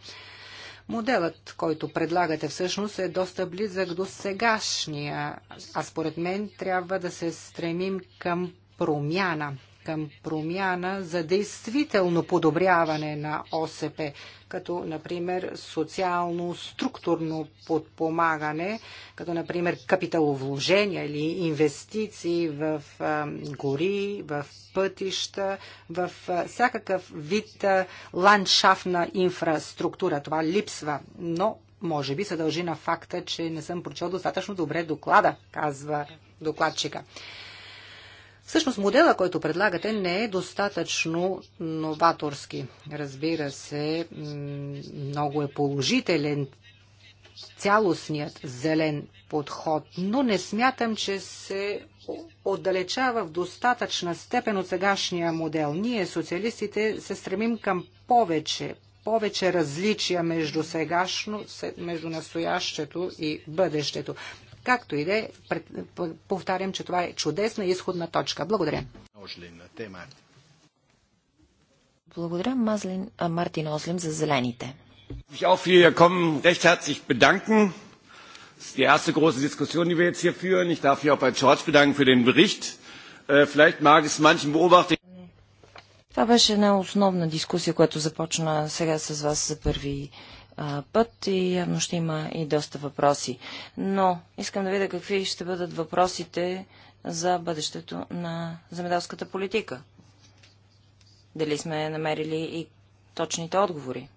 Моделът, който предлагате всъщност е доста близък до сегашния, а според мен трябва да се стремим към промяна към промяна за действително подобряване на ОСП, като например социално-структурно подпомагане, като например капиталовложения или инвестиции в гори, в пътища, в всякакъв вид ландшафтна инфраструктура. Това липсва, но може би се дължи на факта, че не съм прочел достатъчно добре доклада, казва докладчика. Всъщност модела, който предлагате, не е достатъчно новаторски. Разбира се, много е положителен цялостният зелен подход, но не смятам, че се отдалечава в достатъчна степен от сегашния модел. Ние, социалистите, се стремим към повече, повече различия между сегашно, между настоящето и бъдещето. Както и да е, повтарям, че това е чудесна изходна точка. Благодаря. Благодаря, Мазлин, а, Мартин Ослим, за зелените. die erste große Diskussion, die wir jetzt hier führen. Ich darf mich auch bei George bedanken für den Bericht. Äh, vielleicht mag es manchen Beobachtern. Това беше една основна дискусия, която започна сега с вас за първи а, път и явно ще има и доста въпроси. Но искам да видя какви ще бъдат въпросите за бъдещето на земеделската политика. Дали сме намерили и точните отговори.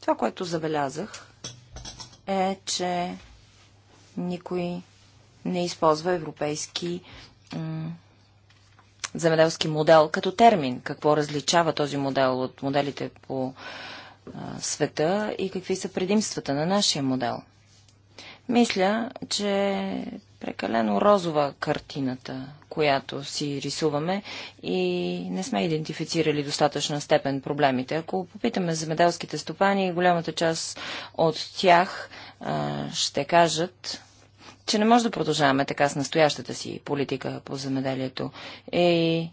Това, което забелязах, е, че никой не използва европейски земеделски модел като термин. Какво различава този модел от моделите по света и какви са предимствата на нашия модел. Мисля, че е прекалено розова картината, която си рисуваме и не сме идентифицирали достатъчна степен проблемите. Ако попитаме земеделските стопани, голямата част от тях а, ще кажат, че не може да продължаваме така с настоящата си политика по земеделието. И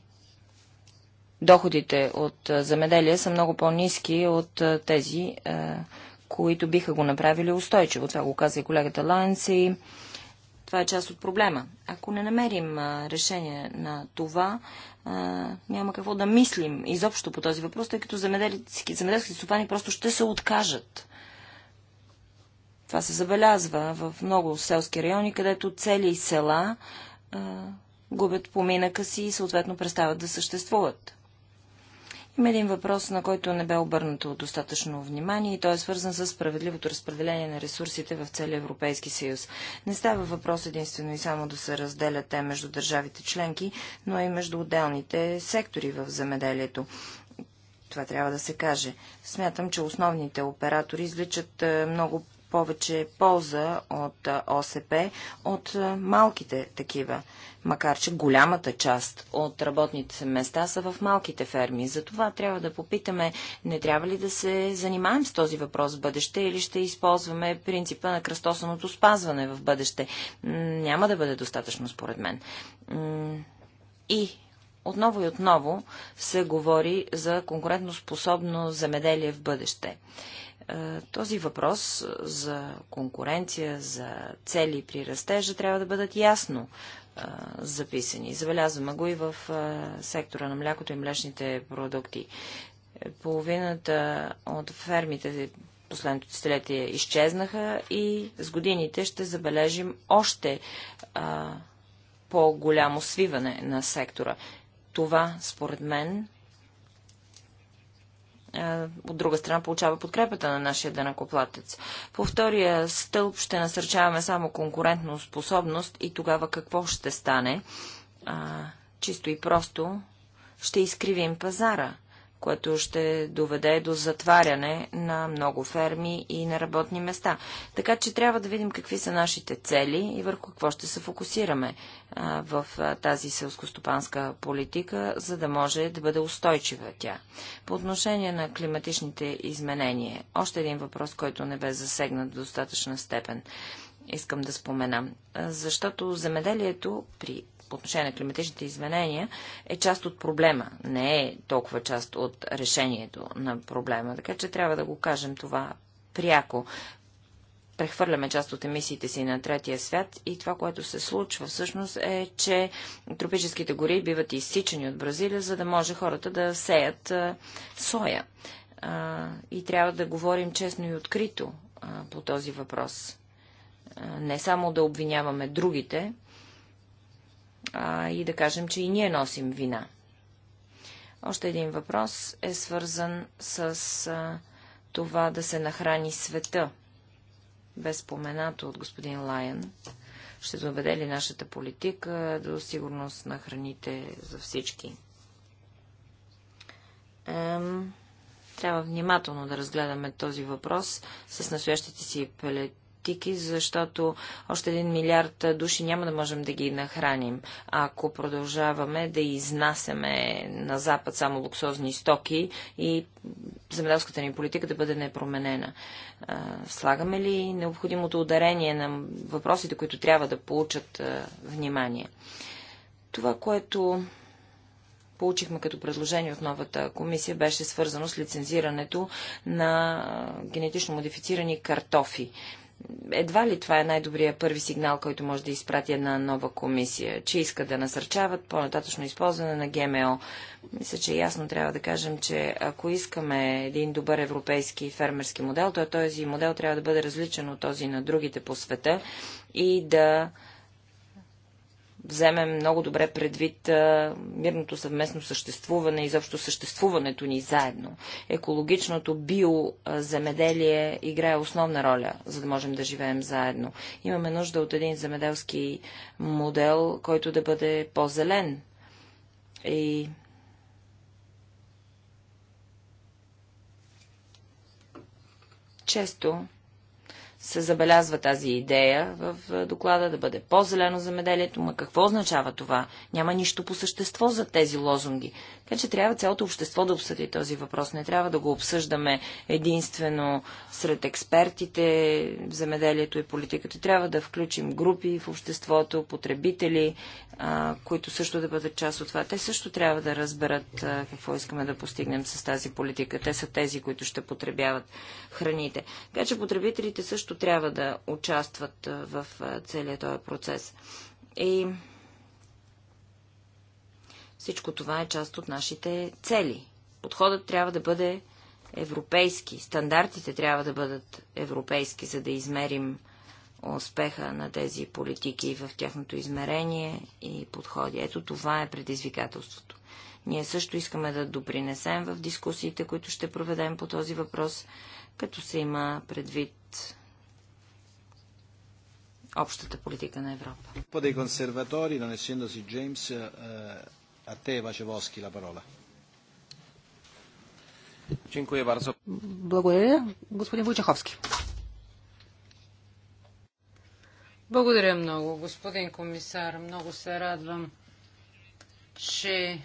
доходите от замеделие са много по-низки от тези, които биха го направили устойчиво. Това го каза и колегата и Това е част от проблема. Ако не намерим решение на това, няма какво да мислим изобщо по този въпрос, тъй като земеделски, земеделски стопани просто ще се откажат. Това се забелязва в много селски райони, където цели села губят поминъка си и съответно престават да съществуват. Има един въпрос, на който не бе обърнато достатъчно внимание и той е свързан с справедливото разпределение на ресурсите в целия Европейски съюз. Не става въпрос единствено и само да се разделят те между държавите членки, но и между отделните сектори в земеделието. Това трябва да се каже. Смятам, че основните оператори изличат е, много повече полза от ОСП, от малките такива. Макар, че голямата част от работните места са в малките ферми. Затова трябва да попитаме, не трябва ли да се занимаем с този въпрос в бъдеще или ще използваме принципа на кръстосаното спазване в бъдеще. Няма да бъде достатъчно, според мен. И отново и отново се говори за конкурентоспособно земеделие в бъдеще. Е, този въпрос за конкуренция, за цели при растежа трябва да бъдат ясно е, записани. Забелязваме го и в е, сектора на млякото и млечните продукти. Половината от фермите последното десетилетие изчезнаха и с годините ще забележим още по-голямо свиване на сектора. Това, според мен, е, от друга страна получава подкрепата на нашия денакоплатец. По втория стълб ще насърчаваме само конкурентно способност и тогава какво ще стане? А, чисто и просто ще изкривим пазара което ще доведе до затваряне на много ферми и на работни места. Така че трябва да видим какви са нашите цели и върху какво ще се фокусираме в тази селскостопанска политика, за да може да бъде устойчива тя. По отношение на климатичните изменения, още един въпрос, който не бе засегнат до достатъчна степен искам да споменам. Защото земеделието при по отношение на климатичните изменения е част от проблема, не е толкова част от решението на проблема. Така че трябва да го кажем това пряко. Прехвърляме част от емисиите си на третия свят и това, което се случва всъщност е, че тропическите гори биват изсичани от Бразилия, за да може хората да сеят а, соя. А, и трябва да говорим честно и открито а, по този въпрос не само да обвиняваме другите, а, и да кажем, че и ние носим вина. Още един въпрос е свързан с а, това да се нахрани света, без споменато от господин Лайен. Ще доведе ли нашата политика до сигурност на храните за всички? Ем, трябва внимателно да разгледаме този въпрос с настоящите си политики, защото още един милиард души няма да можем да ги нахраним, ако продължаваме да изнасяме на Запад само луксозни стоки и земеделската ни политика да бъде непроменена. Слагаме ли необходимото ударение на въпросите, които трябва да получат внимание? Това, което получихме като предложение от новата комисия, беше свързано с лицензирането на генетично модифицирани картофи едва ли това е най-добрият първи сигнал, който може да изпрати една нова комисия, че иска да насърчават по-нататъчно използване на ГМО. Мисля, че ясно трябва да кажем, че ако искаме един добър европейски фермерски модел, то този модел трябва да бъде различен от този на другите по света и да вземем много добре предвид а, мирното съвместно съществуване и заобщо съществуването ни заедно. Екологичното биоземеделие играе основна роля, за да можем да живеем заедно. Имаме нужда от един земеделски модел, който да бъде по-зелен. И често се забелязва тази идея в доклада да бъде по-зелено замеделието, ма какво означава това? Няма нищо по същество за тези лозунги. Така че трябва цялото общество да обсъди този въпрос. Не трябва да го обсъждаме единствено сред експертите в земеделието и политиката. Трябва да включим групи в обществото, потребители, а, които също да бъдат част от това. Те също трябва да разберат а, какво искаме да постигнем с тази политика. Те са тези, които ще потребяват храните. Така че потребителите също трябва да участват а, в целият този процес. И всичко това е част от нашите цели. Подходът трябва да бъде европейски, стандартите трябва да бъдат европейски, за да измерим успеха на тези политики в тяхното измерение и подходи. Ето това е предизвикателството. Ние също искаме да допринесем в дискусиите, които ще проведем по този въпрос, като се има предвид общата политика на Европа. Подей консерватори, conservatori, non A te, la parola. Dziękuję bardzo. Благодаря. Господин Благодаря много, господин комисар. Много се радвам, че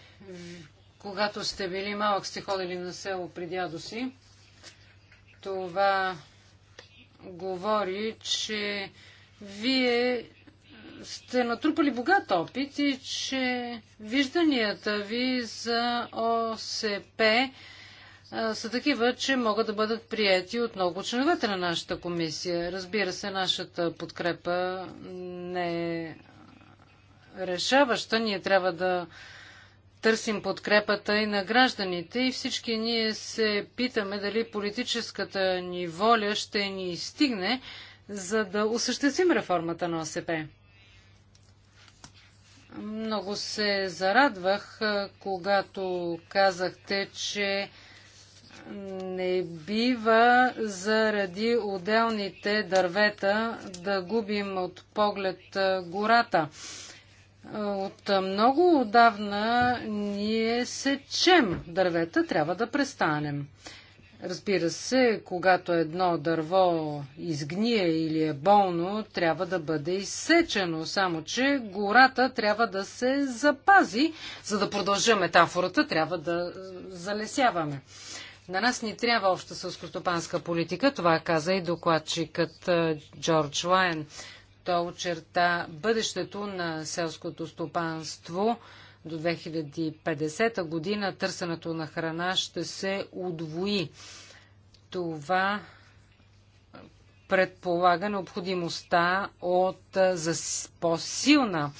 когато сте били малък, сте ходили на село при дядо си. Това говори, че вие сте натрупали богат опит и че вижданията ви за ОСП са такива, че могат да бъдат прияти от много членовете на нашата комисия. Разбира се, нашата подкрепа не е решаваща. Ние трябва да търсим подкрепата и на гражданите и всички ние се питаме дали политическата ни воля ще ни стигне, за да осъществим реформата на ОСП. Много се зарадвах, когато казахте, че не бива заради отделните дървета да губим от поглед гората. От много отдавна ние сечем дървета, трябва да престанем. Разбира се, когато едно дърво изгние или е болно, трябва да бъде изсечено, само че гората трябва да се запази. За да продължа метафората, трябва да е, залесяваме. На нас ни трябва обща сълскостопанска политика, това каза и докладчикът е, Джордж Лайен. Той очерта бъдещето на селското стопанство – до 2050 година търсенето на храна ще се удвои. Това предполага необходимостта от по-силна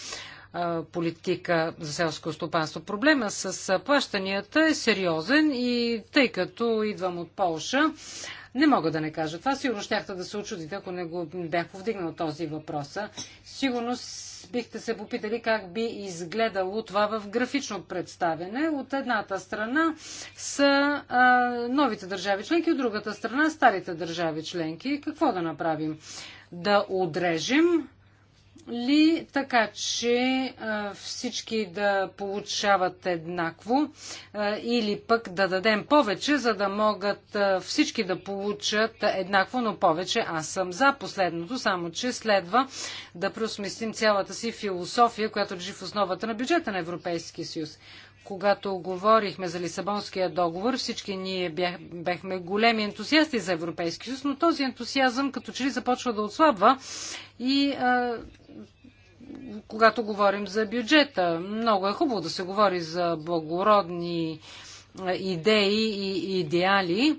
политика за селско стопанство. Проблема с плащанията е сериозен и тъй като идвам от Полша, не мога да не кажа това. Сигурно щяхте да се очудите, ако не го бях повдигнал този въпрос. Сигурно бихте се попитали как би изгледало това в графично представяне. От едната страна са а, новите държави членки, от другата страна старите държави членки. Какво да направим? Да отрежем ли, така че всички да получават еднакво или пък да дадем повече, за да могат всички да получат еднакво, но повече. Аз съм за последното, само че следва да преосмислим цялата си философия, която лежи в основата на бюджета на Европейския съюз когато говорихме за Лисабонския договор, всички ние бях, бяхме големи ентусиасти за Европейски съюз, но този ентусиазъм като че ли започва да отслабва и а, когато говорим за бюджета. Много е хубаво да се говори за благородни идеи и идеали,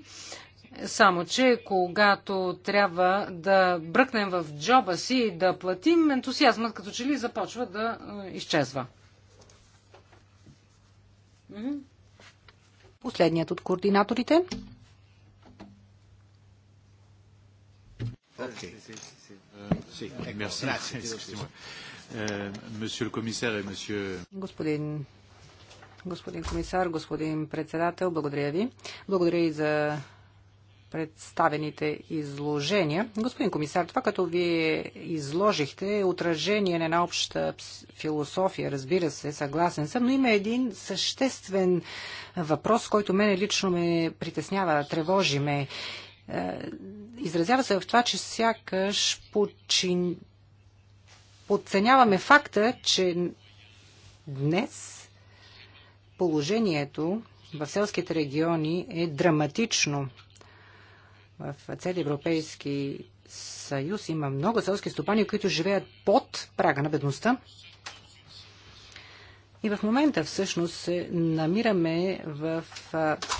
само че когато трябва да бръкнем в джоба си и да платим, ентусиазмът като че ли започва да изчезва. Последният от координаторите. Господин, господин комисар, господин председател, благодаря ви. Благодаря и за представените изложения. Господин комисар, това като вие изложихте е отражение на една обща философия, разбира се, съгласен съм, но има един съществен въпрос, който мене лично ме притеснява, тревожи ме. Е, изразява се в това, че сякаш почин... подценяваме факта, че днес положението в селските региони е драматично в целия Европейски съюз има много селски стопани, които живеят под прага на бедността. И в момента всъщност се намираме в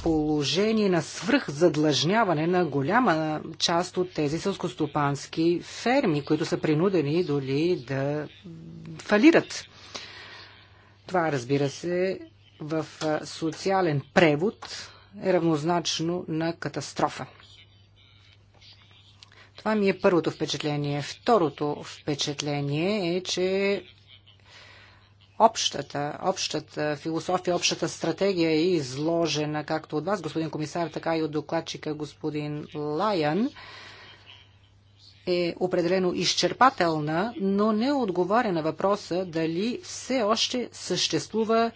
положение на свръхзадлъжняване на голяма част от тези селскостопански ферми, които са принудени доли да фалират. Това, разбира се, в социален превод е равнозначно на катастрофа. Това ми е първото впечатление. Второто впечатление е, че общата, общата философия, общата стратегия е изложена както от вас, господин комисар, така и от докладчика господин Лайан е определено изчерпателна, но не отговаря на въпроса дали все още съществува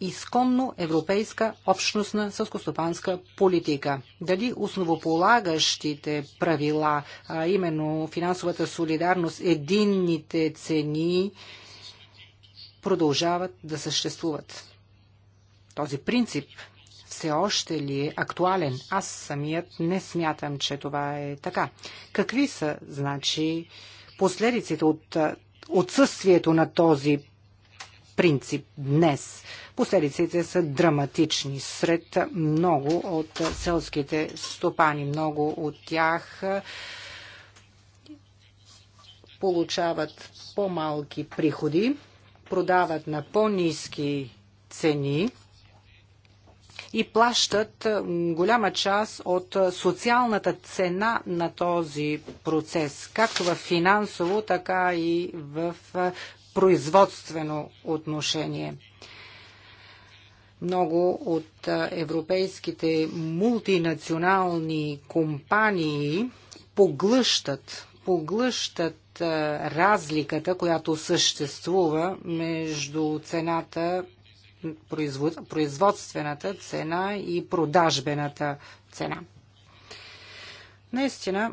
изконно европейска общностна съскостопанска политика. Дали основополагащите правила, а именно финансовата солидарност, единните цени, продължават да съществуват. Този принцип все още ли е актуален? Аз самият не смятам, че това е така. Какви са, значи, последиците от отсъствието на този принцип днес. Последиците са драматични сред много от селските стопани. Много от тях получават по-малки приходи, продават на по-низки цени и плащат голяма част от социалната цена на този процес, както в финансово, така и в производствено отношение. Много от европейските мултинационални компании поглъщат, поглъщат разликата, която съществува между цената, производствената цена и продажбената цена. Наистина,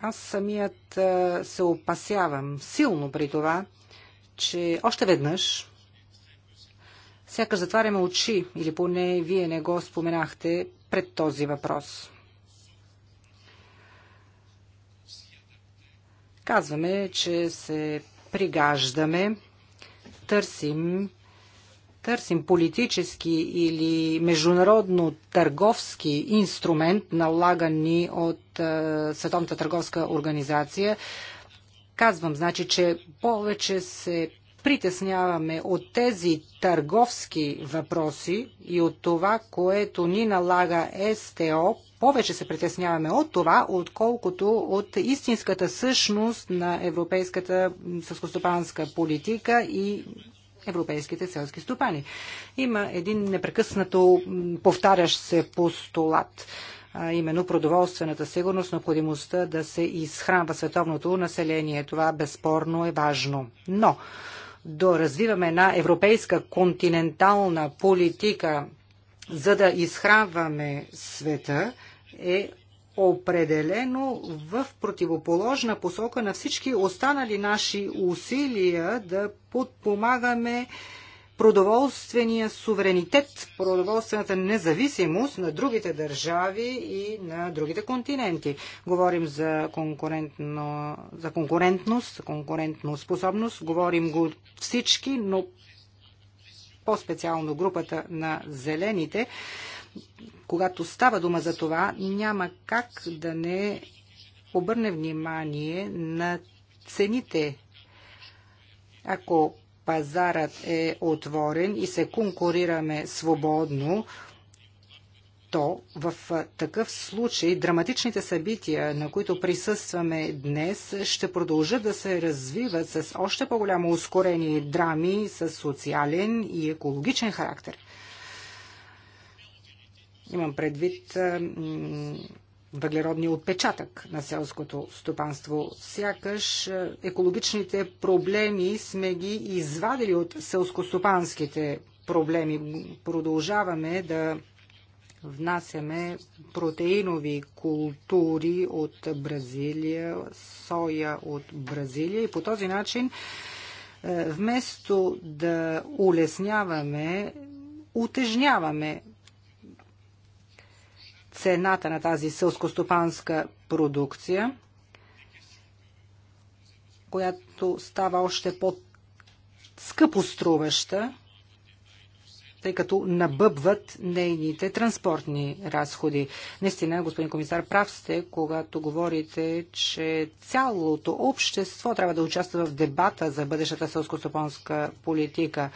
аз самият се опасявам силно при това, че още веднъж сякаш затваряме очи, или поне вие не го споменахте пред този въпрос. Казваме, че се пригаждаме, търсим търсим политически или международно търговски инструмент, налаган ни от е, Световната търговска организация, казвам, значи, че повече се притесняваме от тези търговски въпроси и от това, което ни налага СТО, повече се притесняваме от това, отколкото от истинската същност на европейската съскостопанска политика и европейските селски стопани. Има един непрекъснато повтарящ се постулат а именно продоволствената сигурност, необходимостта да се изхранва световното население. Това безспорно е важно. Но да развиваме една европейска континентална политика, за да изхранваме света, е определено в противоположна посока на всички останали наши усилия да подпомагаме продоволствения суверенитет, продоволствената независимост на другите държави и на другите континенти. Говорим за, конкурентно, за конкурентност, конкурентно способност, говорим го всички, но по-специално групата на зелените, когато става дума за това, няма как да не обърне внимание на цените. Ако пазарът е отворен и се конкурираме свободно, то в такъв случай драматичните събития, на които присъстваме днес, ще продължат да се развиват с още по-голямо ускорение драми с социален и екологичен характер. Имам предвид въглеродния отпечатък на селското стопанство. Сякаш екологичните проблеми сме ги извадили от селскостопанските проблеми. Продължаваме да внасяме протеинови култури от Бразилия, соя от Бразилия и по този начин вместо да улесняваме, утежняваме цената на тази сълскостопанска продукция, която става още по-скъпо струваща, тъй като набъбват нейните транспортни разходи. Наистина, господин комисар, прав сте, когато говорите, че цялото общество трябва да участва в дебата за бъдещата селско-стопанска политика.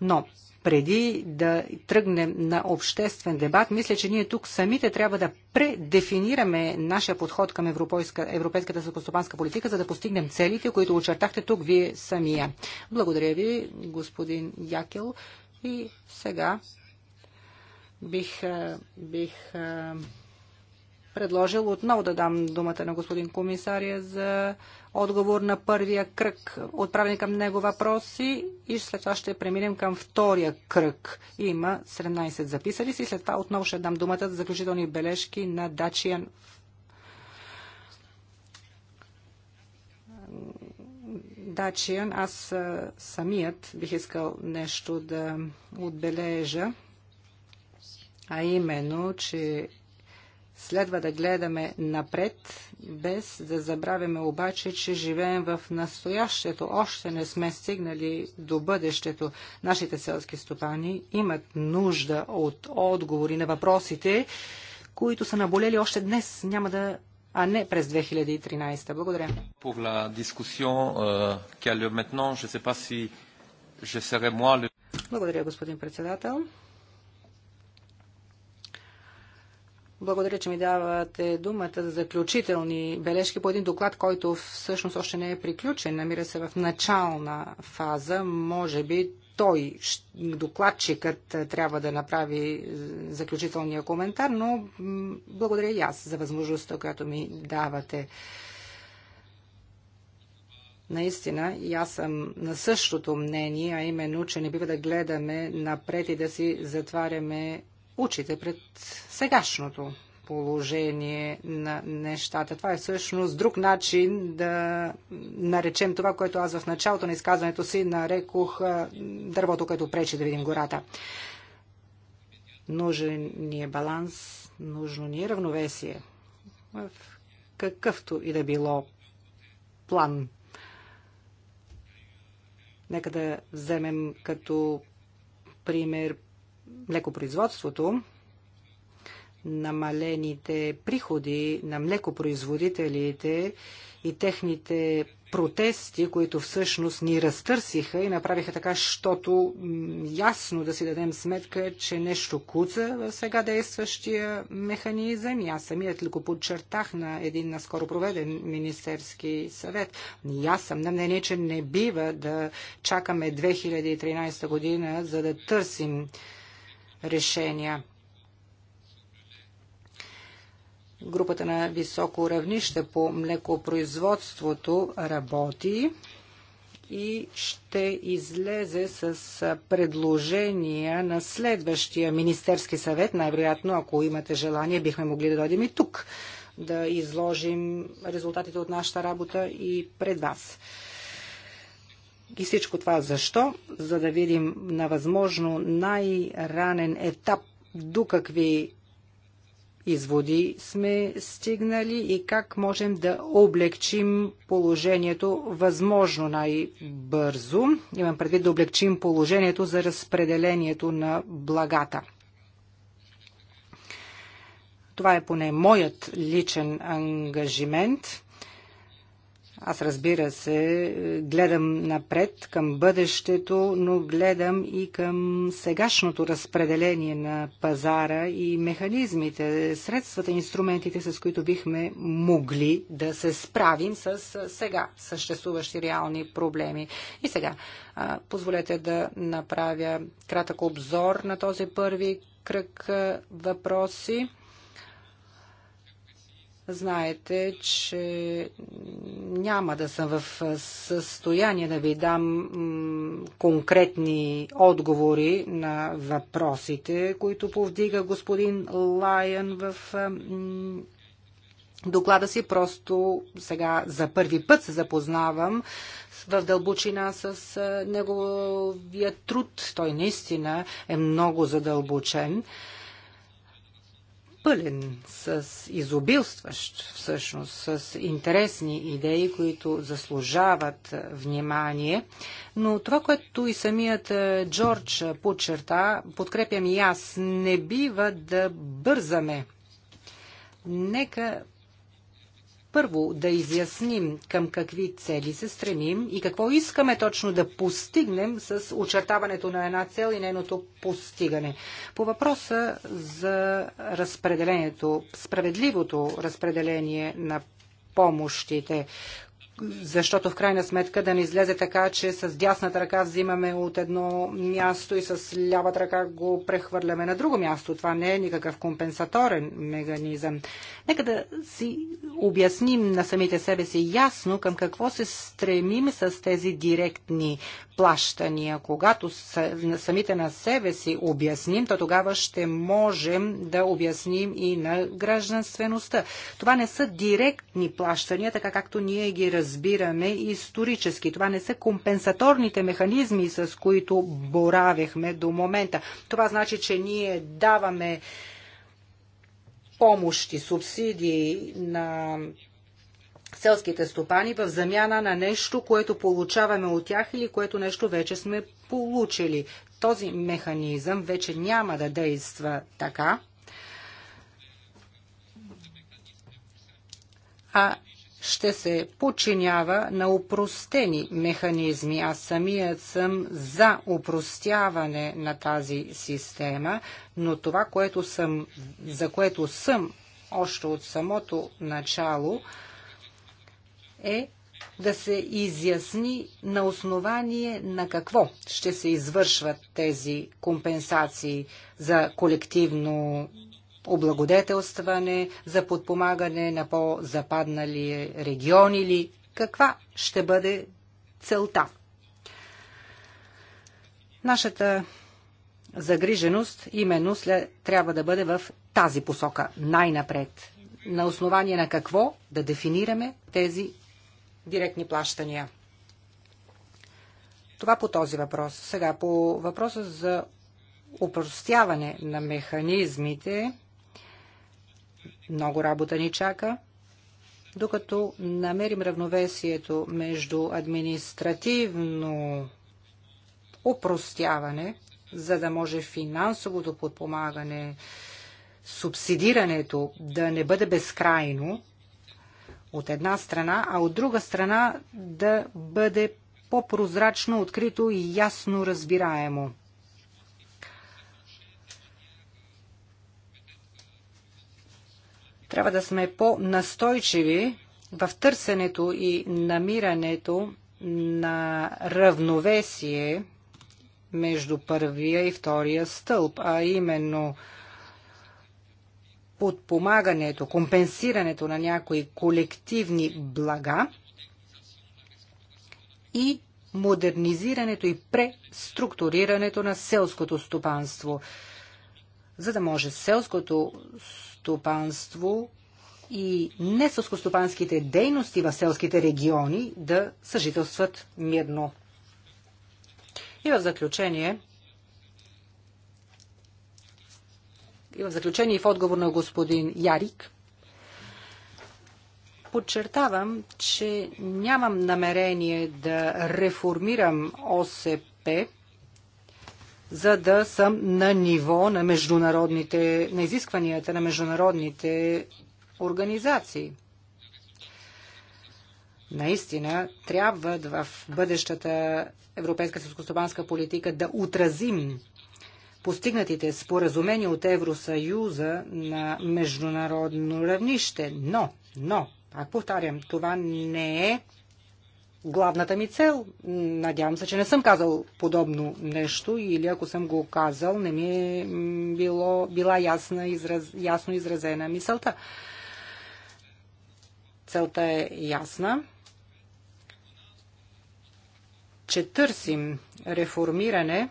Но преди да тръгнем на обществен дебат, мисля, че ние тук самите трябва да предефинираме нашия подход към европейска, европейската съкостопанска политика, за да постигнем целите, които очертахте тук вие самия. Благодаря ви, господин Якел. И сега бих, бих предложил отново да дам думата на господин комисария за отговор на първия кръг отправени към него въпроси и след това ще преминем към втория кръг. Има 17 записали си. След това отново ще дам думата за заключителни бележки на Дачиан Дачиан. Аз самият бих искал нещо да отбележа, а именно, че Следва да гледаме напред, без да забравяме обаче, че живеем в настоящето. Още не сме стигнали до бъдещето. Нашите селски стопани имат нужда от отговори на въпросите, които са наболели още днес, няма да, а не през 2013. Благодаря. По ла discussion ке euh, ле a lieu се паси, ще се si je Благодаря, господин председател. Благодаря, че ми давате думата за заключителни бележки по един доклад, който всъщност още не е приключен. Намира се в начална фаза. Може би той, докладчикът, е, трябва да направи е, заключителния коментар, но благодаря и аз за възможността, която ми давате. Наистина, и аз съм на същото мнение, а именно, че не бива да гледаме напред и да си затваряме учите пред сегашното положение на нещата. Това е всъщност друг начин да наречем това, което аз в началото на изказването си нарекох дървото, което пречи да видим гората. Нужен ни е баланс, нужно ни е равновесие в какъвто и да било план. Нека да вземем като пример млекопроизводството, намалените приходи на млекопроизводителите и техните протести, които всъщност ни разтърсиха и направиха така, щото ясно да си дадем сметка, че нещо куца в сега действащия механизъм. и Аз самият ли го подчертах на един наскоро проведен министерски съвет. И аз съм на мнение, че не бива да чакаме 2013 година, за да търсим решения. Групата на високо равнище по млекопроизводството работи и ще излезе с предложения на следващия Министерски съвет. Най-вероятно, ако имате желание, бихме могли да дойдем и тук да изложим резултатите от нашата работа и пред вас. И всичко това защо? За да видим на възможно най-ранен етап до какви изводи сме стигнали и как можем да облегчим положението възможно най-бързо. Имам предвид да облегчим положението за разпределението на благата. Това е поне моят личен ангажимент. Аз разбира се, гледам напред към бъдещето, но гледам и към сегашното разпределение на пазара и механизмите, средствата, инструментите, с които бихме могли да се справим с сега съществуващи реални проблеми. И сега, позволете да направя кратък обзор на този първи кръг въпроси. Знаете, че няма да съм в състояние да ви дам конкретни отговори на въпросите, които повдига господин Лайън в доклада си. Просто сега за първи път се запознавам в дълбочина с неговия труд. Той наистина е много задълбочен пълен с изобилстващ, всъщност, с интересни идеи, които заслужават внимание. Но това, което и самият е, Джордж е, подчерта, подкрепям и аз, не бива да бързаме. Нека първо да изясним към какви цели се стремим и какво искаме точно да постигнем с очертаването на една цел и нейното постигане. По въпроса за разпределението, справедливото разпределение на помощите, защото в крайна сметка да не излезе така, че с дясната ръка взимаме от едно място и с лявата ръка го прехвърляме на друго място. Това не е никакъв компенсаторен механизъм. Нека да си обясним на самите себе си ясно към какво се стремим с тези директни плащания. Когато самите на себе си обясним, то тогава ще можем да обясним и на гражданствеността. Това не са директни плащания, така както ние ги разбираме исторически. Това не са компенсаторните механизми, с които боравехме до момента. Това значи, че ние даваме помощи, субсидии на селските стопани в замяна на нещо, което получаваме от тях или което нещо вече сме получили. Този механизъм вече няма да действа така, а ще се подчинява на упростени механизми. Аз самият съм за упростяване на тази система, но това, което съм, за което съм още от самото начало, е да се изясни на основание на какво ще се извършват тези компенсации за колективно облагодетелстване, за подпомагане на по-западнали региони или каква ще бъде целта? Нашата загриженост именно след, трябва да бъде в тази посока най-напред. На основание на какво да дефинираме тези директни плащания? Това по този въпрос. Сега по въпроса за упростяване на механизмите много работа ни чака докато намерим равновесието между административно упростяване, за да може финансовото подпомагане, субсидирането да не бъде безкрайно от една страна, а от друга страна да бъде по-прозрачно, открито и ясно разбираемо. Трябва да сме по-настойчиви в търсенето и намирането на равновесие между първия и втория стълб, а именно подпомагането, компенсирането на някои колективни блага и модернизирането и преструктурирането на селското стопанство, за да може селското стопанство и несъскостопанските дейности в селските региони да съжителстват мирно. И в заключение, и в заключение и в отговор на господин Ярик, подчертавам, че нямам намерение да реформирам ОСП за да съм на ниво на международните, на изискванията на международните организации. Наистина, трябва в бъдещата европейска сълскостопанска политика да отразим постигнатите споразумения от Евросъюза на международно равнище. Но, но, пак повтарям, това не е главната ми цел. Надявам се, че не съм казал подобно нещо или ако съм го казал, не ми е било, била ясна, израз, ясно изразена мисълта. Целта е ясна, че търсим реформиране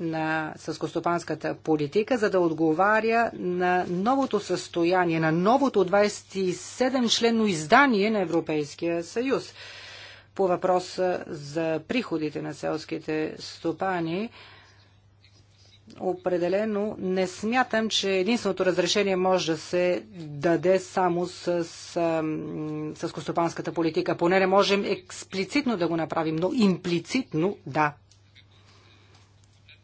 на съскостопанската политика, за да отговаря на новото състояние, на новото 27-членно издание на Европейския съюз. По въпроса за приходите на селските стопани, определено не смятам, че единственото разрешение може да се даде само с, с, с костопанската политика. Поне не можем експлицитно да го направим, но имплицитно да.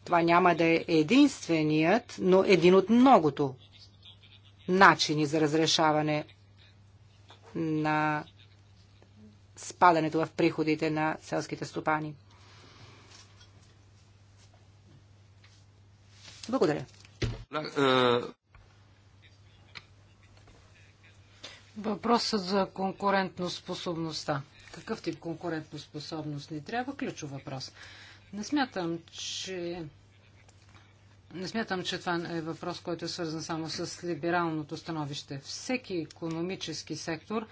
Това няма да е единственият, но един от многото начини за разрешаване на спадането в приходите на селските стопани. Благодаря. Въпросът за конкурентноспособността. Какъв тип конкурентоспособност ни трябва? Ключов въпрос. Не смятам, че не смятам, че това е въпрос, който е свързан само с либералното становище. Всеки економически сектор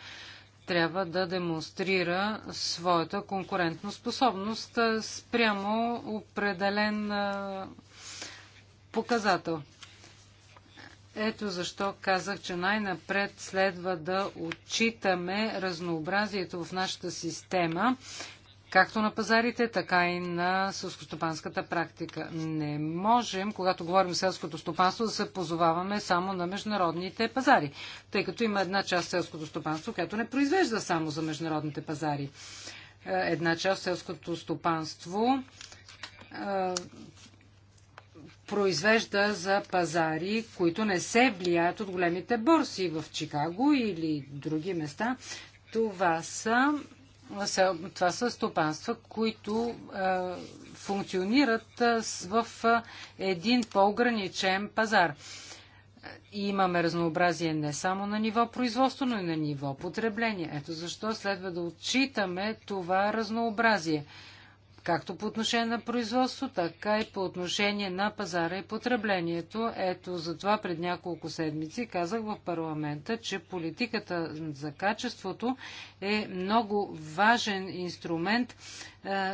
трябва да демонстрира своята конкурентна способност спрямо определен показател. Ето защо казах, че най-напред следва да отчитаме разнообразието в нашата система както на пазарите, така и на селскостопанската практика. Не можем, когато говорим селското стопанство, да се позоваваме само на международните пазари, тъй като има една част селското стопанство, която не произвежда само за международните пазари. Е, една част селското стопанство е, произвежда за пазари, които не се влияят от големите борси в Чикаго или други места. Това са това са стопанства, които а, функционират а, в а, един по-ограничен пазар. И имаме разнообразие не само на ниво производство, но и на ниво потребление. Ето защо следва да отчитаме това разнообразие както по отношение на производство, така и по отношение на пазара и потреблението. Ето затова пред няколко седмици казах в парламента, че политиката за качеството е много важен инструмент е,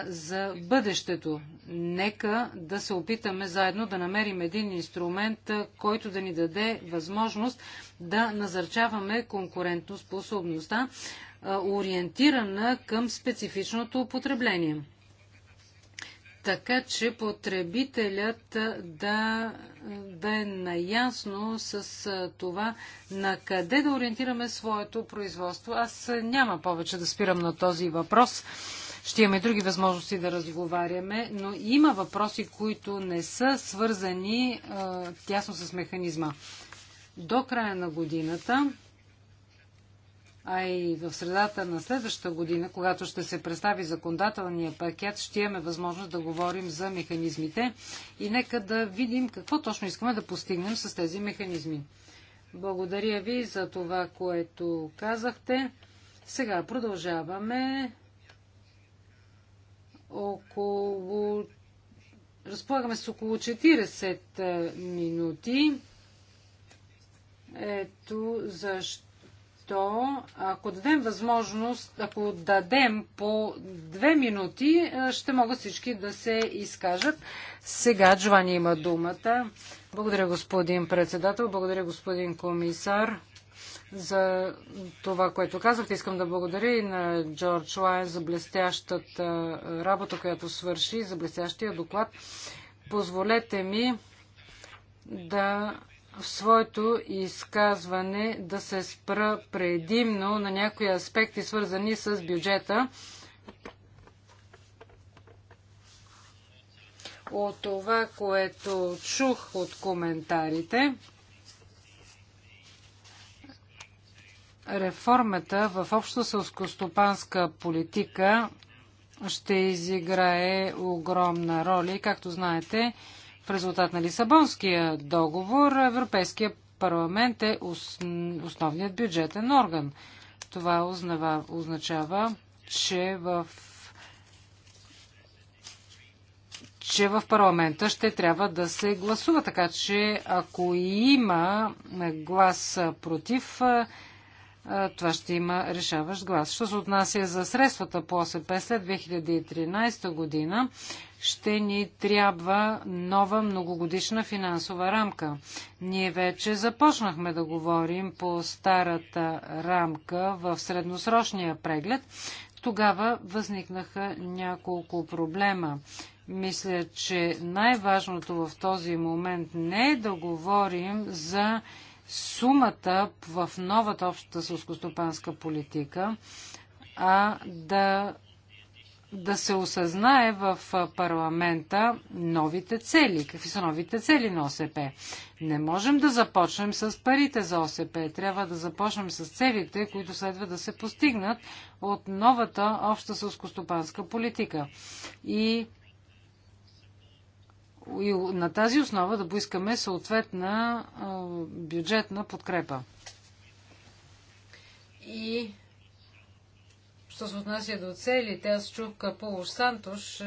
за бъдещето. Нека да се опитаме заедно да намерим един инструмент, е, който да ни даде възможност да назърчаваме конкурентоспособността, е, ориентирана към специфичното употребление така че потребителят да, да е наясно с това на къде да ориентираме своето производство. Аз няма повече да спирам на този въпрос. Ще имаме други възможности да разговаряме, но има въпроси, които не са свързани тясно с механизма. До края на годината а и в средата на следващата година, когато ще се представи законодателния пакет, ще имаме възможност да говорим за механизмите и нека да видим какво точно искаме да постигнем с тези механизми. Благодаря ви за това, което казахте. Сега продължаваме около... Разполагаме с около 40 е, минути. Ето защо то ако дадем възможност, ако дадем по две минути, е, ще могат всички да се изкажат. Сега Джовани има думата. Благодаря, господин председател, благодаря, господин комисар за това, което казахте. Искам да благодаря и на Джордж Лайн за блестящата е, работа, която свърши, за блестящия доклад. Позволете ми да в своето изказване да се спра предимно на някои аспекти, свързани с бюджета. От това, което чух от коментарите, реформата в обща сълскостопанска политика ще изиграе огромна роля. И, както знаете, в резултат на Лисабонския договор Европейския парламент е основният бюджетен орган. Това означава, че в че в парламента ще трябва да се гласува. Така че ако има глас против, това ще има решаващ глас. Що се отнася за средствата по ОСП след 2013 година, ще ни трябва нова многогодишна финансова рамка. Ние вече започнахме да говорим по старата рамка в средносрочния преглед. Тогава възникнаха няколко проблема. Мисля, че най-важното в този момент не е да говорим за сумата в новата общата сълскостопанска политика, а да, да се осъзнае в парламента новите цели. Какви са новите цели на ОСП? Не можем да започнем с парите за ОСП. Трябва да започнем с целите, които следва да се постигнат от новата обща сълскостопанска политика. И и на тази основа да поискаме съответна бюджетна подкрепа. И що се отнася до целите, аз чух Полош Сантош,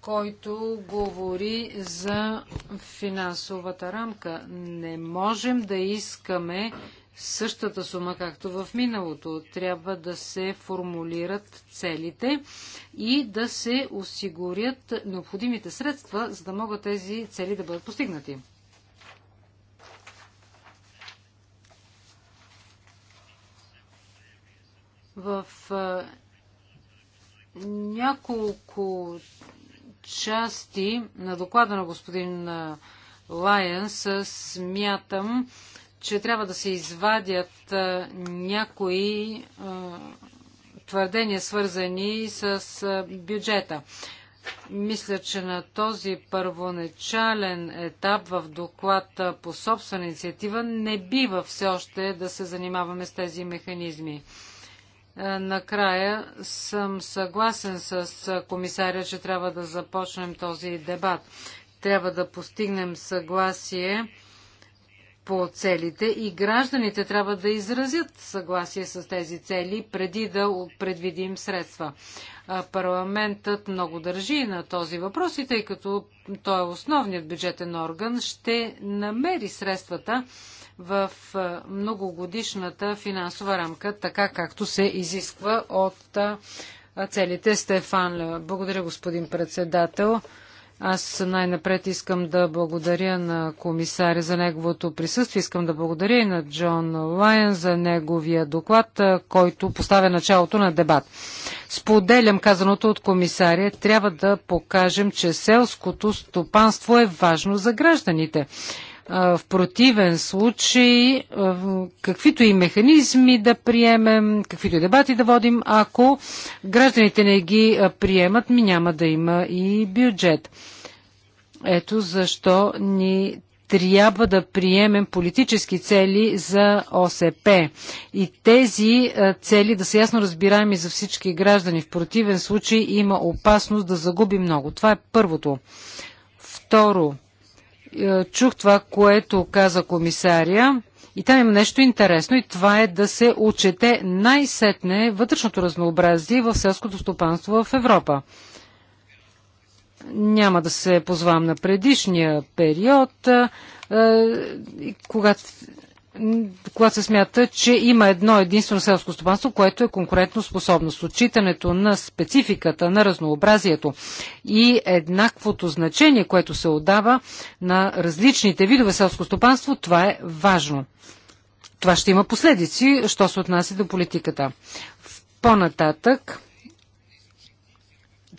който говори за финансовата рамка. Не можем да искаме същата сума, както в миналото. Трябва да се формулират целите и да се осигурят необходимите средства, за да могат тези цели да бъдат постигнати. В няколко части на доклада на господин Лайенс смятам, че трябва да се извадят някои твърдения, свързани с бюджета. Мисля, че на този първоначален етап в доклад по собствена инициатива не бива все още да се занимаваме с тези механизми. Накрая съм съгласен с комисаря, че трябва да започнем този дебат. Трябва да постигнем съгласие по целите и гражданите трябва да изразят съгласие с тези цели преди да предвидим средства. Парламентът много държи на този въпрос и тъй като той е основният бюджетен орган, ще намери средствата в многогодишната финансова рамка, така както се изисква от целите Стефан. Благодаря, господин председател. Аз най-напред искам да благодаря на комисаря за неговото присъствие. Искам да благодаря и на Джон Лайен за неговия доклад, който поставя началото на дебат. Споделям казаното от комисаря. Трябва да покажем, че селското стопанство е важно за гражданите. В противен случай, каквито и механизми да приемем, каквито и дебати да водим, ако гражданите не ги приемат, ми няма да има и бюджет. Ето защо ни трябва да приемем политически цели за ОСП и тези цели да са ясно разбираеми за всички граждани. В противен случай има опасност да загуби много. Това е първото. Второ, е, чух това, което каза комисаря. И там има нещо интересно и това е да се отчете най-сетне вътрешното разнообразие в селското стопанство в Европа. Няма да се позвам на предишния период, е, когато когато се смята, че има едно единствено селско стопанство, което е конкурентно способност. Отчитането на спецификата, на разнообразието и еднаквото значение, което се отдава на различните видове селско стопанство, това е важно. Това ще има последици, що се отнася до политиката. По-нататък,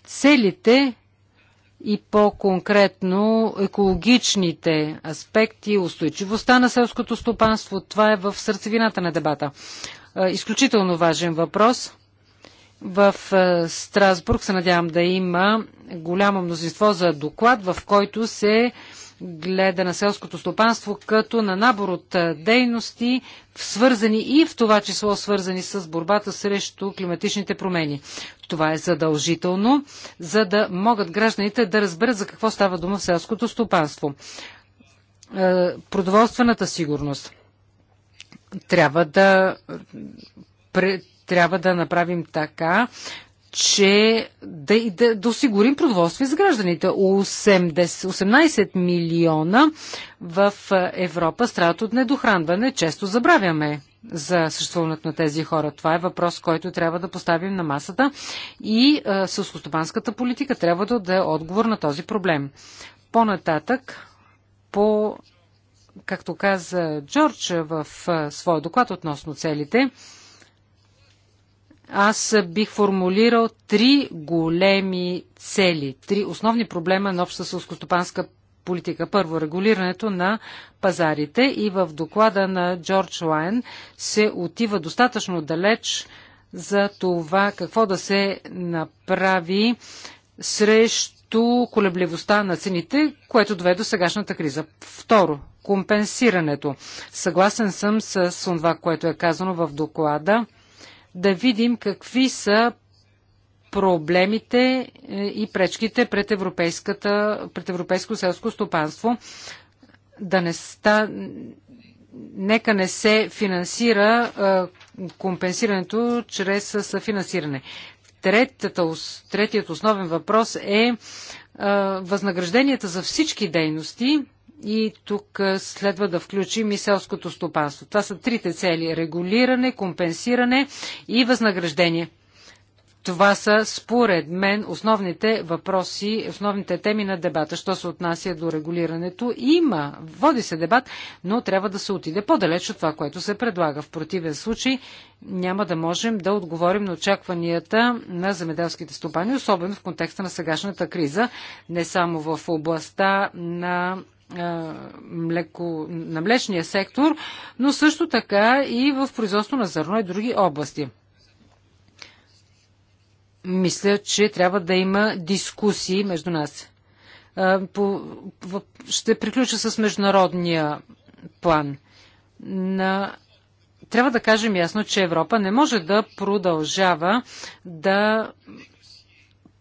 целите и по-конкретно екологичните аспекти, устойчивостта на селското стопанство. Това е в сърцевината на дебата. Изключително важен въпрос. В Страсбург се надявам да има голямо мнозинство за доклад, в който се гледа на селското стопанство като на набор от дейности, свързани и в това число свързани с борбата срещу климатичните промени. Това е задължително, за да могат гражданите да разберат за какво става дума в селското стопанство. Продоволствената сигурност. Трябва да трябва да направим така, че да, да, да осигурим продоволствие за гражданите. 80, 18 милиона в Европа страдат от недохранване. Често забравяме за съществуването на тези хора. Това е въпрос, който трябва да поставим на масата и сълскостопанската политика трябва да даде отговор на този проблем. По-нататък, по, както каза Джордж в своя доклад относно целите, аз бих формулирал три големи цели, три основни проблема на обща сълскостопанска политика. Първо, регулирането на пазарите и в доклада на Джордж Лайн се отива достатъчно далеч за това какво да се направи срещу колебливостта на цените, което доведе до сегашната криза. Второ, компенсирането. Съгласен съм с това, което е казано в доклада да видим какви са проблемите е, и пречките пред, европейската, пред европейско селско стопанство. Да не ста... Нека не се финансира е, компенсирането чрез съфинансиране. Третата, третият основен въпрос е, е възнагражденията за всички дейности и тук следва да включим и селското стопанство. Това са трите цели. Регулиране, компенсиране и възнаграждение. Това са, според мен, основните въпроси, основните теми на дебата. Що се отнася до регулирането, има, води се дебат, но трябва да се отиде по-далеч от това, което се предлага. В противен случай няма да можем да отговорим на очакванията на земеделските стопани, особено в контекста на сегашната криза, не само в областта на млеко, на млечния сектор, но също така и в производство на зърно и други области. Мисля, че трябва да има дискусии между нас. ще приключа с международния план. На трябва да кажем ясно, че Европа не може да продължава да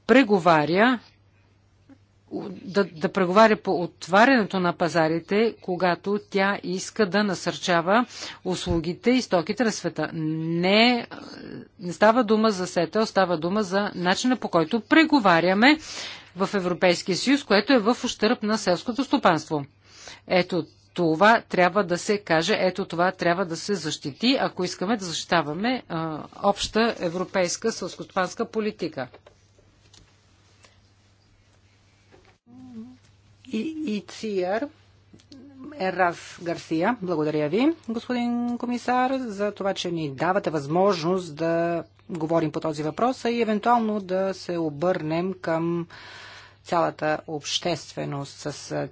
преговаря да, да преговаря по отварянето на пазарите, когато тя иска да насърчава услугите и стоките на света. Не, не става дума за сетел, става дума за начина по който преговаряме в Европейския съюз, което е в ущърп на селското стопанство. Ето това трябва да се каже, ето това трябва да се защити, ако искаме да защитаваме а, обща европейска селскостопанска политика. и ИЦИАР Ерас Гарсия. Благодаря ви, господин комисар, за това, че ни давате възможност да говорим по този въпрос и евентуално да се обърнем към цялата общественост с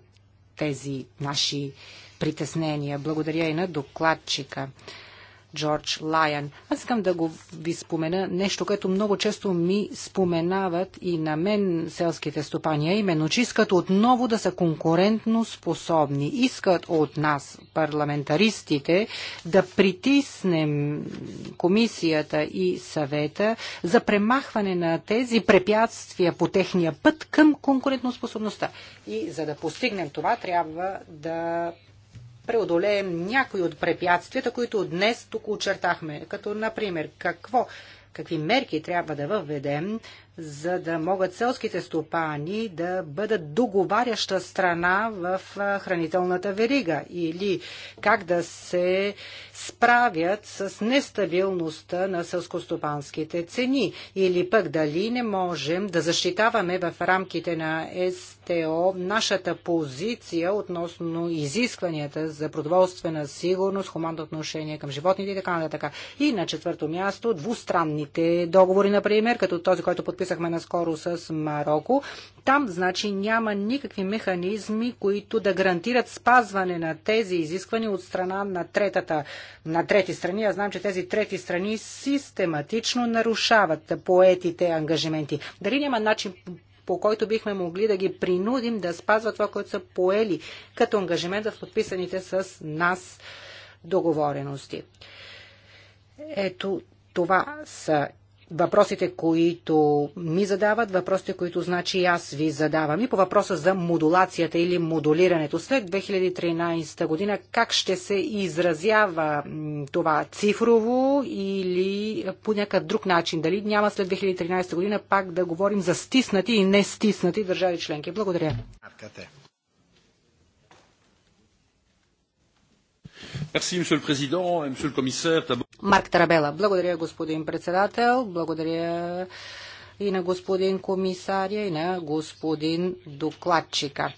тези наши притеснения. Благодаря и на докладчика. Джордж Лайан. Аз искам да го ви спомена нещо, което много често ми споменават и на мен селските стопания, именно, че искат отново да са конкурентно способни. Искат от нас, парламентаристите, да притиснем комисията и съвета за премахване на тези препятствия по техния път към способността. И за да постигнем това, трябва да преодолеем някои от препятствията, които днес тук очертахме. Като, например, какво, какви мерки трябва да въведем, за да могат селските стопани да бъдат договаряща страна в хранителната верига или как да се справят с нестабилността на селскостопанските цени или пък дали не можем да защитаваме в рамките на СТО нашата позиция относно изискванията за продоволствена сигурност, хуманно отношение към животните и така нататък. И на четвърто място двустранните договори, например, като този, който подписва подписахме наскоро с Марокко. Там, значи, няма никакви механизми, които да гарантират спазване на тези изисквания от страна на, третата, на трети страни. Аз знам, че тези трети страни систематично нарушават поетите ангажименти. Дали няма начин по който бихме могли да ги принудим да спазват това, което са поели като ангажимент в подписаните с нас договорености. Ето това са въпросите, които ми задават, въпросите, които значи аз ви задавам. И по въпроса за модулацията или модулирането след 2013 година, как ще се изразява това цифрово или по някакъв друг начин? Дали няма след 2013 година пак да говорим за стиснати и не стиснати държави членки? Благодаря. Марк Тарабела. Благодаря, господин председател. Благодаря и на господин комисаря, и на господин докладчика.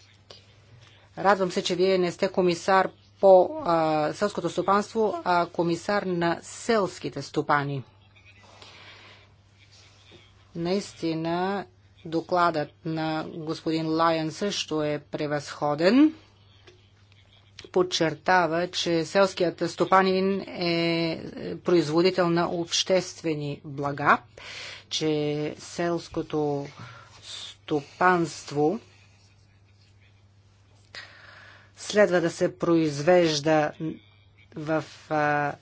Радвам се, че вие не сте комисар по а, селското стопанство, а комисар на селските стопани. Наистина, докладът на господин Лайен също е превъзходен подчертава, че селският стопанин е производител на обществени блага, че селското стопанство следва да се произвежда в а,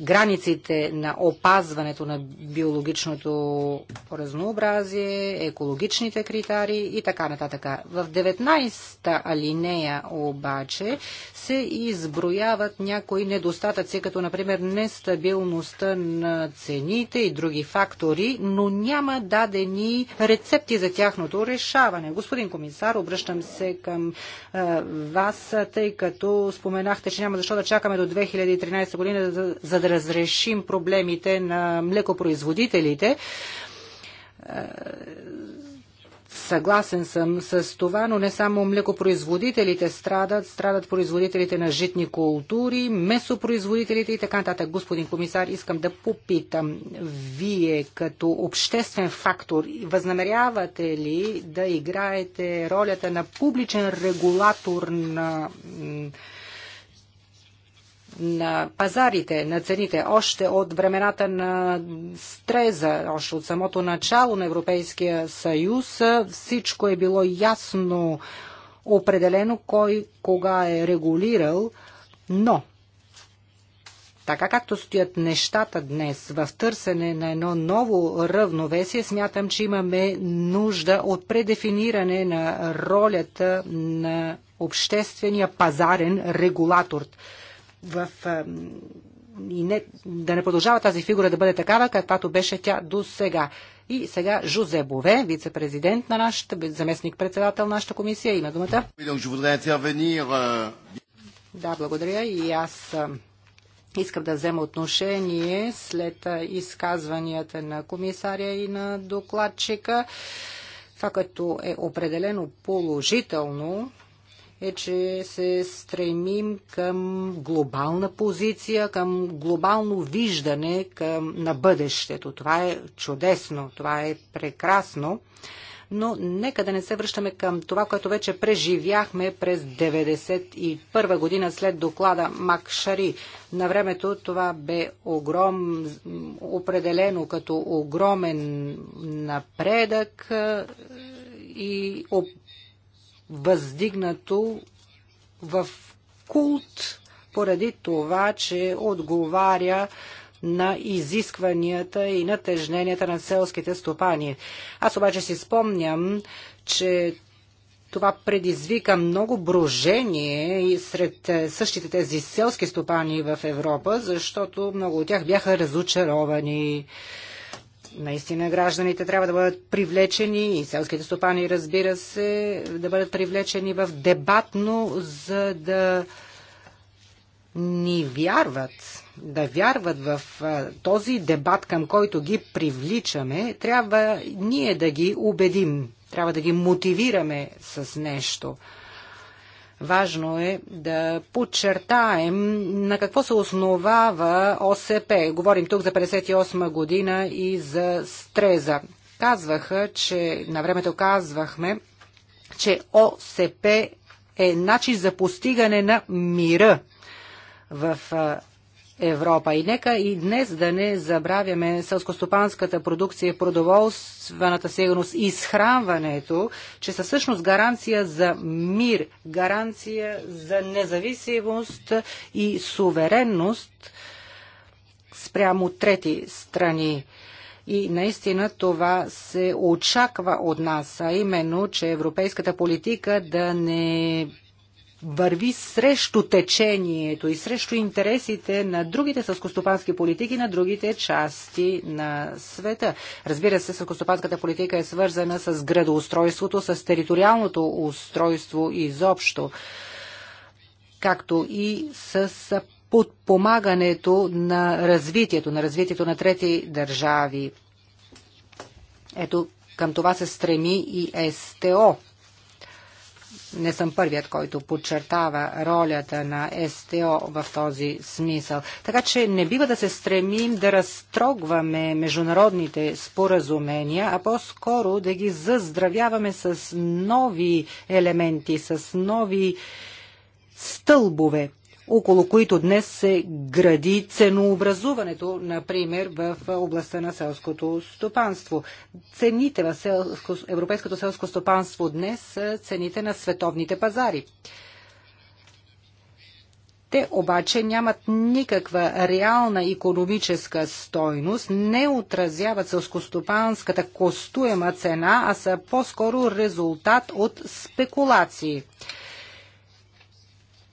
границите на опазването на биологичното разнообразие, екологичните критерии и така нататък. В 19-та алинея обаче се изброяват някои недостатъци, като например нестабилността на цените и други фактори, но няма дадени рецепти за тяхното решаване. Господин комисар, обръщам се към а, вас, тъй като споменахте, че няма защо да чакаме до 2013 година за, за да разрешим проблемите на млекопроизводителите. Е, съгласен съм с това, но не само млекопроизводителите страдат, страдат производителите на житни култури, месопроизводителите и така нататък. Господин комисар, искам да попитам, вие като обществен фактор, възнамерявате ли да играете ролята на публичен регулатор на на пазарите, на цените, още от времената на стреза, още от самото начало на Европейския съюз, всичко е било ясно определено кой кога е регулирал, но така както стоят нещата днес в търсене на едно ново равновесие, смятам, че имаме нужда от предефиниране на ролята на обществения пазарен регулатор в и не, да не продължава тази фигура да бъде такава, каквато беше тя до сега. И сега Жозе Бове, вице-президент на нашата, заместник-председател на нашата комисия, има думата. Euh, да, благодаря и аз искам да взема отношение след изказванията на комисаря и на докладчика. Това, което е определено положително е, че се стремим към глобална позиция, към глобално виждане към, на бъдещето. Това е чудесно, това е прекрасно, но нека да не се връщаме към това, което вече преживяхме през 1991 година след доклада Макшари. На времето това бе огром, определено като огромен напредък е, и въздигнато в култ, поради това, че отговаря на изискванията и натежненията на селските стопани. Аз обаче си спомням, че това предизвика много брожение сред е, същите тези селски стопани в Европа, защото много от тях бяха разочаровани наистина гражданите трябва да бъдат привлечени и селските стопани, разбира се, да бъдат привлечени в дебатно, за да ни вярват, да вярват в този дебат, към който ги привличаме, трябва ние да ги убедим, трябва да ги мотивираме с нещо – Важно е да подчертаем на какво се основава ОСП. Говорим тук за 58 година и за стреза. Казваха, че на времето казвахме, че ОСП е начин за постигане на мира в Европа. И нека и днес да не забравяме сълскостопанската продукция, продоволствената сигурност, схранването, че са всъщност гаранция за мир, гаранция за независимост и суверенност спрямо трети страни. И наистина това се очаква от нас, а именно, че европейската политика да не върви срещу течението и срещу интересите на другите съскостопански политики на другите части на света. Разбира се, съскостопанската политика е свързана с градоустройството, с териториалното устройство изобщо, както и с подпомагането на развитието, на развитието на трети държави. Ето, към това се стреми и СТО не съм първият, който подчертава ролята на СТО в този смисъл. Така че не бива да се стремим да разтрогваме международните споразумения, а по-скоро да ги заздравяваме с нови елементи, с нови стълбове около които днес се гради ценообразуването, например в областта на селското стопанство. Цените в селско, европейското селско стопанство днес са цените на световните пазари. Те обаче нямат никаква реална економическа стойност, не отразяват селскостопанската костуема цена, а са по-скоро резултат от спекулации.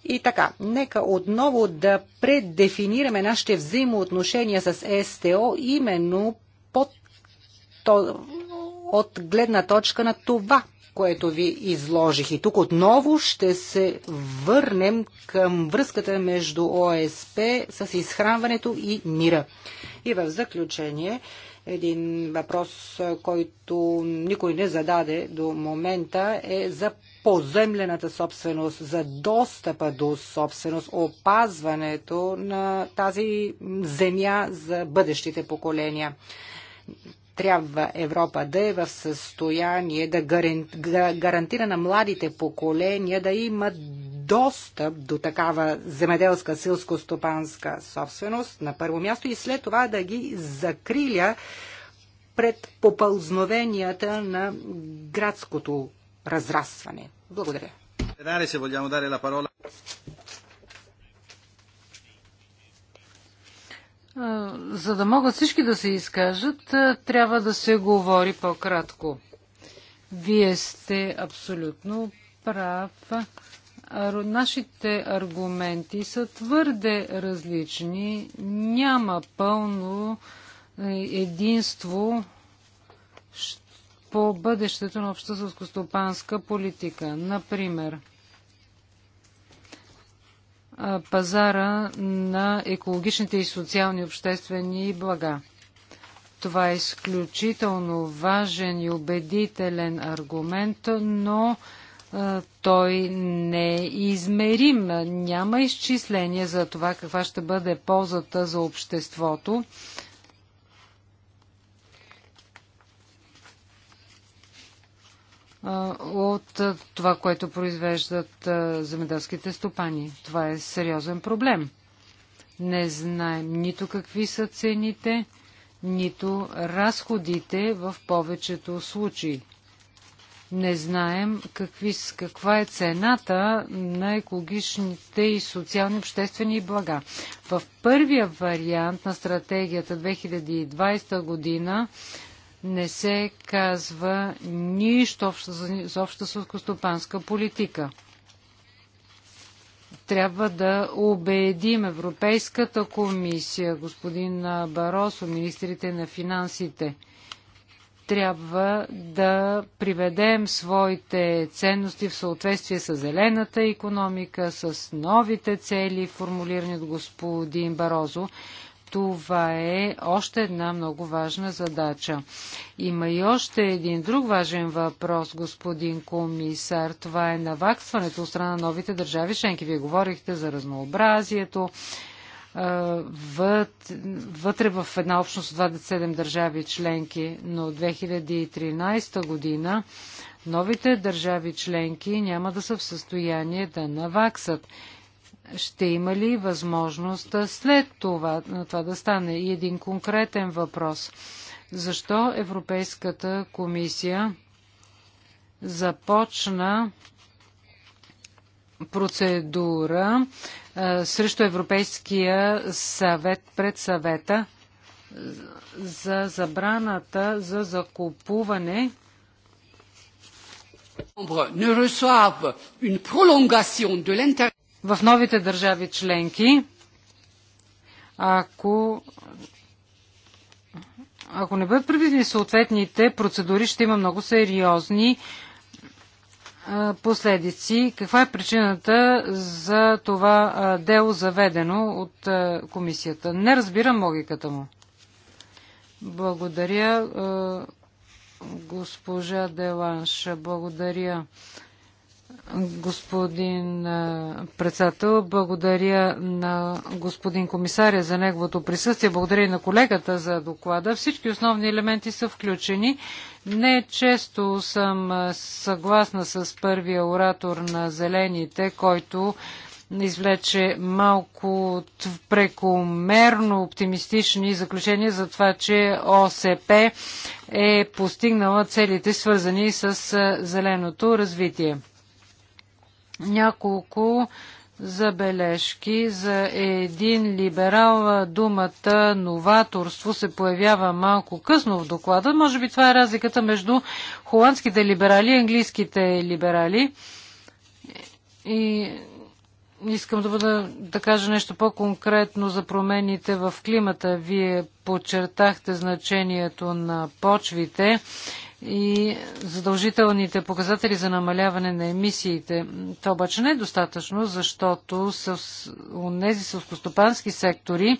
И така, нека отново да преддефинираме нашите взаимоотношения с СТО именно под, то, от гледна точка на това, което ви изложих. И тук отново ще се върнем към връзката между ОСП с изхранването и мира. И в заключение, един въпрос, който никой не зададе до момента, е за поземлената собственост, за достъпа до собственост, опазването на тази земя за бъдещите поколения. Трябва Европа да е в състояние да гарантира на младите поколения да имат достъп до такава земеделска силско-стопанска собственост на първо място и след това да ги закриля пред попълзновенията на градското разрастване. Благодаря. За да могат всички да се изкажат, трябва да се говори по-кратко. Вие сте абсолютно прав. Нашите аргументи са твърде различни. Няма пълно единство Ще по бъдещето на обща селскостопанска политика. Например, пазара на екологичните и социални обществени блага. Това е изключително важен и убедителен аргумент, но той не е измерим. Няма изчисление за това каква ще бъде ползата за обществото от това, което произвеждат земеделските стопани. Това е сериозен проблем. Не знаем нито какви са цените, нито разходите в повечето случаи. Не знаем какви, каква е цената на екологичните и социални обществени блага. В първия вариант на стратегията 2020 година не се казва нищо за обща сълскостопанска политика. Трябва да убедим Европейската комисия, господин Баросо, министрите на финансите. Трябва да приведем своите ценности в съответствие с зелената економика, с новите цели, формулирани от господин Барозо, това е още една много важна задача. Има и още един друг важен въпрос, господин комисар. Това е наваксването от страна на новите държави членки. Вие говорихте за разнообразието вътре в една общност от 27 държави членки, но от 2013 година новите държави членки няма да са в състояние да наваксат. Ще има ли възможност след това, това да стане? И един конкретен въпрос. Защо Европейската комисия започна процедура а, срещу Европейския съвет пред съвета за забраната за закупуване не reçoivent une prolongation de l'intérêt в новите държави членки, ако, ако не бъдат предвидени съответните процедури, ще има много сериозни последици. Каква е причината за това дело заведено от комисията? Не разбирам логиката му. Благодаря, госпожа Деланш. Благодаря, господин председател. Благодаря на господин комисаря за неговото присъствие. Благодаря и на колегата за доклада. Всички основни елементи са включени. Не често съм съгласна с първия оратор на Зелените, който извлече малко прекомерно оптимистични заключения за това, че ОСП е постигнала целите свързани с зеленото развитие няколко забележки. За един либерал думата новаторство се появява малко късно в доклада. Може би това е разликата между холандските либерали и английските либерали. И искам да, бъда, да кажа нещо по-конкретно за промените в климата. Вие подчертахте значението на почвите и задължителните показатели за намаляване на емисиите. Това обаче не е достатъчно, защото с тези сълскостопански сектори,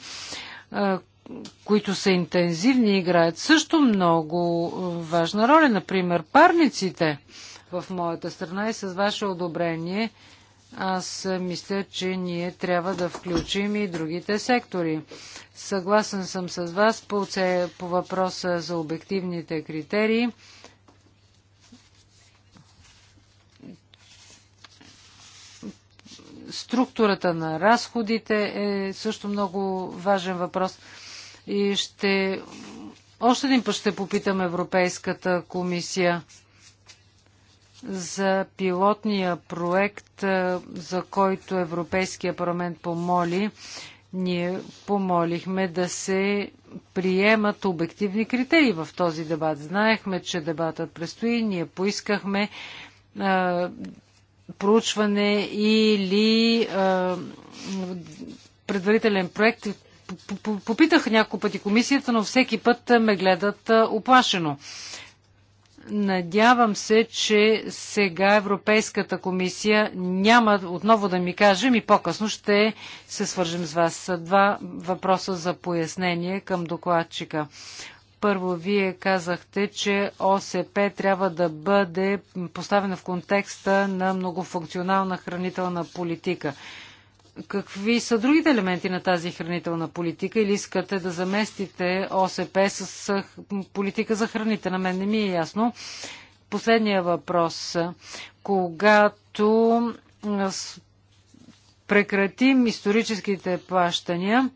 които са интензивни, играят също много важна роля. Например, парниците в моята страна и с ваше одобрение – аз мисля, че ние трябва да включим и другите сектори. Съгласен съм с вас по, по въпроса за обективните критерии. Структурата на разходите е също много важен въпрос. И ще още един път ще попитам Европейската комисия за пилотния проект, за който Европейския парламент помоли, ние помолихме да се приемат обективни критерии в този дебат. Знаехме, че дебатът предстои, ние поискахме а, проучване или а, предварителен проект. Попитах няколко пъти комисията, но всеки път ме гледат оплашено. Надявам се, че сега Европейската комисия няма отново да ми кажем и по-късно ще се свържем с вас. Два въпроса за пояснение към докладчика. Първо, вие казахте, че ОСП трябва да бъде поставена в контекста на многофункционална хранителна политика. Какви са другите елементи на тази хранителна политика или искате да заместите ОСП с политика за храните? На мен не ми е ясно. Последния въпрос. Когато прекратим историческите плащания,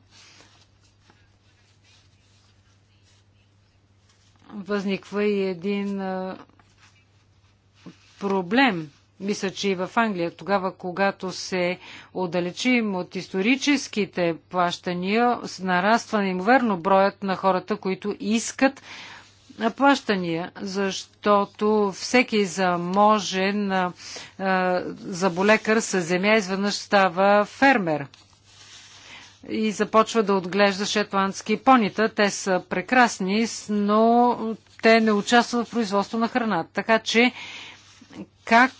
възниква и един проблем – мисля, че и в Англия, тогава, когато се отдалечим от историческите плащания, нараства неимоверно броят на хората, които искат плащания, защото всеки заможен а, заболекар с земя изведнъж става фермер и започва да отглежда шетландски понита. Те са прекрасни, но те не участват в производство на храна. Така че как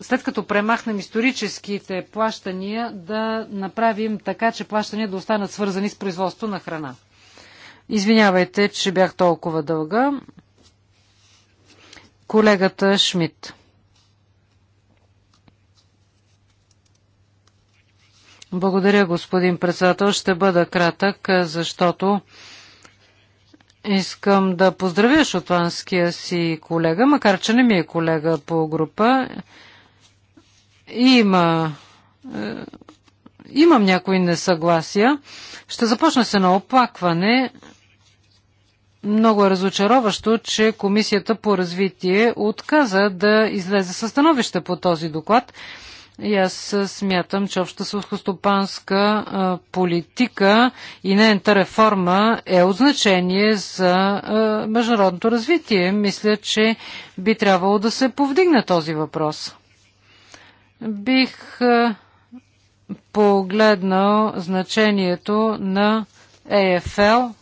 след като премахнем историческите плащания, да направим така, че плащания да останат свързани с производство на храна. Извинявайте, че бях толкова дълга. Колегата Шмидт. Благодаря, господин председател. Ще бъда кратък, защото Искам да поздравя шотландския си колега, макар че не ми е колега по група. Има е, имам някои несъгласия. Ще започна се на оплакване. Много е разочароващо, че Комисията по развитие отказа да излезе със становище по този доклад и аз смятам, че обща сълскостопанска политика и нейната реформа е от значение за международното развитие. Мисля, че би трябвало да се повдигне този въпрос. Бих погледнал значението на AFL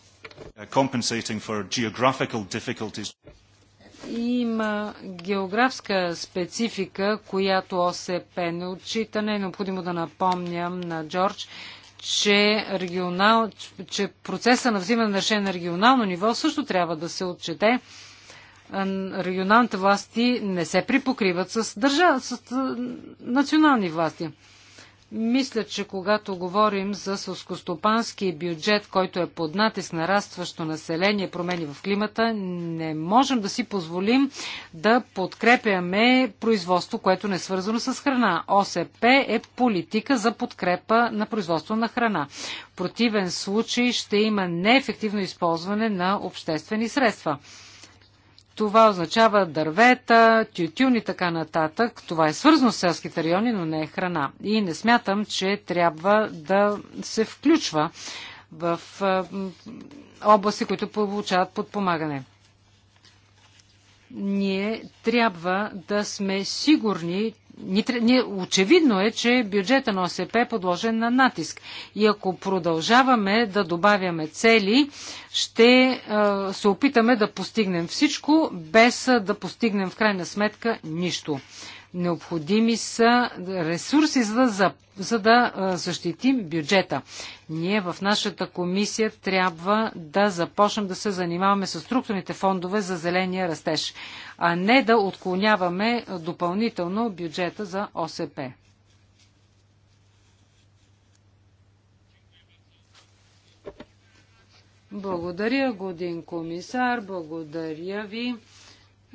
има географска специфика, която ОСП не отчита. Не е необходимо да напомням на Джордж, че, регионал, че процеса на взимане на решение на регионално ниво също трябва да се отчете. Регионалните власти не се припокриват с, държа, с национални власти. Мисля, че когато говорим за сълскостопански бюджет, който е под натиск на растващо население, промени в климата, не можем да си позволим да подкрепяме производство, което не е свързано с храна. ОСП е политика за подкрепа на производство на храна. В противен случай ще има неефективно използване на обществени средства. Това означава дървета, тютюн и така нататък. Това е свързано с селските райони, но не е храна. И не смятам, че трябва да се включва в области, които получават подпомагане. Ние трябва да сме сигурни, очевидно е, че бюджета на ОСП е подложен на натиск. И ако продължаваме да добавяме цели, ще се опитаме да постигнем всичко, без да постигнем в крайна сметка нищо. Необходими са ресурси, за да, за, за да защитим бюджета. Ние в нашата комисия трябва да започнем да се занимаваме с структурните фондове за зеления растеж, а не да отклоняваме допълнително бюджета за ОСП. Благодаря, годин комисар. Благодаря ви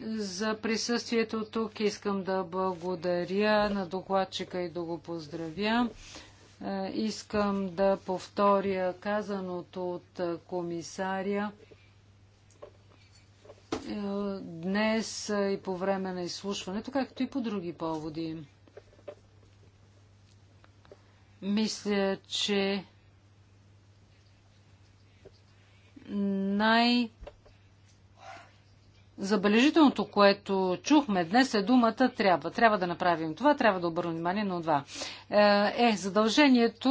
за присъствието тук. Искам да благодаря на докладчика и да го поздравя. Е, искам да повторя казаното от е, комисаря. Е, днес и по време на изслушването, както и по други поводи. Мисля, че най- забележителното, което чухме днес е думата трябва. Трябва да направим това, трябва да обърнем внимание на това. Е, е задължението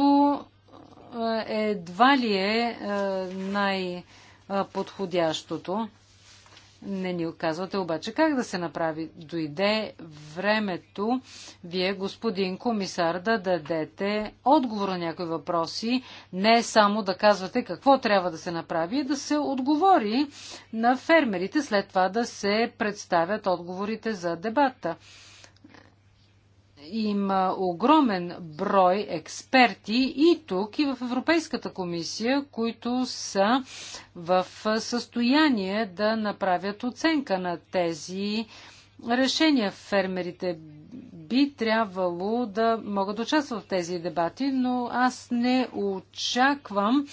е, едва ли е, е най-подходящото. Не ни оказвате обаче как да се направи. Дойде времето, вие, господин комисар, да дадете отговор на някои въпроси, не само да казвате какво трябва да се направи, да се отговори на фермерите, след това да се представят отговорите за дебата има огромен брой експерти и тук, и в Европейската комисия, които са в състояние да направят оценка на тези решения. Фермерите би трябвало да могат да участват в тези дебати, но аз не очаквам,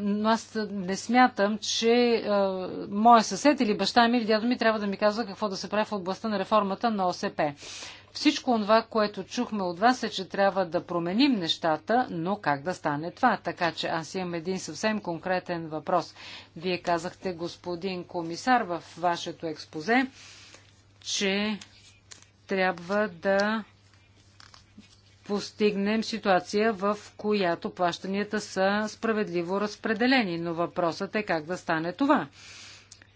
но аз не смятам, че моя съсед или баща ми или дядо ми трябва да ми казва какво да се прави в областта на реформата на ОСП. Всичко това, което чухме от вас е, че трябва да променим нещата, но как да стане това? Така че аз имам един съвсем конкретен въпрос. Вие казахте, господин комисар, в вашето експозе, че трябва да постигнем ситуация, в която плащанията са справедливо разпределени, но въпросът е как да стане това.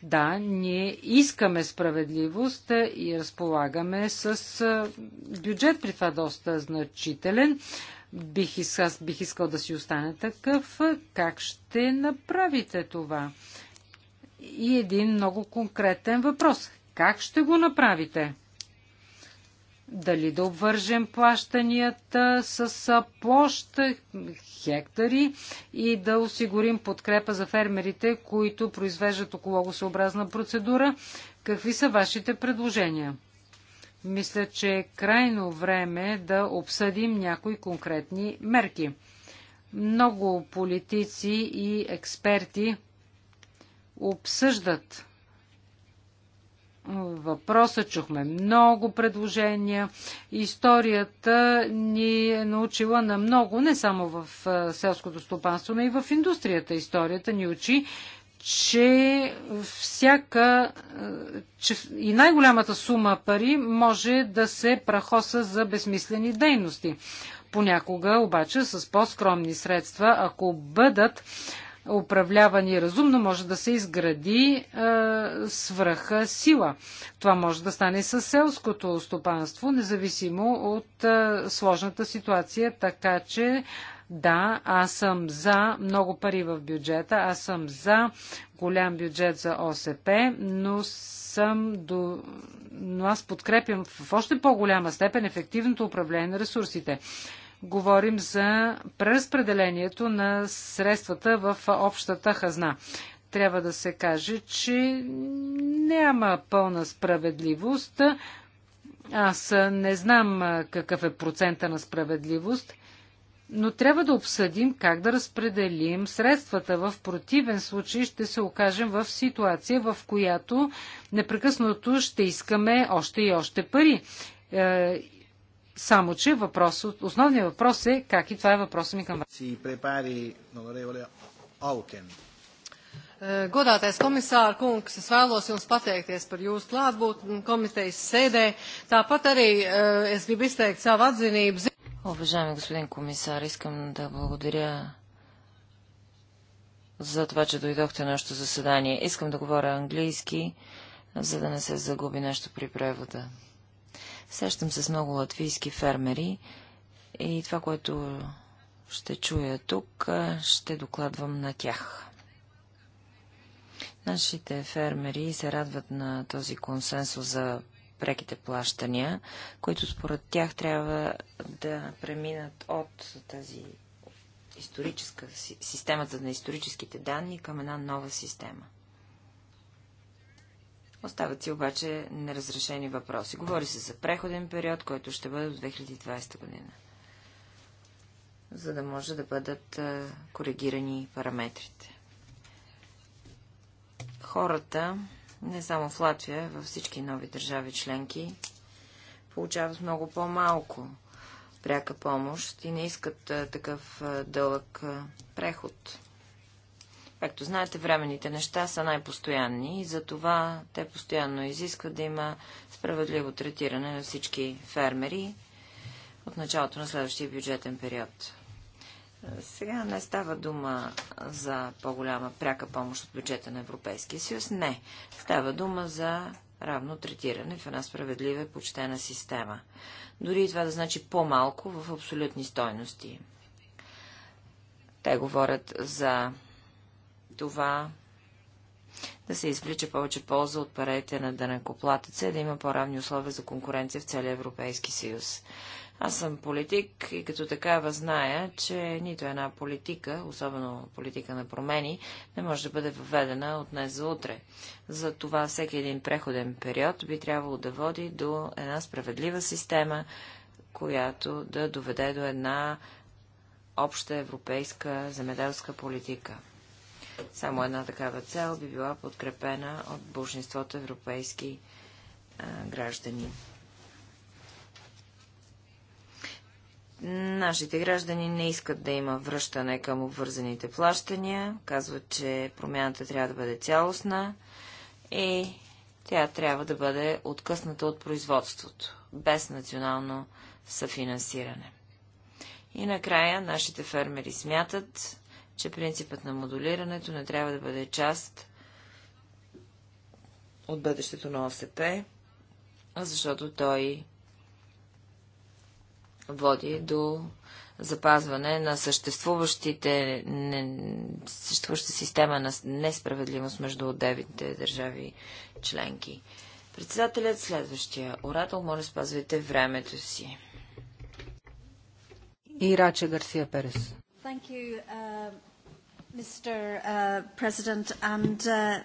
Да, ние искаме справедливост е, и разполагаме с е, бюджет, при това доста значителен. Бих, искал, бих искал да си остане такъв. Как ще направите това? И един много конкретен въпрос. Как ще го направите? дали да обвържем плащанията с площ, хектари и да осигурим подкрепа за фермерите, които произвеждат окологосъобразна процедура. Какви са вашите предложения? Мисля, че е крайно време да обсъдим някои конкретни мерки. Много политици и експерти обсъждат въпроса, чухме много предложения. Историята ни е научила на много, не само в селското стопанство, но и в индустрията. Историята ни учи, че всяка че и най-голямата сума пари може да се прахоса за безсмислени дейности. Понякога обаче с по-скромни средства, ако бъдат управлявани разумно, може да се изгради е, свръха сила. Това може да стане с селското стопанство, независимо от е, сложната ситуация, така че да, аз съм за много пари в бюджета, аз съм за голям бюджет за ОСП, но съм до... но аз подкрепям в още по-голяма степен ефективното управление на ресурсите говорим за преразпределението на средствата в общата хазна. Трябва да се каже, че няма пълна справедливост. Аз не знам какъв е процента на справедливост, но трябва да обсъдим как да разпределим средствата. В противен случай ще се окажем в ситуация, в която непрекъснато ще искаме още и още пари е, само, че въпрос, основният въпрос е как и това е въпросът ми към вас. Си препари, Auken. Е, godātais komisāra kungs, es vēlos jums pateikties par jūsu klātbūtni komitejas sēdē. Tāpat arī e, es gribu izteikt savu atzinību. Уважаеми господин комисар, искам да благодаря за това, че дойдохте на нашето заседание. Искам да говоря английски, за да не се загуби нещо при превода. Сещам се с много латвийски фермери и това, което ще чуя тук, ще докладвам на тях. Нашите фермери се радват на този консенсус за преките плащания, които според тях трябва да преминат от тази историческа, системата на историческите данни към една нова система. Остават си обаче неразрешени въпроси. Говори се за преходен период, който ще бъде до 2020 година, за да може да бъдат коригирани параметрите. Хората, не само в Латвия, във всички нови държави членки, получават много по-малко пряка помощ и не искат такъв дълъг преход. Както знаете, временните неща са най-постоянни и затова те постоянно изискват да има справедливо третиране на всички фермери от началото на следващия бюджетен период. Сега не става дума за по-голяма пряка помощ от бюджета на Европейския съюз. Не. Става дума за равно третиране в една справедлива и почтена система. Дори и това да значи по-малко в абсолютни стойности. Те говорят за това да се извлича повече полза от парите на дънакоплатеца и да има по-равни условия за конкуренция в целия Европейски съюз. Аз съм политик и като такава зная, че нито една политика, особено политика на промени, не може да бъде въведена от днес за утре. За това всеки един преходен период би трябвало да води до една справедлива система, която да доведе до една обща европейска земеделска политика. Само една такава цел би била подкрепена от большинството европейски а, граждани. Нашите граждани не искат да има връщане към обвързаните плащания. Казват, че промяната трябва да бъде цялостна и тя трябва да бъде откъсната от производството, без национално съфинансиране. И накрая нашите фермери смятат, че принципът на модулирането не трябва да бъде част от бъдещето на ОСП, защото той води до запазване на съществуващите, не, съществуваща система на несправедливост между отделните държави членки. Председателят, следващия оратор, моля спазвайте времето си. Ираче Гарсия Перес. Thank you, uh, Mr. Uh, President, and uh,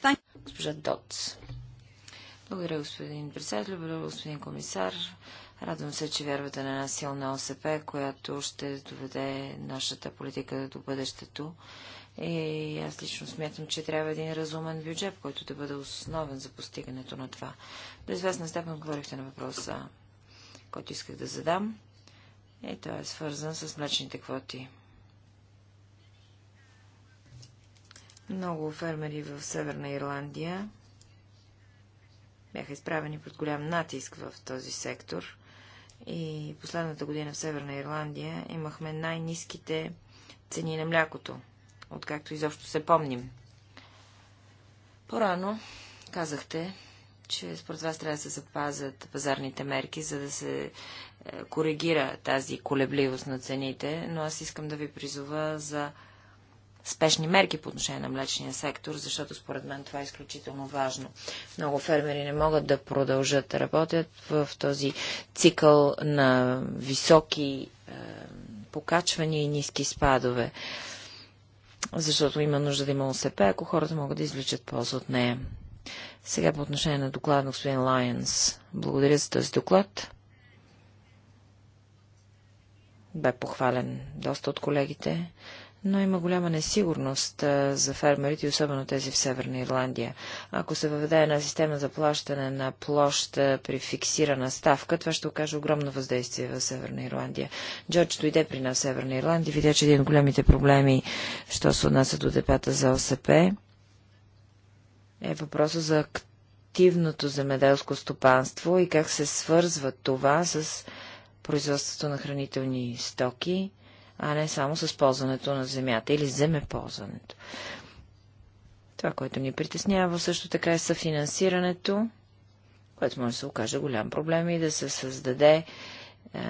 thank Госпожа Благодаря, господин председател, благодаря, господин комисар. Радвам се, че вярвате на една силна ОСП, която ще доведе нашата политика до бъдещето. И аз лично смятам, че трябва един разумен бюджет, който да бъде основен за постигането на това. До известна степен говорихте на въпроса, който исках да задам. И той е свързан с млечните квоти. Много фермери в Северна Ирландия бяха изправени под голям натиск в този сектор. И последната година в Северна Ирландия имахме най-низките цени на млякото, откакто изобщо се помним. По-рано казахте, че според вас трябва да се запазят пазарните мерки, за да се е, коригира тази колебливост на цените, но аз искам да ви призова за спешни мерки по отношение на млечния сектор, защото според мен това е изключително важно. Много фермери не могат да продължат да работят в този цикъл на високи е, покачвания и ниски спадове, защото има нужда да има ОСП, ако хората могат да извлечат полза от нея. Сега по отношение на доклад на господин Лайенс. Благодаря за този доклад. Бе похвален доста от колегите но има голяма несигурност за фермерите, особено тези в Северна Ирландия. Ако се въведе една система за плащане на площа при фиксирана ставка, това ще окаже огромно въздействие в Северна Ирландия. Джордж дойде при нас в Северна Ирландия, видя, че един от големите проблеми, що се отнася до депата за ОСП, е въпроса за активното земеделско стопанство и как се свързва това с производството на хранителни стоки а не само с ползването на земята или земеползването. Това, което ни притеснява също така е съфинансирането, което може да се окаже голям проблем и да се създаде е,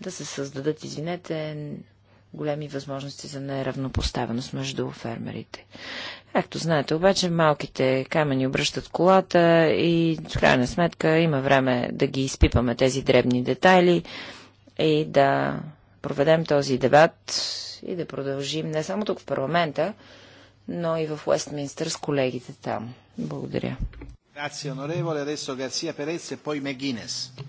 да се създадат, извинете, големи възможности за неравнопоставеност между фермерите. Както знаете, обаче малките камъни обръщат колата и в крайна сметка има време да ги изпипаме тези дребни детайли и да проведем този дебат и да продължим не само тук в парламента, но и в Уестминстър с колегите там. Благодаря. E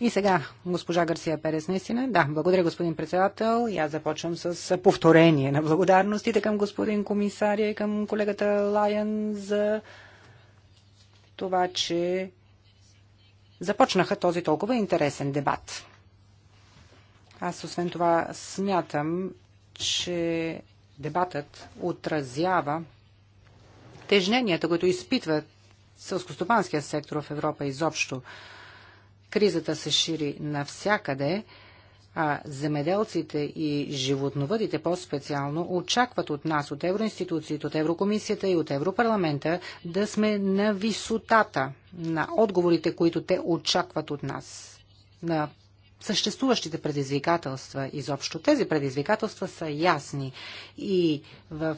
и сега, госпожа Гарсия Перес, наистина. Да, благодаря, господин председател. И аз започвам с повторение на благодарностите към господин комисаря и към колегата Лайън за това, че започнаха този толкова интересен дебат. Аз освен това смятам, че дебатът отразява тежненията, които изпитват сълскостопанския сектор в Европа изобщо. Кризата се шири навсякъде, а земеделците и животновъдите по-специално очакват от нас, от евроинституциите, от Еврокомисията и от Европарламента да сме на висотата на отговорите, които те очакват от нас на съществуващите предизвикателства изобщо. Тези предизвикателства са ясни и в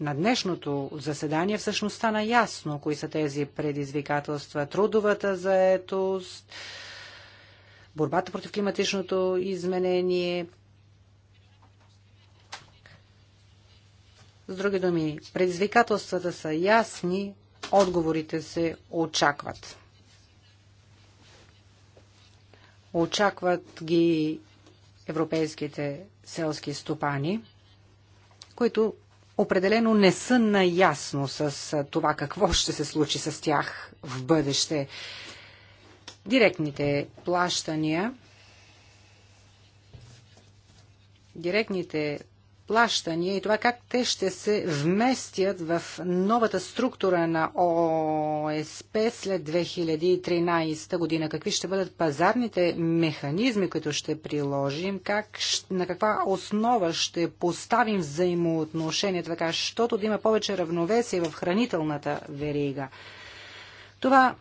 на днешното заседание всъщност стана ясно кои са тези предизвикателства. Трудовата заетост, борбата против климатичното изменение. С други думи, предизвикателствата са ясни, отговорите се очакват. Очакват ги европейските селски стопани, които определено не са наясно с това какво ще се случи с тях в бъдеще. Директните плащания директните плащания и това как те ще се вместят в новата структура на ОСП след 2013 година. Какви ще бъдат пазарните механизми, които ще приложим, как, на каква основа ще поставим взаимоотношения, така, щото да има повече равновесие в хранителната верига. Това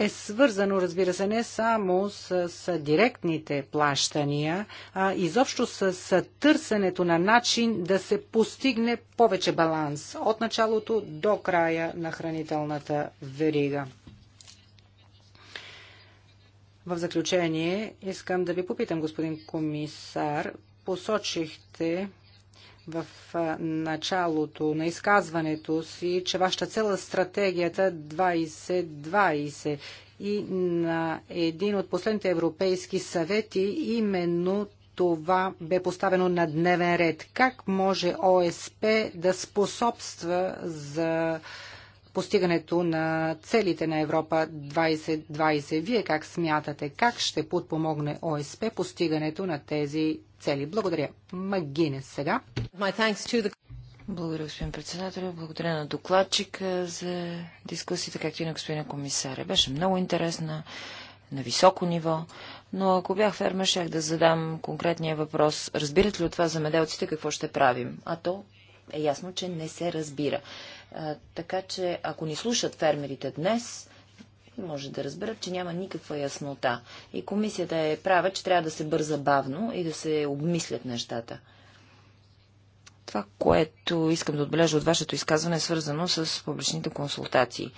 е свързано, разбира се, не само с, с директните плащания, а изобщо с, с търсенето на начин да се постигне повече баланс от началото до края на хранителната верига. В заключение искам да ви попитам, господин комисар, посочихте в началото на изказването си, че вашата цел е стратегията 2020 и на един от последните европейски съвети именно това бе поставено на дневен ред. Как може ОСП да способства за постигането на целите на Европа 2020? Вие как смятате? Как ще подпомогне ОСП постигането на тези цели. Благодаря. Магине сега. Благодаря, господин председател. Благодаря на докладчика за дискусията, както и на господина комисаря. Беше много интересна, на високо ниво. Но ако бях ферма щях да задам конкретния въпрос. Разбират ли от това замеделците какво ще правим? А то е ясно, че не се разбира. А, така че, ако ни слушат фермерите днес, може да разберат, че няма никаква яснота. И комисията е права, че трябва да се бърза бавно и да се обмислят нещата. Това, което искам да отбележа от вашето изказване, е свързано с публичните консултации.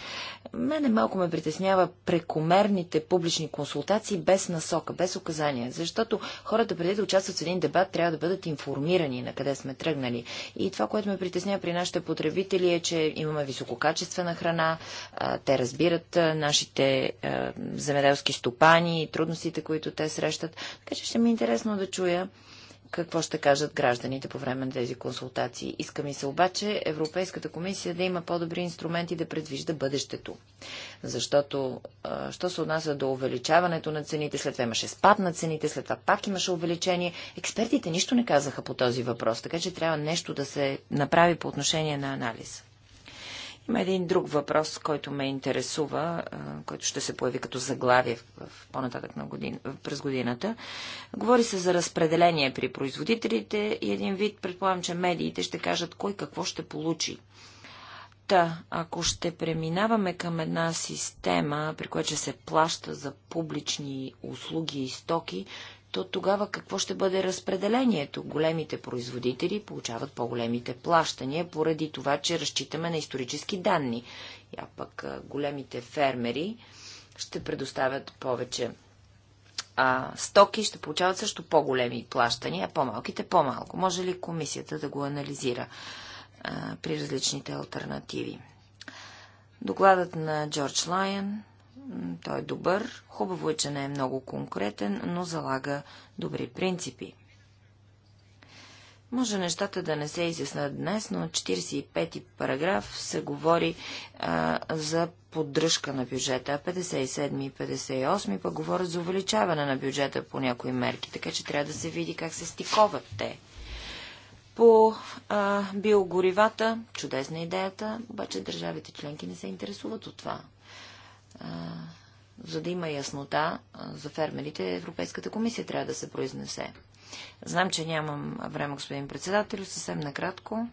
Мене малко ме притеснява прекомерните публични консултации без насока, без указания, защото хората преди да участват в един дебат трябва да бъдат информирани на къде сме тръгнали. И това, което ме притеснява при нашите потребители е, че имаме висококачествена храна, те разбират нашите земеделски стопани и трудностите, които те срещат. Така че ще ми е интересно да чуя какво ще кажат гражданите по време на тези консултации. Иска ми се обаче Европейската комисия да има по-добри инструменти да предвижда бъдещето. Защото, а, що се отнася до увеличаването на цените, след това имаше спад на цените, след това пак имаше увеличение. Експертите нищо не казаха по този въпрос, така че трябва нещо да се направи по отношение на анализа. Има един друг въпрос, който ме интересува, който ще се появи като заглавие в по-нататък на годин, през годината. Говори се за разпределение при производителите и един вид, предполагам, че медиите ще кажат кой какво ще получи. Та, ако ще преминаваме към една система, при която се плаща за публични услуги и стоки, то тогава какво ще бъде разпределението? Големите производители получават по-големите плащания, поради това, че разчитаме на исторически данни. А пък големите фермери ще предоставят повече а, стоки, ще получават също по-големи плащания, а по-малките по-малко. Може ли комисията да го анализира а, при различните альтернативи? Докладът на Джордж Лайън той е добър. Хубаво е, че не е много конкретен, но залага добри принципи. Може нещата да не се изяснат днес, но 45-ти параграф се говори а, за поддръжка на бюджета, а 57 и 58 пък говорят за увеличаване на бюджета по някои мерки, така че трябва да се види как се стиковат те. По а, биогоривата, чудесна идеята, обаче държавите членки не се интересуват от това за да има яснота за фермерите, Европейската комисия трябва да се произнесе. Знам, че нямам време, господин председател, съвсем накратко.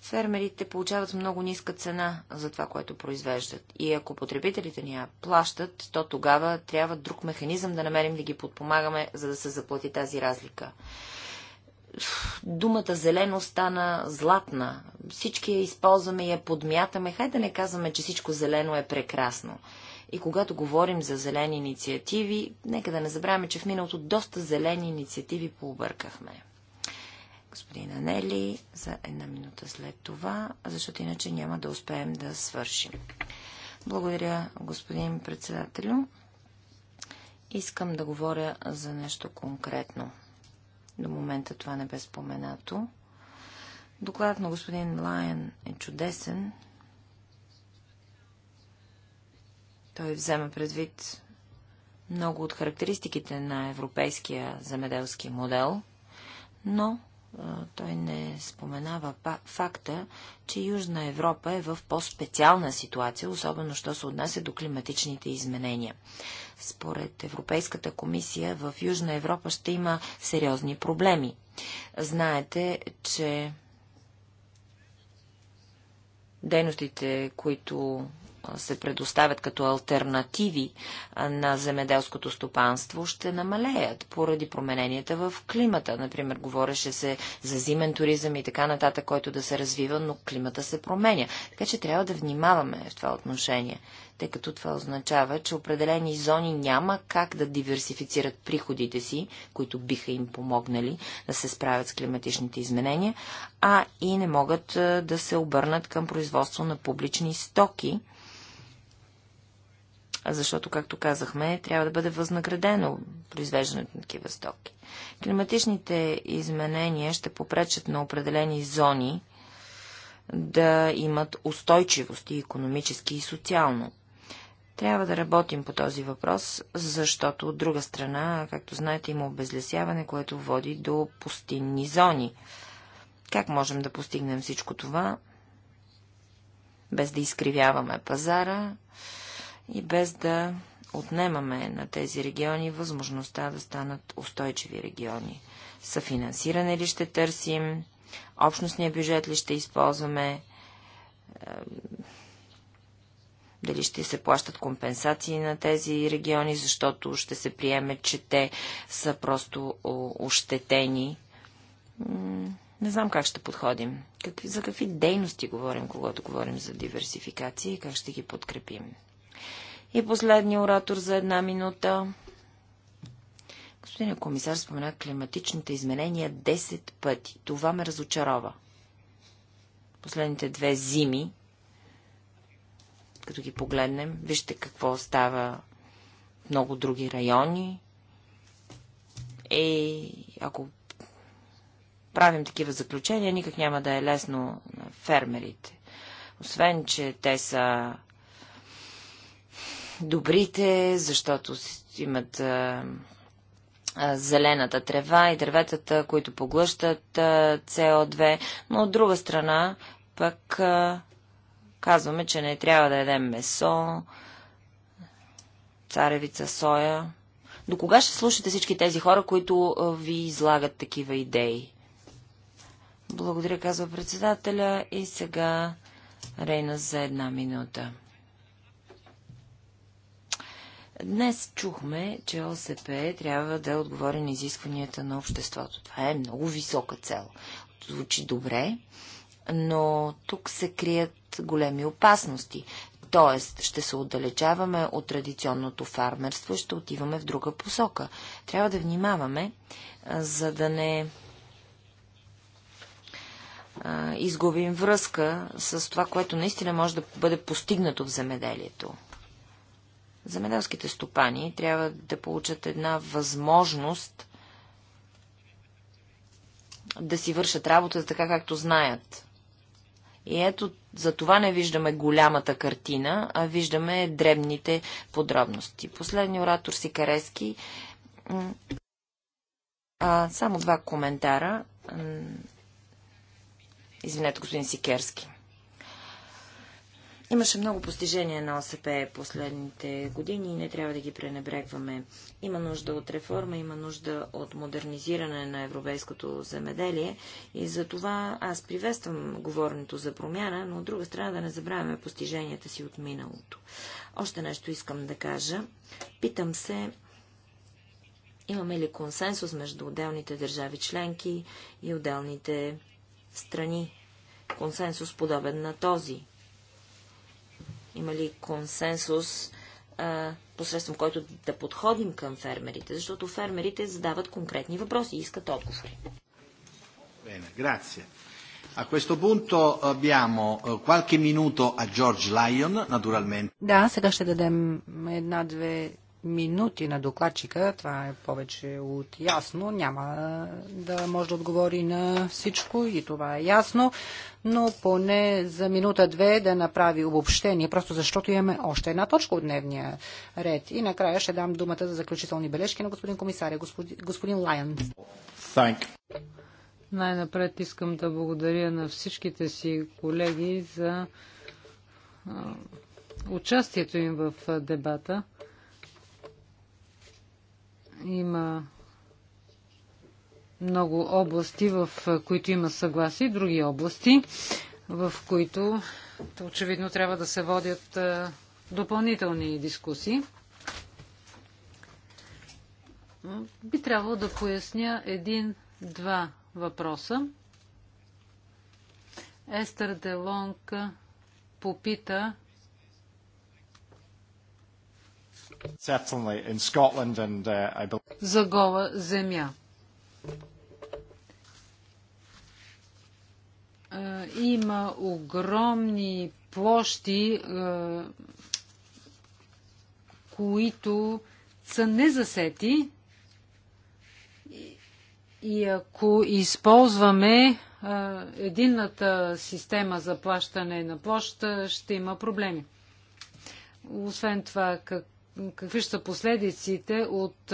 Фермерите получават много ниска цена за това, което произвеждат. И ако потребителите ни я плащат, то тогава трябва друг механизъм да намерим да ги подпомагаме, за да се заплати тази разлика думата зелено стана златна. Всички я използваме и я подмятаме. Хайде да не казваме, че всичко зелено е прекрасно. И когато говорим за зелени инициативи, нека да не забравяме, че в миналото доста зелени инициативи пообъркахме. Господин Анели, за една минута след това, защото иначе няма да успеем да свършим. Благодаря, господин председателю. Искам да говоря за нещо конкретно. До момента това не бе споменато. Докладът на господин Лайен е чудесен. Той взема предвид много от характеристиките на европейския земеделски модел, но той не споменава факта, че Южна Европа е в по-специална ситуация, особено що се отнася до климатичните изменения. Според Европейската комисия в Южна Европа ще има сериозни проблеми. Знаете, че дейностите, които се предоставят като альтернативи на земеделското стопанство, ще намалеят поради промененията в климата. Например, говореше се за зимен туризъм и така нататък, който да се развива, но климата се променя. Така че трябва да внимаваме в това отношение, тъй като това означава, че определени зони няма как да диверсифицират приходите си, които биха им помогнали да се справят с климатичните изменения, а и не могат да се обърнат към производство на публични стоки, защото, както казахме, трябва да бъде възнаградено произвеждането на такива стоки. Климатичните изменения ще попречат на определени зони да имат устойчивост и економически и социално. Трябва да работим по този въпрос, защото от друга страна, както знаете, има обезлесяване, което води до пустинни зони. Как можем да постигнем всичко това, без да изкривяваме пазара, и без да отнемаме на тези региони възможността да станат устойчиви региони. Съфинансиране ли ще търсим, общностния бюджет ли ще използваме, дали ще се плащат компенсации на тези региони, защото ще се приеме, че те са просто ощетени. Не знам как ще подходим. Какви, за какви дейности говорим, когато говорим за диверсификация и как ще ги подкрепим. И последния оратор за една минута. Господин комисар спомена климатичните изменения 10 пъти. Това ме разочарова. Последните две зими, като ги погледнем, вижте какво става в много други райони. И ако правим такива заключения, никак няма да е лесно на фермерите. Освен, че те са добрите, защото имат зелената трева и дърветата, които поглъщат CO2, но от друга страна пък казваме, че не трябва да едем месо, царевица, соя. До кога ще слушате всички тези хора, които ви излагат такива идеи? Благодаря, казва председателя. И сега Рейна за една минута. Днес чухме, че ОСП трябва да отговори на изискванията на обществото. Това е много висока цел. Звучи добре, но тук се крият големи опасности. Тоест, ще се отдалечаваме от традиционното фармерство и ще отиваме в друга посока. Трябва да внимаваме, за да не изгубим връзка с това, което наистина може да бъде постигнато в земеделието. Земеделските стопани трябва да получат една възможност да си вършат работа така, както знаят. И ето, за това не виждаме голямата картина, а виждаме дребните подробности. Последният оратор Сикарески. А, само два коментара. Извинете, господин Сикерски. Имаше много постижения на ОСП последните години и не трябва да ги пренебрегваме. Има нужда от реформа, има нужда от модернизиране на европейското земеделие и за това аз приветствам говоренето за промяна, но от друга страна да не забравяме постиженията си от миналото. Още нещо искам да кажа. Питам се, имаме ли консенсус между отделните държави членки и отделните страни? Консенсус подобен на този – има ли консенсус, посредством който да подходим към фермерите, защото фермерите задават конкретни въпроси и искат отговори. Bene, grazie. A questo punto abbiamo eh, qualche minuto a George Lyon, naturalmente. Да, сега ще дадем една-две минути на докладчика, това е повече от ясно, няма да може да отговори на всичко и това е ясно, но поне за минута-две да направи обобщение, просто защото имаме още една точка от дневния ред. И накрая ще дам думата за заключителни бележки на господин комисаря, господин, господин Лайон. Най-напред искам да благодаря на всичките си колеги за участието им в дебата. Има много области, в които има съгласи, други области, в които очевидно трябва да се водят допълнителни дискусии. Би трябвало да поясня един-два въпроса. Естер Делонг попита За гола земя. Има огромни площи, uh, които са незасети и ако използваме а, uh, единната система за плащане на площ, ще има проблеми. Освен това, как, какви ще са последиците от,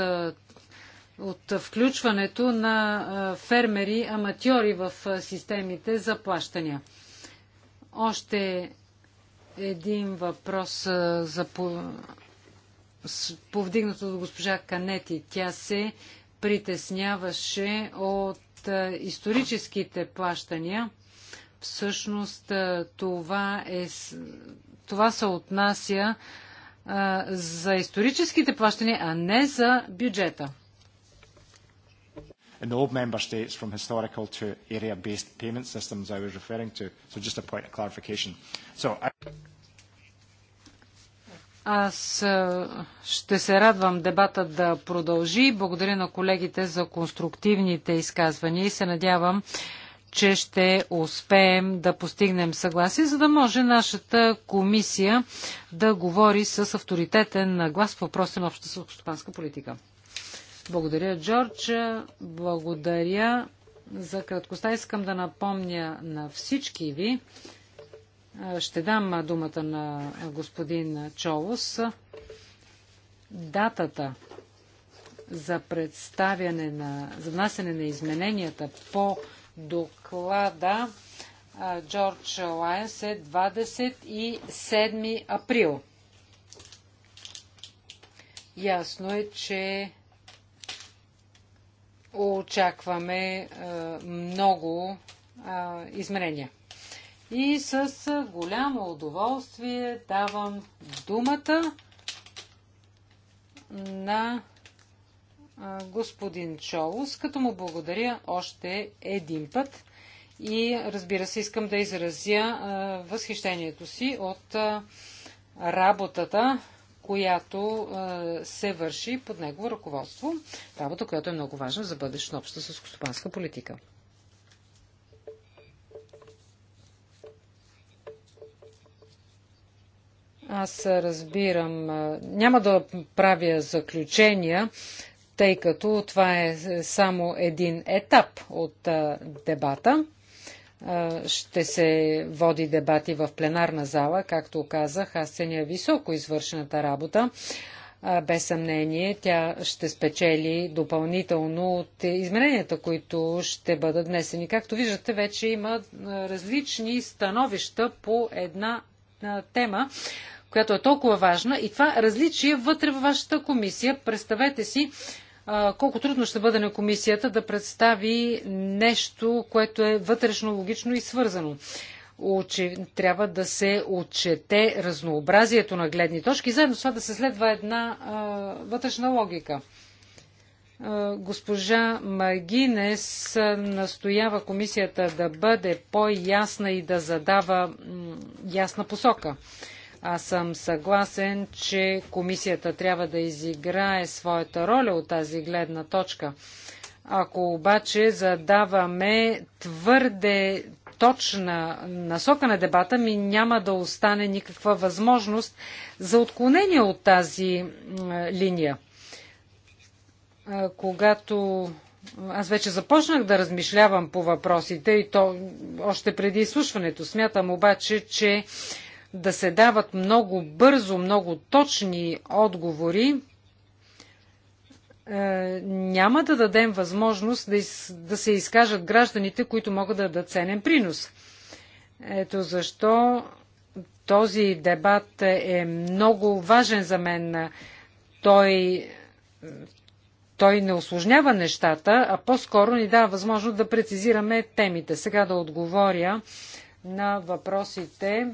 от включването на фермери, аматьори в системите за плащания. Още един въпрос за повдигнато от госпожа Канети. Тя се притесняваше от историческите плащания. Всъщност това, е, това се отнася за историческите плащания, а не за бюджета. In the old member states, from historical to area-based payment systems, I was referring to. So, just a point of clarification. So, I... Аз ще се радвам дебата да продължи. Благодаря на колегите за конструктивните изказвания и се надявам, че ще успеем да постигнем съгласие, за да може нашата комисия да говори с авторитетен глас по въпроса на общата селскостопанска политика. Благодаря, Джордж. Благодаря за краткостта. Искам да напомня на всички ви. Ще дам думата на господин Чолос. Датата за представяне на, за внасяне на измененията по доклада Джордж Лайнс е 27 април. Ясно е, че очакваме много изменения. И с голямо удоволствие давам думата на господин Чолус, като му благодаря още един път. И разбира се, искам да изразя а, възхищението си от а, работата, която а, се върши под негово ръководство. Работа, която е много важна за бъдещето обща селскостопанска политика. Аз разбирам, няма да правя заключения тъй като това е само един етап от а, дебата. А, ще се води дебати в пленарна зала, както казах, аз ценя високо извършената работа. А, без съмнение, тя ще спечели допълнително от измененията, които ще бъдат внесени. Както виждате, вече има различни становища по една тема, която е толкова важна и това различие е вътре във вашата комисия. Представете си колко трудно ще бъде на комисията да представи нещо, което е вътрешно логично и свързано. Трябва да се отчете разнообразието на гледни точки, заедно с това да се следва една а, вътрешна логика. А, госпожа Магинес настоява комисията да бъде по-ясна и да задава ясна посока. Аз съм съгласен, че комисията трябва да изиграе своята роля от тази гледна точка. Ако обаче задаваме твърде точна насока на дебата, ми няма да остане никаква възможност за отклонение от тази линия. Когато аз вече започнах да размишлявам по въпросите и то още преди изслушването. Смятам обаче, че да се дават много бързо, много точни отговори, е, няма да дадем възможност да, из, да се изкажат гражданите, които могат да дадат ценен принос. Ето защо този дебат е много важен за мен. Той, той не осложнява нещата, а по-скоро ни дава възможност да прецизираме темите. Сега да отговоря на въпросите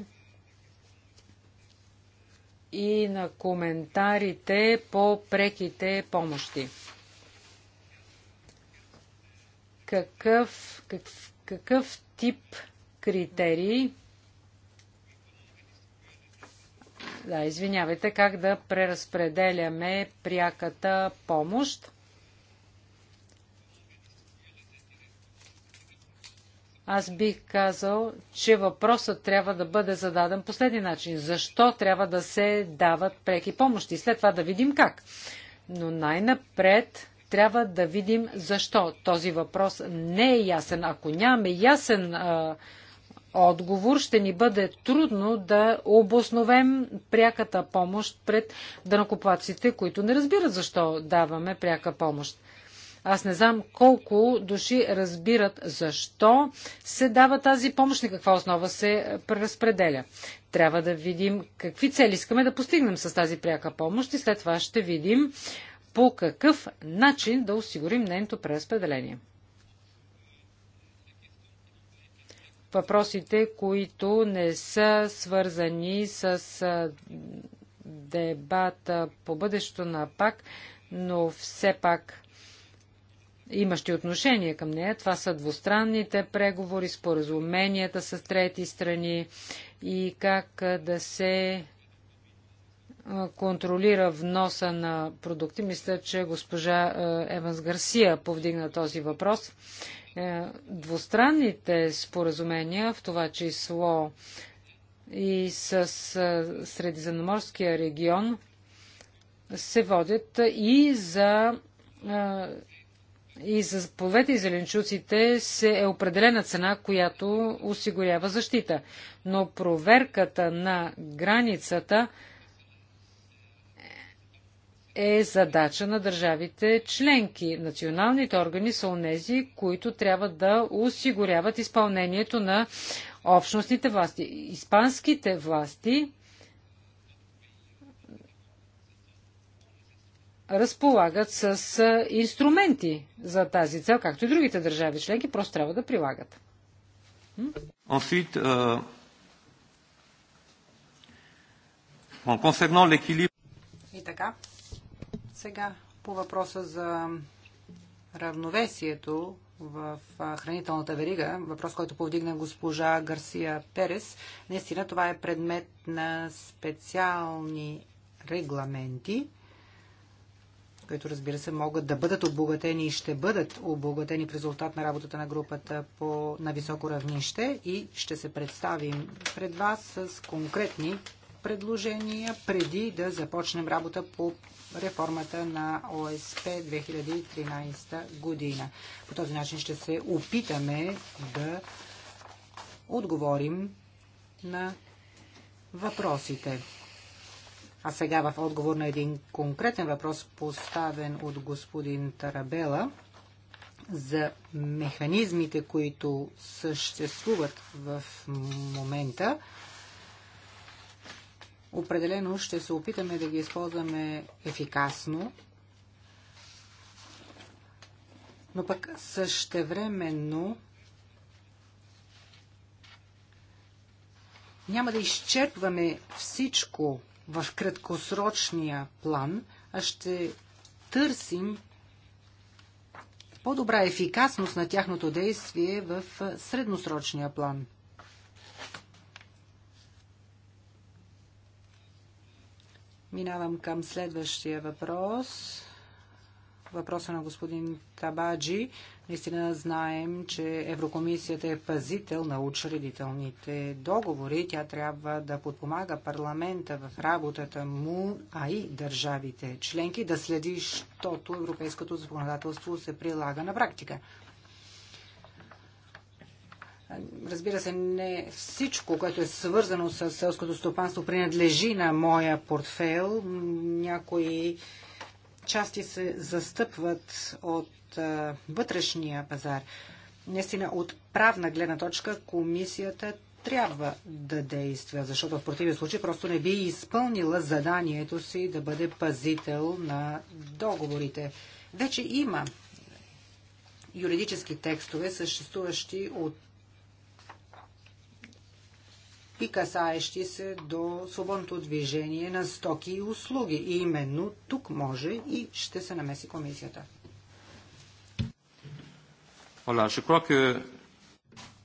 и на коментарите по преките помощи. Какъв, какъв, какъв тип критерии да, извинявайте, как да преразпределяме пряката помощ. аз бих казал, че въпросът трябва да бъде зададен последния начин. Защо трябва да се дават преки помощи? След това да видим как. Но най-напред трябва да видим защо. Този въпрос не е ясен. Ако нямаме ясен а, отговор, ще ни бъде трудно да обосновем пряката помощ пред данакоплаците, които не разбират защо даваме пряка помощ. Аз не знам колко души разбират защо се дава тази помощ и каква основа се преразпределя. Трябва да видим какви цели искаме да постигнем с тази пряка помощ и след това ще видим по какъв начин да осигурим нейното преразпределение. Въпросите, които не са свързани с дебата по бъдещето на ПАК, но все пак имащи отношение към нея. Това са двустранните преговори, споразуменията с трети страни и как да се контролира вноса на продукти. Мисля, че госпожа Еванс Гарсия повдигна този въпрос. Е, двустранните споразумения, в това число и с Средиземноморския регион, се водят и за и за пловете и зеленчуците се е определена цена, която осигурява защита. Но проверката на границата е задача на държавите членки. Националните органи са онези, които трябва да осигуряват изпълнението на общностните власти. Испанските власти разполагат с инструменти за тази цел, както и другите държави членки, просто трябва да прилагат. Euh, и така, сега по въпроса за равновесието в хранителната верига, въпрос, който повдигна госпожа Гарсия Перес, наистина това е предмет на специални регламенти които разбира се могат да бъдат обогатени и ще бъдат обогатени в резултат на работата на групата по, на високо равнище и ще се представим пред вас с конкретни предложения преди да започнем работа по реформата на ОСП 2013 година. По този начин ще се опитаме да отговорим на въпросите. А сега в отговор на един конкретен въпрос, поставен от господин Тарабела, за механизмите, които съществуват в момента, определено ще се опитаме да ги използваме ефикасно, но пък същевременно няма да изчерпваме всичко, в краткосрочния план, а ще търсим по-добра ефикасност на тяхното действие в средносрочния план. Минавам към следващия въпрос въпроса на господин Табаджи, наистина знаем, че Еврокомисията е пазител на учредителните договори. Тя трябва да подпомага парламента в работата му, а и държавите членки да следи, защото европейското законодателство се прилага на практика. Разбира се, не всичко, което е свързано с селското стопанство, принадлежи на моя портфел. Някои части се застъпват от вътрешния пазар. Наистина, от правна гледна точка, комисията трябва да действа, защото в противен случай просто не би изпълнила заданието си да бъде пазител на договорите. Вече има юридически текстове, съществуващи от и касаещи се до свободното движение на стоки и услуги. И именно тук може и ще се намеси комисията. И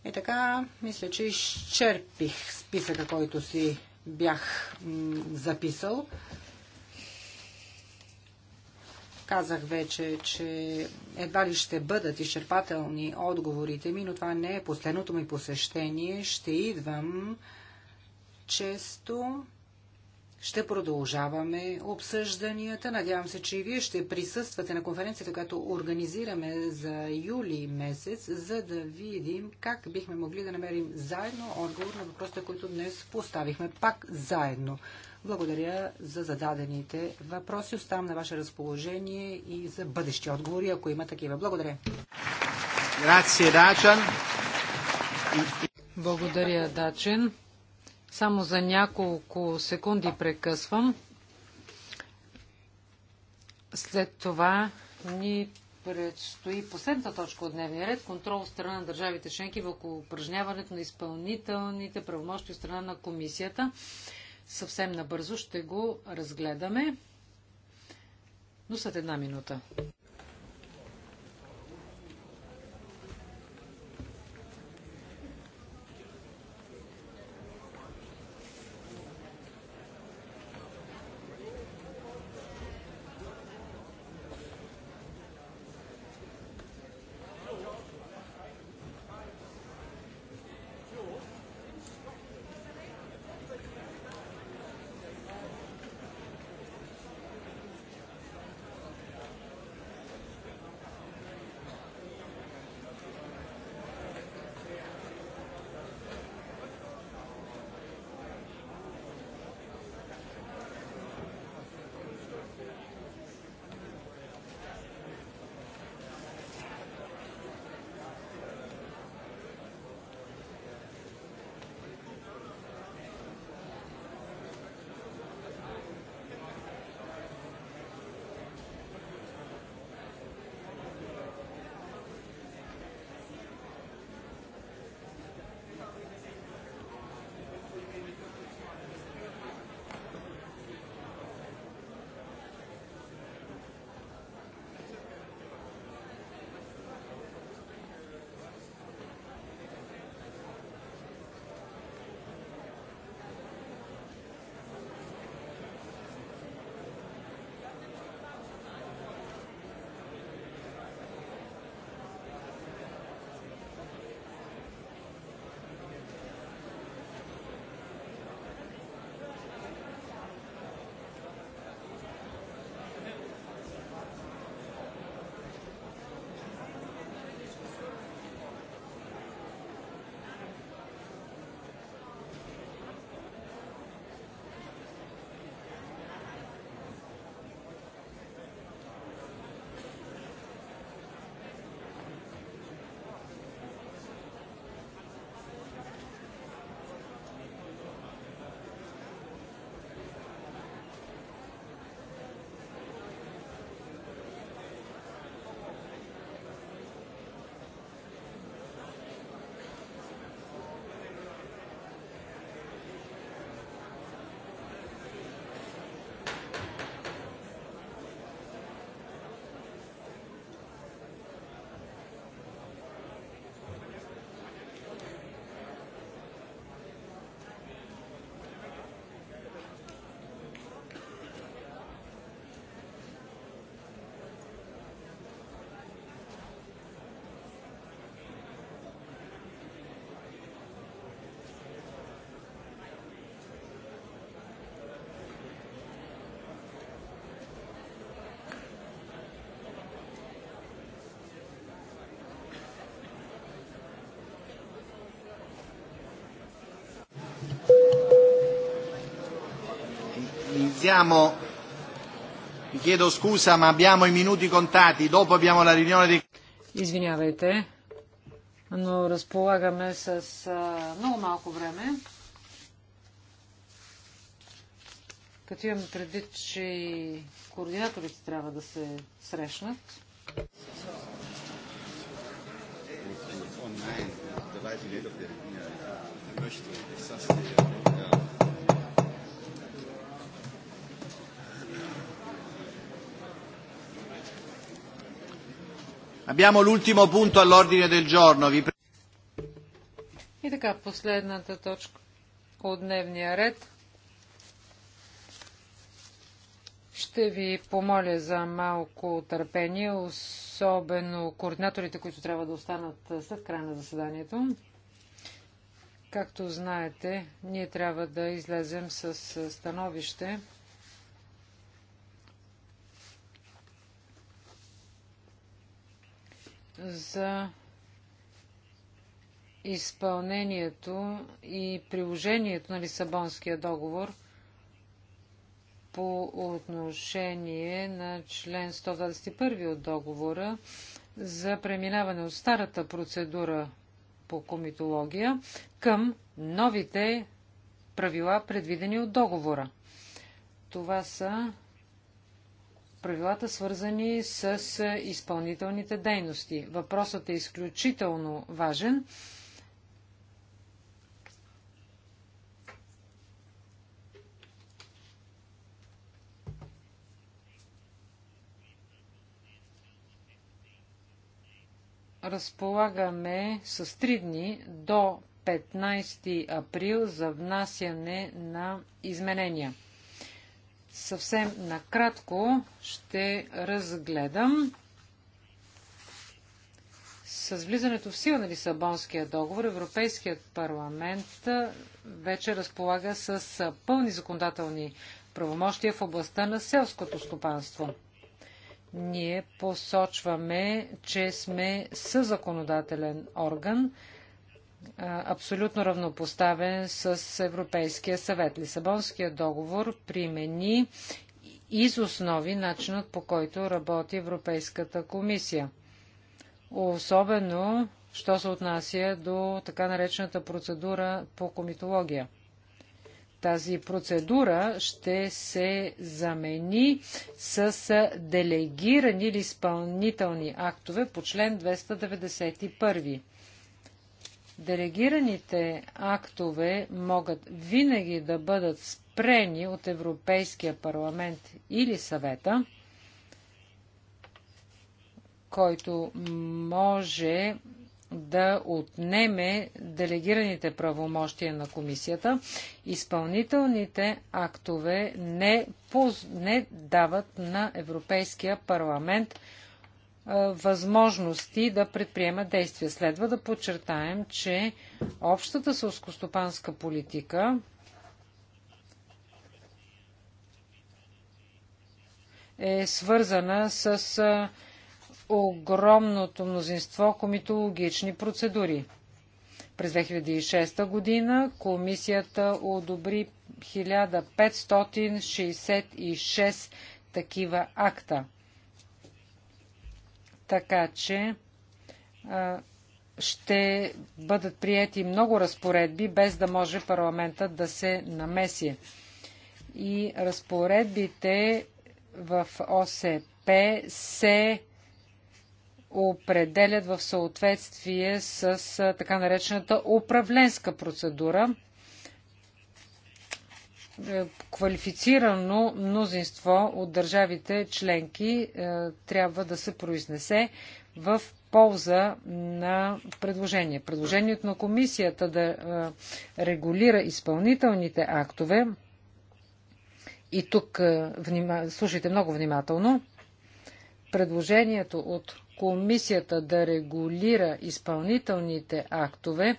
е така, мисля, че изчерпих списъка, който си бях записал. Казах вече, че едва ли ще бъдат изчерпателни отговорите ми, но това не е последното ми посещение. Ще идвам често ще продължаваме обсъжданията. Надявам се, че и вие ще присъствате на конференцията, която организираме за юли месец, за да видим как бихме могли да намерим заедно отговор на въпросите, които днес поставихме пак заедно. Благодаря за зададените въпроси. Оставам на ваше разположение и за бъдещи отговори, ако има такива. Благодаря. Благодаря, Дачен. Само за няколко секунди прекъсвам. След това ни предстои последната точка от дневния ред – контрол от страна на държавите шенки върху упражняването на изпълнителните правомощи от страна на комисията. Съвсем набързо ще го разгледаме, но след една минута. Iniziamo. Vi chiedo scusa, ma abbiamo i minuti contati. Dopo abbiamo la riunione di... Извинявайте, но разполагаме с а, много малко време. Като имам предвид, че и координаторите трябва да се срещнат. Онлайн, Abbiamo l'ultimo punto all'ordine del giorno. Vi... И така, последната точка от дневния ред. Ще ви помоля за малко търпение, особено координаторите, които трябва да останат след края на заседанието. Както знаете, ние трябва да излезем с становище за изпълнението и приложението на Лисабонския договор по отношение на член 121 от договора за преминаване от старата процедура по комитология към новите правила, предвидени от договора. Това са правилата, свързани с е, изпълнителните дейности. Въпросът е изключително важен. разполагаме с три дни до 15 април за внасяне на изменения. Съвсем накратко ще разгледам с влизането в сила на Лисабонския договор Европейският парламент вече разполага с пълни законодателни правомощия в областта на селското стопанство. Ние посочваме, че сме съзаконодателен орган, абсолютно равнопоставен с Европейския съвет. Лисабонския договор примени из основи начинът по който работи Европейската комисия. Особено, що се отнася до така наречената процедура по комитология. Тази процедура ще се замени с делегирани или изпълнителни актове по член 291. Делегираните актове могат винаги да бъдат спрени от Европейския парламент или съвета, който може да отнеме делегираните правомощия на комисията. Изпълнителните актове не, поз... не дават на Европейския парламент възможности да предприемат действия. Следва да подчертаем, че общата сълскостопанска политика е свързана с огромното мнозинство комитологични процедури. През 2006 година комисията одобри 1566 такива акта. Така че ще бъдат прияти много разпоредби, без да може парламентът да се намеси. И разпоредбите в ОСП се определят в съответствие с така наречената управленска процедура. Е, квалифицирано мнозинство от държавите членки е, трябва да се произнесе в полза на предложение. Предложението на комисията да е, регулира изпълнителните актове и тук слушайте много внимателно. Предложението от комисията да регулира изпълнителните актове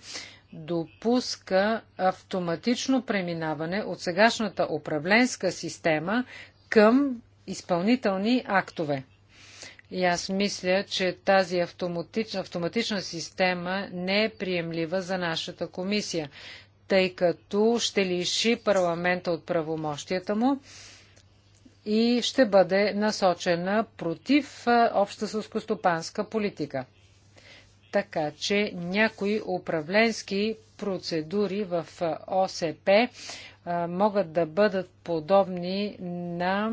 допуска автоматично преминаване от сегашната управленска система към изпълнителни актове. И аз мисля, че тази автоматична, автоматична система не е приемлива за нашата комисия, тъй като ще лиши парламента от правомощията му и ще бъде насочена против обща сълскостопанска политика така че някои управленски процедури в ОСП могат да бъдат подобни на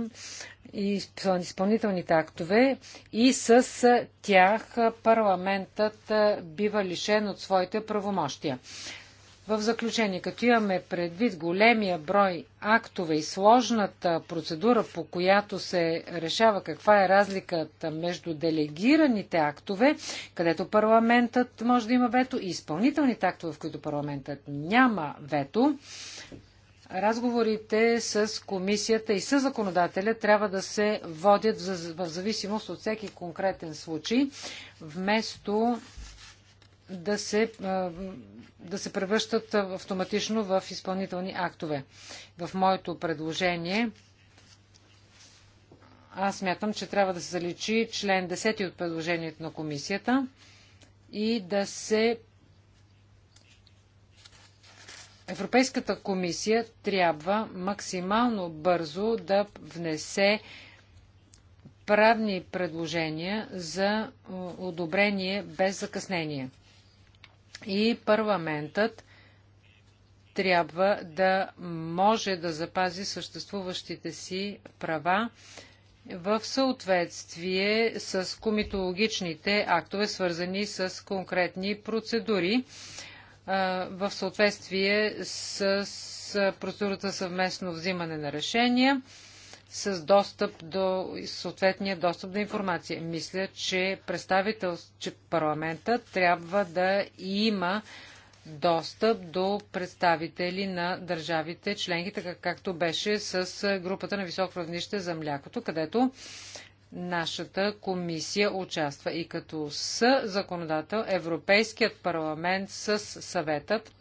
изпълнителните актове и с тях парламентът бива лишен от своите правомощия. В заключение, като имаме предвид големия брой актове и сложната процедура, по която се решава каква е разликата между делегираните актове, където парламентът може да има вето, и изпълнителните актове, в които парламентът няма вето, разговорите с комисията и с законодателя трябва да се водят в зависимост от всеки конкретен случай, вместо да се, да се превръщат автоматично в изпълнителни актове. В моето предложение аз мятам, че трябва да се заличи член 10 от предложението на комисията и да се Европейската комисия трябва максимално бързо да внесе правни предложения за одобрение без закъснение и парламентът трябва да може да запази съществуващите си права в съответствие с комитологичните актове, свързани с конкретни процедури, в съответствие с процедурата съвместно взимане на решения с достъп до съответния достъп до информация. Мисля, че представител, че парламента трябва да има достъп до представители на държавите членки, така както беше с групата на високо равнище за млякото, където нашата комисия участва и като съ законодател Европейският парламент с съветът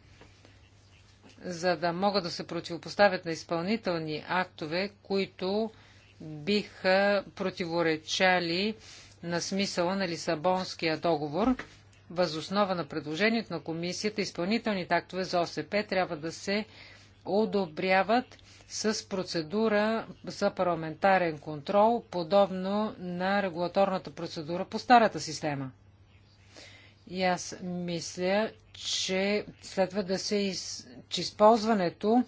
за да могат да се противопоставят на изпълнителни актове, които биха противоречали на смисъла на Лисабонския договор. Възоснова на предложението на комисията, изпълнителните актове за ОСП трябва да се одобряват с процедура за парламентарен контрол, подобно на регулаторната процедура по старата система. И аз мисля, че следва да се че използването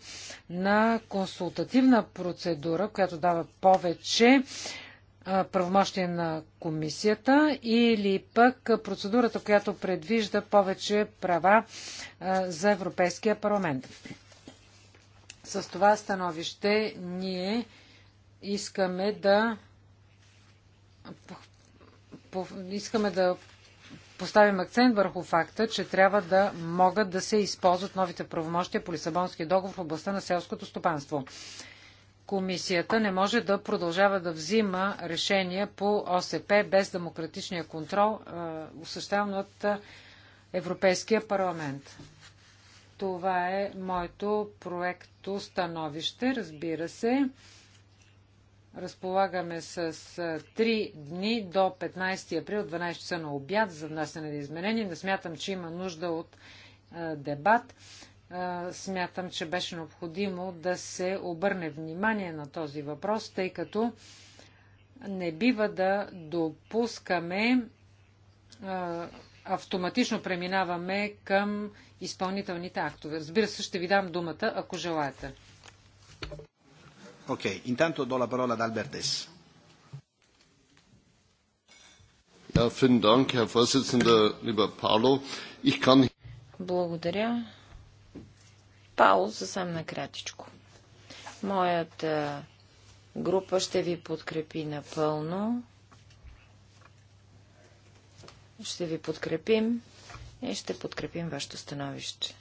на консултативна процедура, която дава повече правомощия на комисията или пък процедурата, която предвижда повече права за Европейския парламент. С това становище ние искаме да искаме да поставим акцент върху факта, че трябва да могат да се използват новите правомощия по Лисабонския договор в областта на селското стопанство. Комисията не може да продължава да взима решения по ОСП без демократичния контрол, осъществяван от Европейския парламент. Това е моето проекто становище. Разбира се, Разполагаме с 3 дни до 15 април, 12 часа на обяд за внасяне на изменения. Не смятам, че има нужда от дебат. Смятам, че беше необходимо да се обърне внимание на този въпрос, тъй като не бива да допускаме автоматично преминаваме към изпълнителните актове. Разбира се, ще ви дам думата, ако желаете. Ok, intanto do la parola ad Ja, vielen Dank, Herr Vorsitzender, lieber Paolo. Ich kann... Благодаря. Пауло, съвсем накратичко. Моята е, група ще ви подкрепи напълно. Ще ви подкрепим и ще подкрепим вашето становище.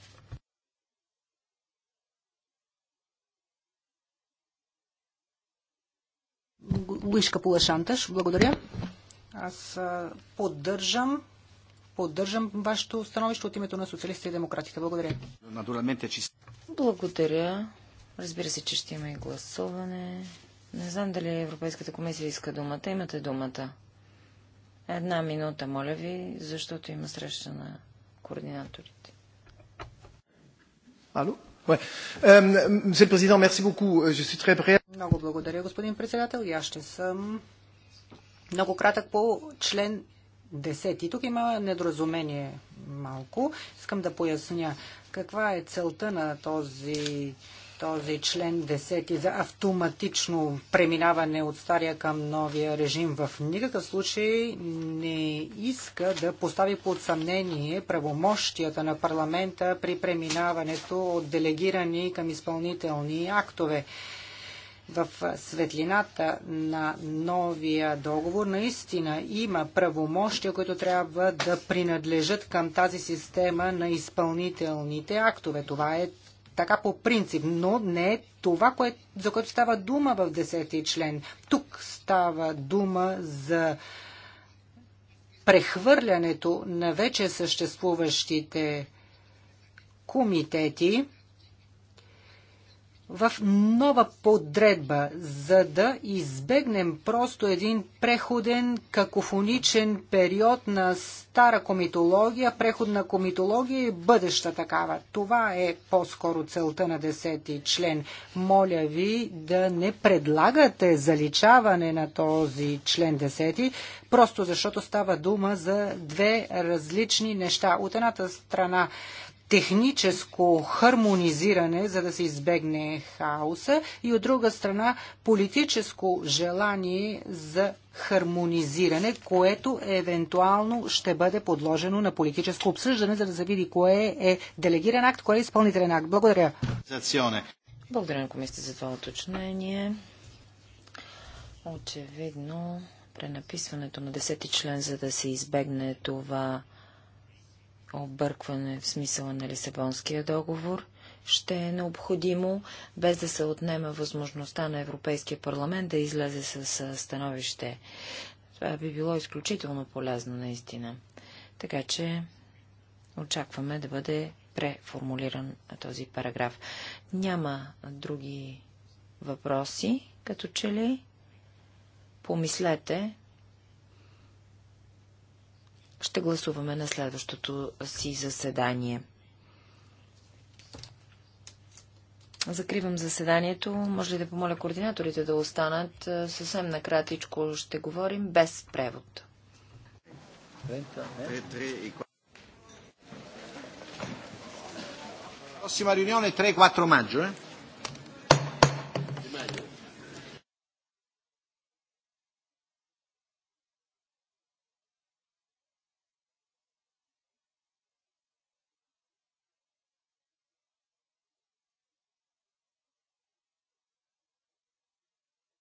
Лишка Пулашанташ, благодаря. Аз поддържам поддържам вашето становище от името на социалистите и демократите. Благодаря. че... Благодаря. Разбира се, че ще има и гласуване. Не знам дали Европейската комисия иска думата. Имате думата. Една минута, моля ви, защото има среща на координаторите. Ало? Ouais. Euh, monsieur le Président, merci beaucoup. Euh, je suis très prêt. Много благодаря, господин председател. И аз ще съм много кратък по член 10. И тук има недоразумение малко. Искам да поясня каква е целта на този този член 10 за автоматично преминаване от стария към новия режим в никакъв случай не иска да постави под съмнение правомощията на парламента при преминаването от делегирани към изпълнителни актове в светлината на новия договор наистина има правомощия, които трябва да принадлежат към тази система на изпълнителните актове. Това е така по принцип, но не е това, кое, за което става дума в 10 член. Тук става дума за прехвърлянето на вече съществуващите комитети в нова подредба, за да избегнем просто един преходен какофоничен период на стара комитология, преходна комитология и бъдеща такава. Това е по-скоро целта на 10 член. Моля ви да не предлагате заличаване на този член 10, просто защото става дума за две различни неща. От едната страна техническо хармонизиране, за да се избегне хаоса и от друга страна политическо желание за хармонизиране, което евентуално ще бъде подложено на политическо обсъждане, за да се види кое е делегиран акт, кое е изпълнителен акт. Благодаря. Благодаря на комисията за това уточнение. Очевидно, пренаписването на 10 член, за да се избегне това объркване в смисъла на Лисабонския договор, ще е необходимо, без да се отнема възможността на Европейския парламент да излезе с становище. Това би било изключително полезно, наистина. Така че очакваме да бъде преформулиран този параграф. Няма други въпроси, като че ли помислете ще гласуваме на следващото си заседание. Закривам заседанието. Може ли да помоля координаторите да останат? Е, съвсем накратичко ще говорим без превод. Prossima riunione 3-4 maggio, eh?